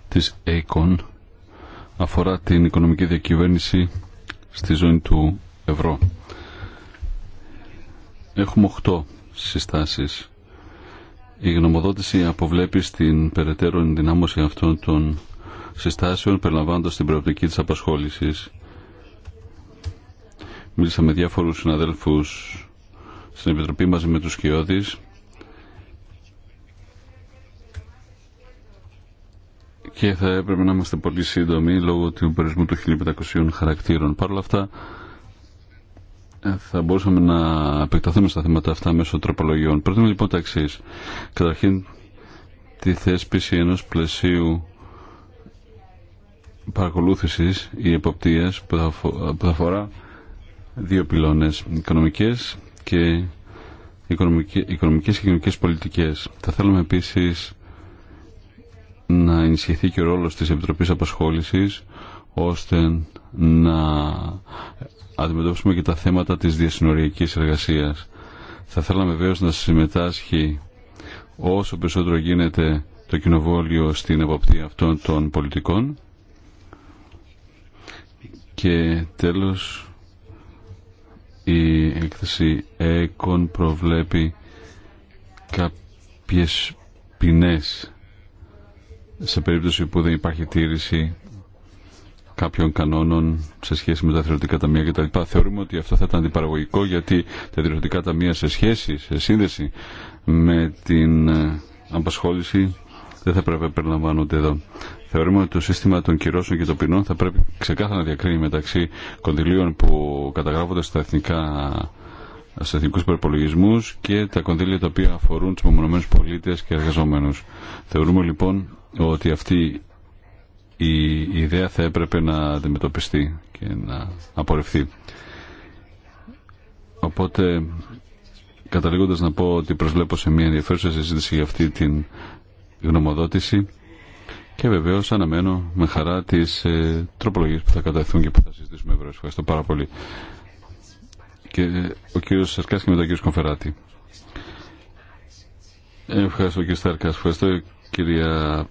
της ΕΙΚΟΝ αφορά την οικονομική διακυβέρνηση στη ζώνη του ευρώ. Έχουμε 8 συστάσεις. Η γνωμοδότηση αποβλέπει στην περαιτέρω ενδυνάμωση αυτών των συστάσεων περιλαμβάνοντα την προοπτική της απασχόλησης. Μίλησα με διάφορους συναδέλφους στην Επιτροπή μαζί με τους Κιώδη. και θα έπρεπε να είμαστε πολύ σύντομοι λόγω του περισμού του 1500 χαρακτήρων. Παρ' όλα αυτά ε, θα μπορούσαμε να επεκταθούμε στα θέματα αυτά μέσω τροπολογιών. Πρώτον, λοιπόν τα εξή. Καταρχήν τη θέσπιση ενός πλαισίου παρακολούθησης ή εποπτεία που θα, αφορά δύο πυλώνες, οικονομικές και οικονομικές και κοινωνικές πολιτικές. Θα θέλουμε επίσης να ενισχυθεί και ο ρόλος της Επιτροπής απασχόληση ώστε να αντιμετωπίσουμε και τα θέματα της διασυνοριακής εργασίας. Θα θέλαμε βεβαίω να συμμετάσχει όσο περισσότερο γίνεται το κοινοβόλιο στην εποπτεία αυτών των πολιτικών και τέλος η έκθεση ΕΚΟΝ προβλέπει κάποιες ποινές σε περίπτωση που δεν υπάρχει τήρηση κάποιων κανόνων σε σχέση με τα θεωρητικά ταμεία κτλ. Θεωρούμε ότι αυτό θα ήταν αντιπαραγωγικό γιατί τα θεωρητικά ταμεία σε σχέση, σε σύνδεση με την ε, απασχόληση δεν θα πρέπει να περιλαμβάνονται εδώ. Θεωρούμε ότι το σύστημα των κυρώσεων και των ποινών θα πρέπει ξεκάθαρα να διακρίνει μεταξύ κονδυλίων που καταγράφονται στα εθνικά στου εθνικού προπολογισμού και τα κονδύλια τα οποία αφορούν του μεμονωμένου πολίτε και εργαζόμενου. Θεωρούμε λοιπόν ότι αυτή η, ιδέα θα έπρεπε να αντιμετωπιστεί και να απορριφθεί. Οπότε, καταλήγοντας να πω ότι προσβλέπω σε μια ενδιαφέρουσα συζήτηση για αυτή την γνωμοδότηση και βεβαίως αναμένω με χαρά τις ε, τροπολογίες που θα καταθούν και που θα συζητήσουμε ευρώ. Ευχαριστώ πάρα πολύ. Και, ε, ο κύριος Σαρκάς και μετά ο κύριος Κομφεράτη. Ευχαριστώ κύριε Ευχαριστώ κυρία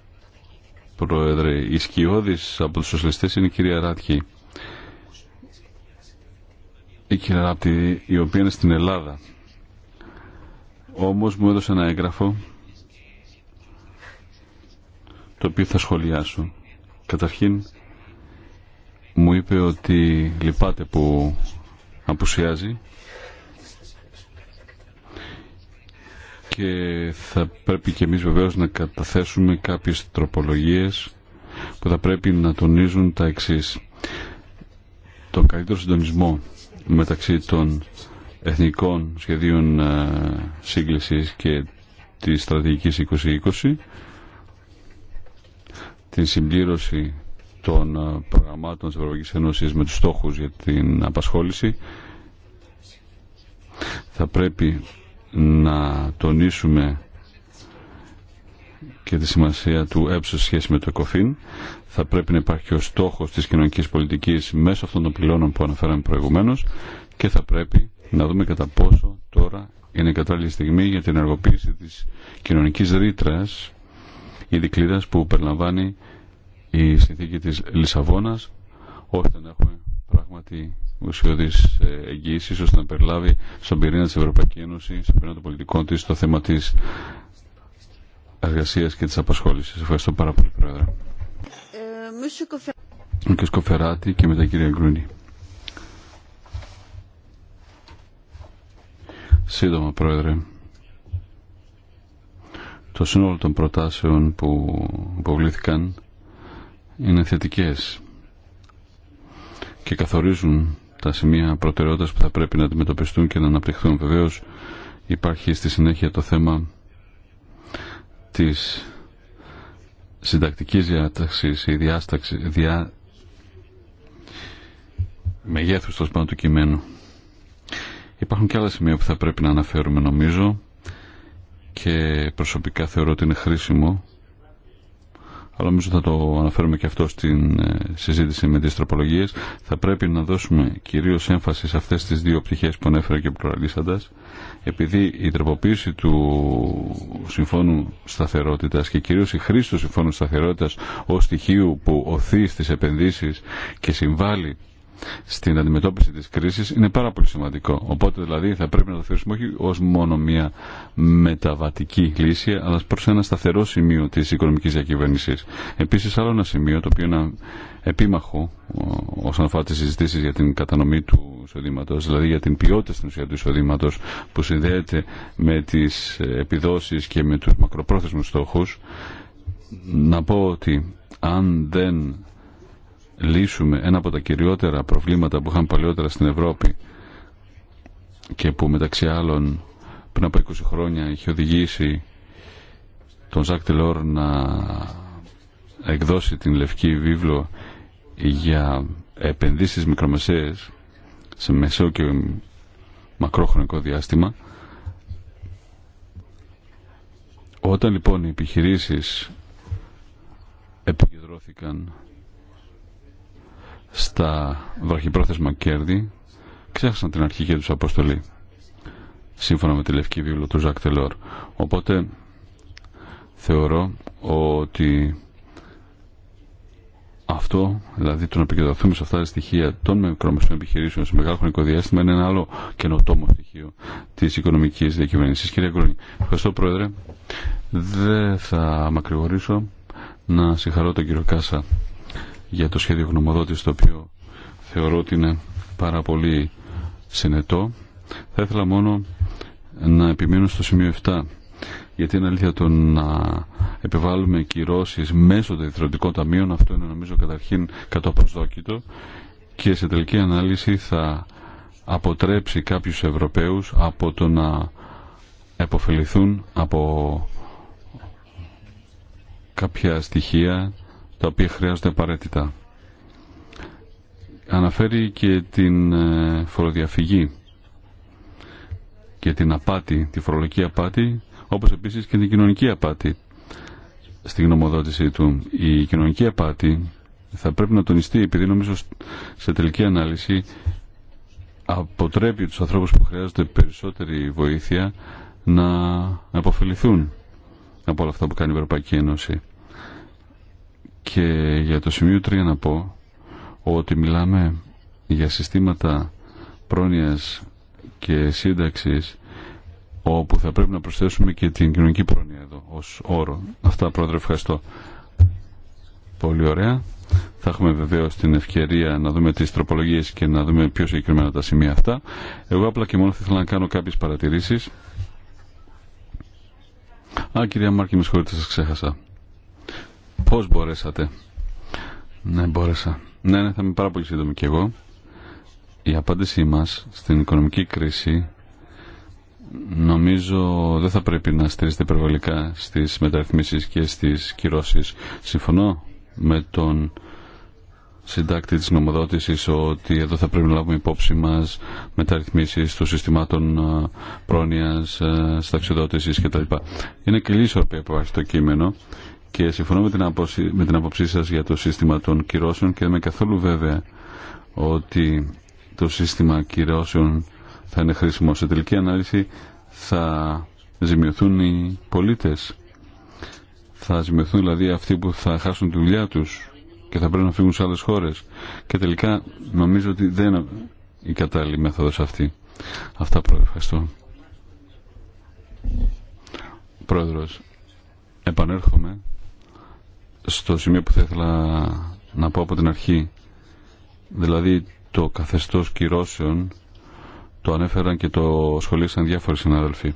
Πρόεδρε. Η σκιώδης από τους σοσιαλιστές είναι η κυρία Ράτχη. Η κυρία Ράπτη, η οποία είναι στην Ελλάδα. Όμως μου έδωσε ένα έγγραφο το οποίο θα σχολιάσω. Καταρχήν μου είπε ότι λυπάται που απουσιάζει και θα πρέπει και εμείς βεβαίως να καταθέσουμε κάποιες τροπολογίες που θα πρέπει να τονίζουν τα εξής. Τον καλύτερο συντονισμό μεταξύ των εθνικών σχεδίων ε, σύγκλησης και της στρατηγικής 2020 την συμπλήρωση των ε, προγραμμάτων της Ευρωπαϊκής Ένωσης με τους στόχους για την απασχόληση θα πρέπει να τονίσουμε και τη σημασία του έψω σχέση με το ΕΚΟΦΗΝ. Θα πρέπει να υπάρχει ο στόχος της κοινωνικής πολιτικής μέσω αυτών των πυλώνων που αναφέραμε προηγουμένως και θα πρέπει να δούμε κατά πόσο τώρα είναι η κατάλληλη στιγμή για την εργοποίηση της κοινωνικής ρήτρα ή δικλήρας που περιλαμβάνει η συνθήκη της Λισαβόνας ώστε να έχουμε πράγματι ουσιώδεις ε, εγγύηση ώστε να περιλάβει στον πυρήνα τη Ευρωπαϊκή Ένωση στον πυρήνα των πολιτικών της, το θέμα τη εργασία και της απασχόλησης. Ευχαριστώ πάρα πολύ, Πρόεδρε. Ο κ. Κοφεράτη και μετά κυρία Γκρούνη. Σύντομα, Πρόεδρε. Το σύνολο των προτάσεων που υποβλήθηκαν είναι θετικές και καθορίζουν τα σημεία προτεραιότητας που θα πρέπει να αντιμετωπιστούν και να αναπτυχθούν. Βεβαίω υπάρχει στη συνέχεια το θέμα της συντακτικής διάταξης ή διάσταξης διά... μεγέθους τόσο πάνω του κειμένου. Υπάρχουν και άλλα σημεία που θα πρέπει να αναφέρουμε νομίζω και προσωπικά θεωρώ ότι είναι χρήσιμο αλλά νομίζω θα το αναφέρουμε και αυτό στην ε, συζήτηση με τις τροπολογίες, θα πρέπει να δώσουμε κυρίως έμφαση σε αυτές τις δύο πτυχές που ανέφερε και προαλήσαντας, επειδή η τροποποίηση του Συμφώνου Σταθερότητας και κυρίως η χρήση του Συμφώνου Σταθερότητας ως στοιχείου που οθεί στις επενδύσεις και συμβάλλει στην αντιμετώπιση της κρίσης είναι πάρα πολύ σημαντικό. Οπότε δηλαδή θα πρέπει να το θεωρήσουμε όχι ως μόνο μια μεταβατική λύση αλλά προς ένα σταθερό σημείο της οικονομικής διακυβέρνησης. Επίσης άλλο ένα σημείο το οποίο είναι επίμαχο όσον αφορά τις συζητήσεις για την κατανομή του εισοδήματος, δηλαδή για την ποιότητα στην ουσία του εισοδήματος που συνδέεται με τις επιδόσεις και με τους μακροπρόθεσμους στόχους να πω ότι αν δεν λύσουμε ένα από τα κυριότερα προβλήματα που είχαν παλαιότερα στην Ευρώπη και που μεταξύ άλλων πριν από 20 χρόνια είχε οδηγήσει τον Ζακ Τελόρ να εκδώσει την Λευκή Βίβλο για επενδύσεις μικρομεσαίες σε μεσαίο και μακρόχρονικό διάστημα όταν λοιπόν οι επιχειρήσεις επικεντρώθηκαν στα βραχυπρόθεσμα κέρδη ξέχασαν την αρχική τους αποστολή σύμφωνα με τη Λευκή Βίβλο του Ζακ Τελόρ. Οπότε θεωρώ ότι αυτό, δηλαδή το να επικεντρωθούμε σε αυτά τα στοιχεία των μικρομεσαίων επιχειρήσεων σε μεγάλο χρονικό διάστημα είναι ένα άλλο καινοτόμο στοιχείο τη οικονομική διακυβέρνηση. Κύριε Γκρούνη, ευχαριστώ Πρόεδρε. Δεν θα μακρηγορήσω να συγχαρώ τον κύριο Κάσα για το σχέδιο γνωμοδότης το οποίο θεωρώ ότι είναι πάρα πολύ συνετό. Θα ήθελα μόνο να επιμείνω στο σημείο 7 γιατί είναι αλήθεια το να επιβάλλουμε κυρώσεις μέσω των ιδρυτικών ταμείων αυτό είναι νομίζω καταρχήν κατά προσδόκητο και σε τελική ανάλυση θα αποτρέψει κάποιους Ευρωπαίους από το να επωφεληθούν από κάποια στοιχεία τα οποία χρειάζονται απαραίτητα. Αναφέρει και την ε, φοροδιαφυγή και την απάτη, τη φορολογική απάτη, όπως επίσης και την κοινωνική απάτη στην γνωμοδότησή του. Η κοινωνική απάτη θα πρέπει να τονιστεί επειδή νομίζω σε τελική ανάλυση αποτρέπει τους ανθρώπους που χρειάζονται περισσότερη βοήθεια να αποφεληθούν από όλα αυτά που κάνει η Ευρωπαϊκή Ένωση. Και για το σημείο 3 να πω ότι μιλάμε για συστήματα πρόνοιας και σύνταξης όπου θα πρέπει να προσθέσουμε και την κοινωνική πρόνοια εδώ ως όρο. Αυτά πρόεδρε ευχαριστώ. Πολύ ωραία. Θα έχουμε βεβαίω την ευκαιρία να δούμε τι τροπολογίε και να δούμε πιο συγκεκριμένα τα σημεία αυτά. Εγώ απλά και μόνο θα ήθελα να κάνω κάποιε παρατηρήσει. Α, κυρία Μάρκη, με συγχωρείτε, σα ξέχασα. Πώς μπορέσατε. Ναι, μπόρεσα. Ναι, ναι, θα είμαι πάρα πολύ σύντομη κι εγώ. Η απάντησή μας στην οικονομική κρίση νομίζω δεν θα πρέπει να στηρίζεται υπερβολικά στις μεταρρυθμίσεις και στις κυρώσεις. Συμφωνώ με τον συντάκτη της νομοδότησης ότι εδώ θα πρέπει να λάβουμε υπόψη μας μεταρρυθμίσεις των συστημάτων ε, πρόνοιας, ε, σταξιδότησης κτλ. Είναι καλή που το κείμενο και συμφωνώ με την, άποψη, με την άποψή σας για το σύστημα των κυρώσεων και είμαι καθόλου βέβαια ότι το σύστημα κυρώσεων θα είναι χρήσιμο. Σε τελική ανάλυση θα ζημιωθούν οι πολίτες. Θα ζημιωθούν δηλαδή αυτοί που θα χάσουν τη δουλειά τους και θα πρέπει να φύγουν σε άλλες χώρες. Και τελικά νομίζω ότι δεν είναι η κατάλληλη μέθοδος αυτή. Αυτά πρόεδρε. Ευχαριστώ. Πρόεδρος, επανέρχομαι στο σημείο που θα ήθελα να πω από την αρχή. Δηλαδή το καθεστώς κυρώσεων το ανέφεραν και το σχολήσαν διάφοροι συνάδελφοι.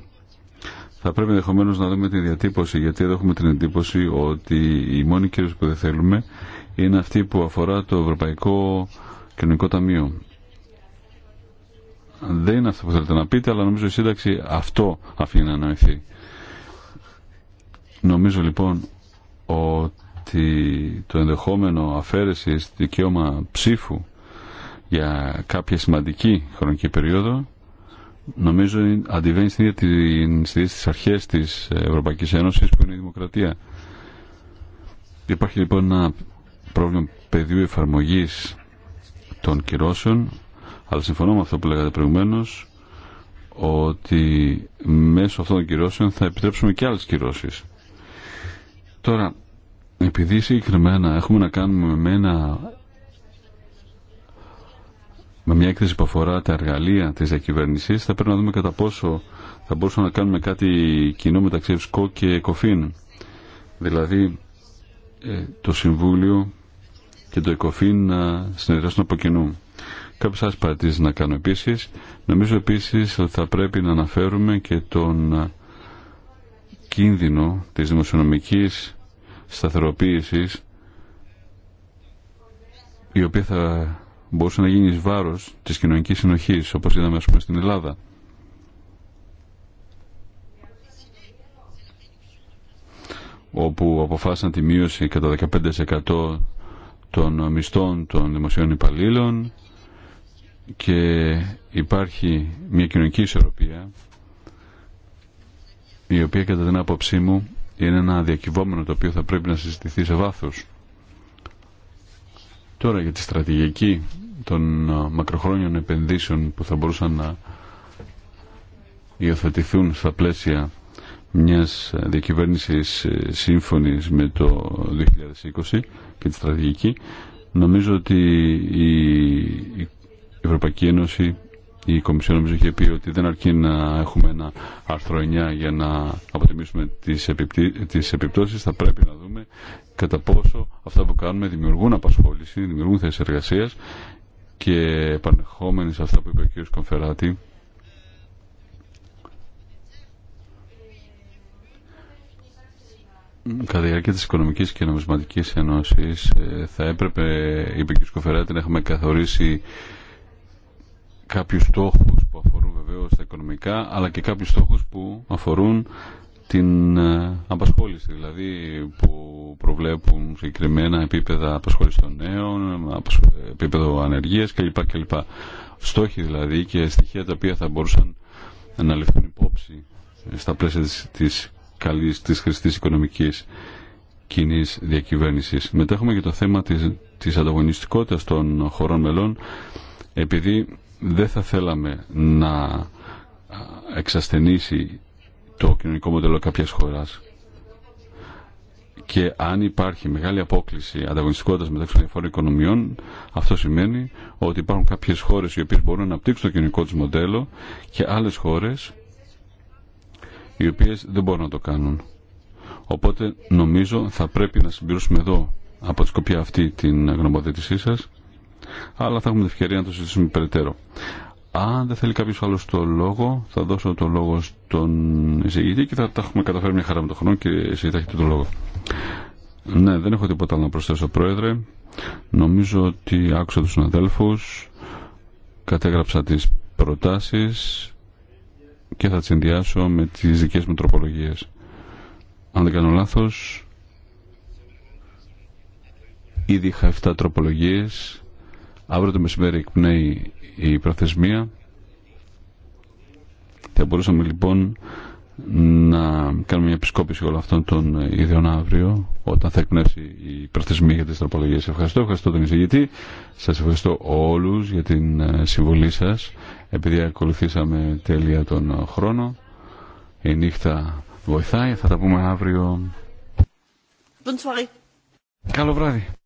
Θα πρέπει ενδεχομένω να δούμε τη διατύπωση, γιατί εδώ έχουμε την εντύπωση ότι η μόνη κύρωση που δεν θέλουμε είναι αυτή που αφορά το Ευρωπαϊκό Κοινωνικό Ταμείο. Δεν είναι αυτό που θέλετε να πείτε, αλλά νομίζω η σύνταξη αυτό αφήνει να Νομίζω λοιπόν ότι το ενδεχόμενο αφαίρεσης δικαίωμα ψήφου για κάποια σημαντική χρονική περίοδο νομίζω αντιβαίνει στην ίδια την της αρχές της Ευρωπαϊκής Ένωσης που είναι η δημοκρατία. Υπάρχει λοιπόν ένα πρόβλημα πεδίου εφαρμογής των κυρώσεων αλλά συμφωνώ με αυτό που λέγατε προηγουμένως ότι μέσω αυτών των κυρώσεων θα επιτρέψουμε και άλλες κυρώσεις. Τώρα, επειδή συγκεκριμένα έχουμε να κάνουμε με ένα μια έκθεση που αφορά τα εργαλεία της διακυβέρνηση, θα πρέπει να δούμε κατά πόσο θα μπορούσαμε να κάνουμε κάτι κοινό μεταξύ ΕΦΣΚΟ και ΕΚΟΦΗΝ. Δηλαδή ε, το Συμβούλιο και το ΕΚΟΦΗΝ να συνεργαστούν από κοινού. Κάποιες άλλες παρατήσεις να κάνω επίσης. Νομίζω επίσης ότι θα πρέπει να αναφέρουμε και τον κίνδυνο της δημοσιονομικής σταθεροποίησης η οποία θα μπορούσε να γίνει εις βάρος της κοινωνικής συνοχής όπως είδαμε ας πούμε στην Ελλάδα. όπου αποφάσισαν τη μείωση κατά 15% των μισθών των δημοσίων υπαλλήλων και υπάρχει μια κοινωνική ισορροπία η οποία κατά την άποψή μου είναι ένα διακυβόμενο το οποίο θα πρέπει να συζητηθεί σε βάθος. Τώρα για τη στρατηγική των μακροχρόνιων επενδύσεων που θα μπορούσαν να υιοθετηθούν στα πλαίσια μιας διακυβέρνησης ε, σύμφωνης με το 2020 και τη στρατηγική νομίζω ότι η Ευρωπαϊκή Ένωση η Κομισιόν νομίζω είχε πει ότι δεν αρκεί να έχουμε ένα άρθρο 9 για να αποτιμήσουμε τις, επιπτύ, τις επιπτώσεις. Θα πρέπει να δούμε κατά πόσο αυτά που κάνουμε δημιουργούν απασχόληση, δημιουργούν θέσεις εργασίας και επανεχόμενοι σε αυτά που είπε ο κ. Κομφεράτη Κατά τη διάρκεια τη οικονομική και Νομισματικής Ένωσης ε, θα έπρεπε, είπε ο κ. Κοφεράτη, να έχουμε καθορίσει κάποιους στόχους που αφορούν βεβαίως τα οικονομικά αλλά και κάποιους στόχους που αφορούν την ε, απασχόληση δηλαδή που προβλέπουν συγκεκριμένα επίπεδα απασχόληση των νέων, επίπεδο ανεργίας κλπ. κλπ. Στόχοι δηλαδή και στοιχεία τα οποία θα μπορούσαν να ληφθούν υπόψη στα πλαίσια της, της καλής, της χρηστής οικονομικής κοινή διακυβέρνησης. Μετά έχουμε και το θέμα της, της ανταγωνιστικότητας των χωρών μελών επειδή δεν θα θέλαμε να εξασθενήσει το κοινωνικό μοντέλο κάποιας χώρας και αν υπάρχει μεγάλη απόκληση ανταγωνιστικότητα μεταξύ των διαφόρων οικονομιών, αυτό σημαίνει ότι υπάρχουν κάποιε χώρε οι οποίε μπορούν να αναπτύξουν το κοινωνικό του μοντέλο και άλλε χώρε οι οποίε δεν μπορούν να το κάνουν. Οπότε νομίζω θα πρέπει να συμπληρώσουμε εδώ από τη σκοπιά αυτή την γνωμοθέτησή σας αλλά θα έχουμε την ευκαιρία να το συζητήσουμε περαιτέρω. Αν δεν θέλει κάποιο άλλο το λόγο, θα δώσω το λόγο στον εισηγητή και θα τα έχουμε καταφέρει μια χαρά με τον χρόνο και εσύ θα έχετε το λόγο. Ναι, δεν έχω τίποτα άλλο να προσθέσω, Πρόεδρε. Νομίζω ότι άκουσα του συναδέλφου, κατέγραψα τι προτάσει και θα τι συνδυάσω με τι δικέ μου τροπολογίε. Αν δεν κάνω λάθο, ήδη είχα 7 τροπολογίε Αύριο το μεσημέρι εκπνέει η προθεσμία. Θα μπορούσαμε λοιπόν να κάνουμε μια επισκόπηση όλων αυτών των ιδεών αύριο όταν θα εκπνεύσει η προθεσμία για τις τροπολογίε. Ευχαριστώ, ευχαριστώ τον εισηγητή. Σας ευχαριστώ όλους για την ε, συμβολή σας επειδή ακολουθήσαμε τέλεια τον χρόνο. Η νύχτα βοηθάει. Θα τα πούμε αύριο. Καλό βράδυ.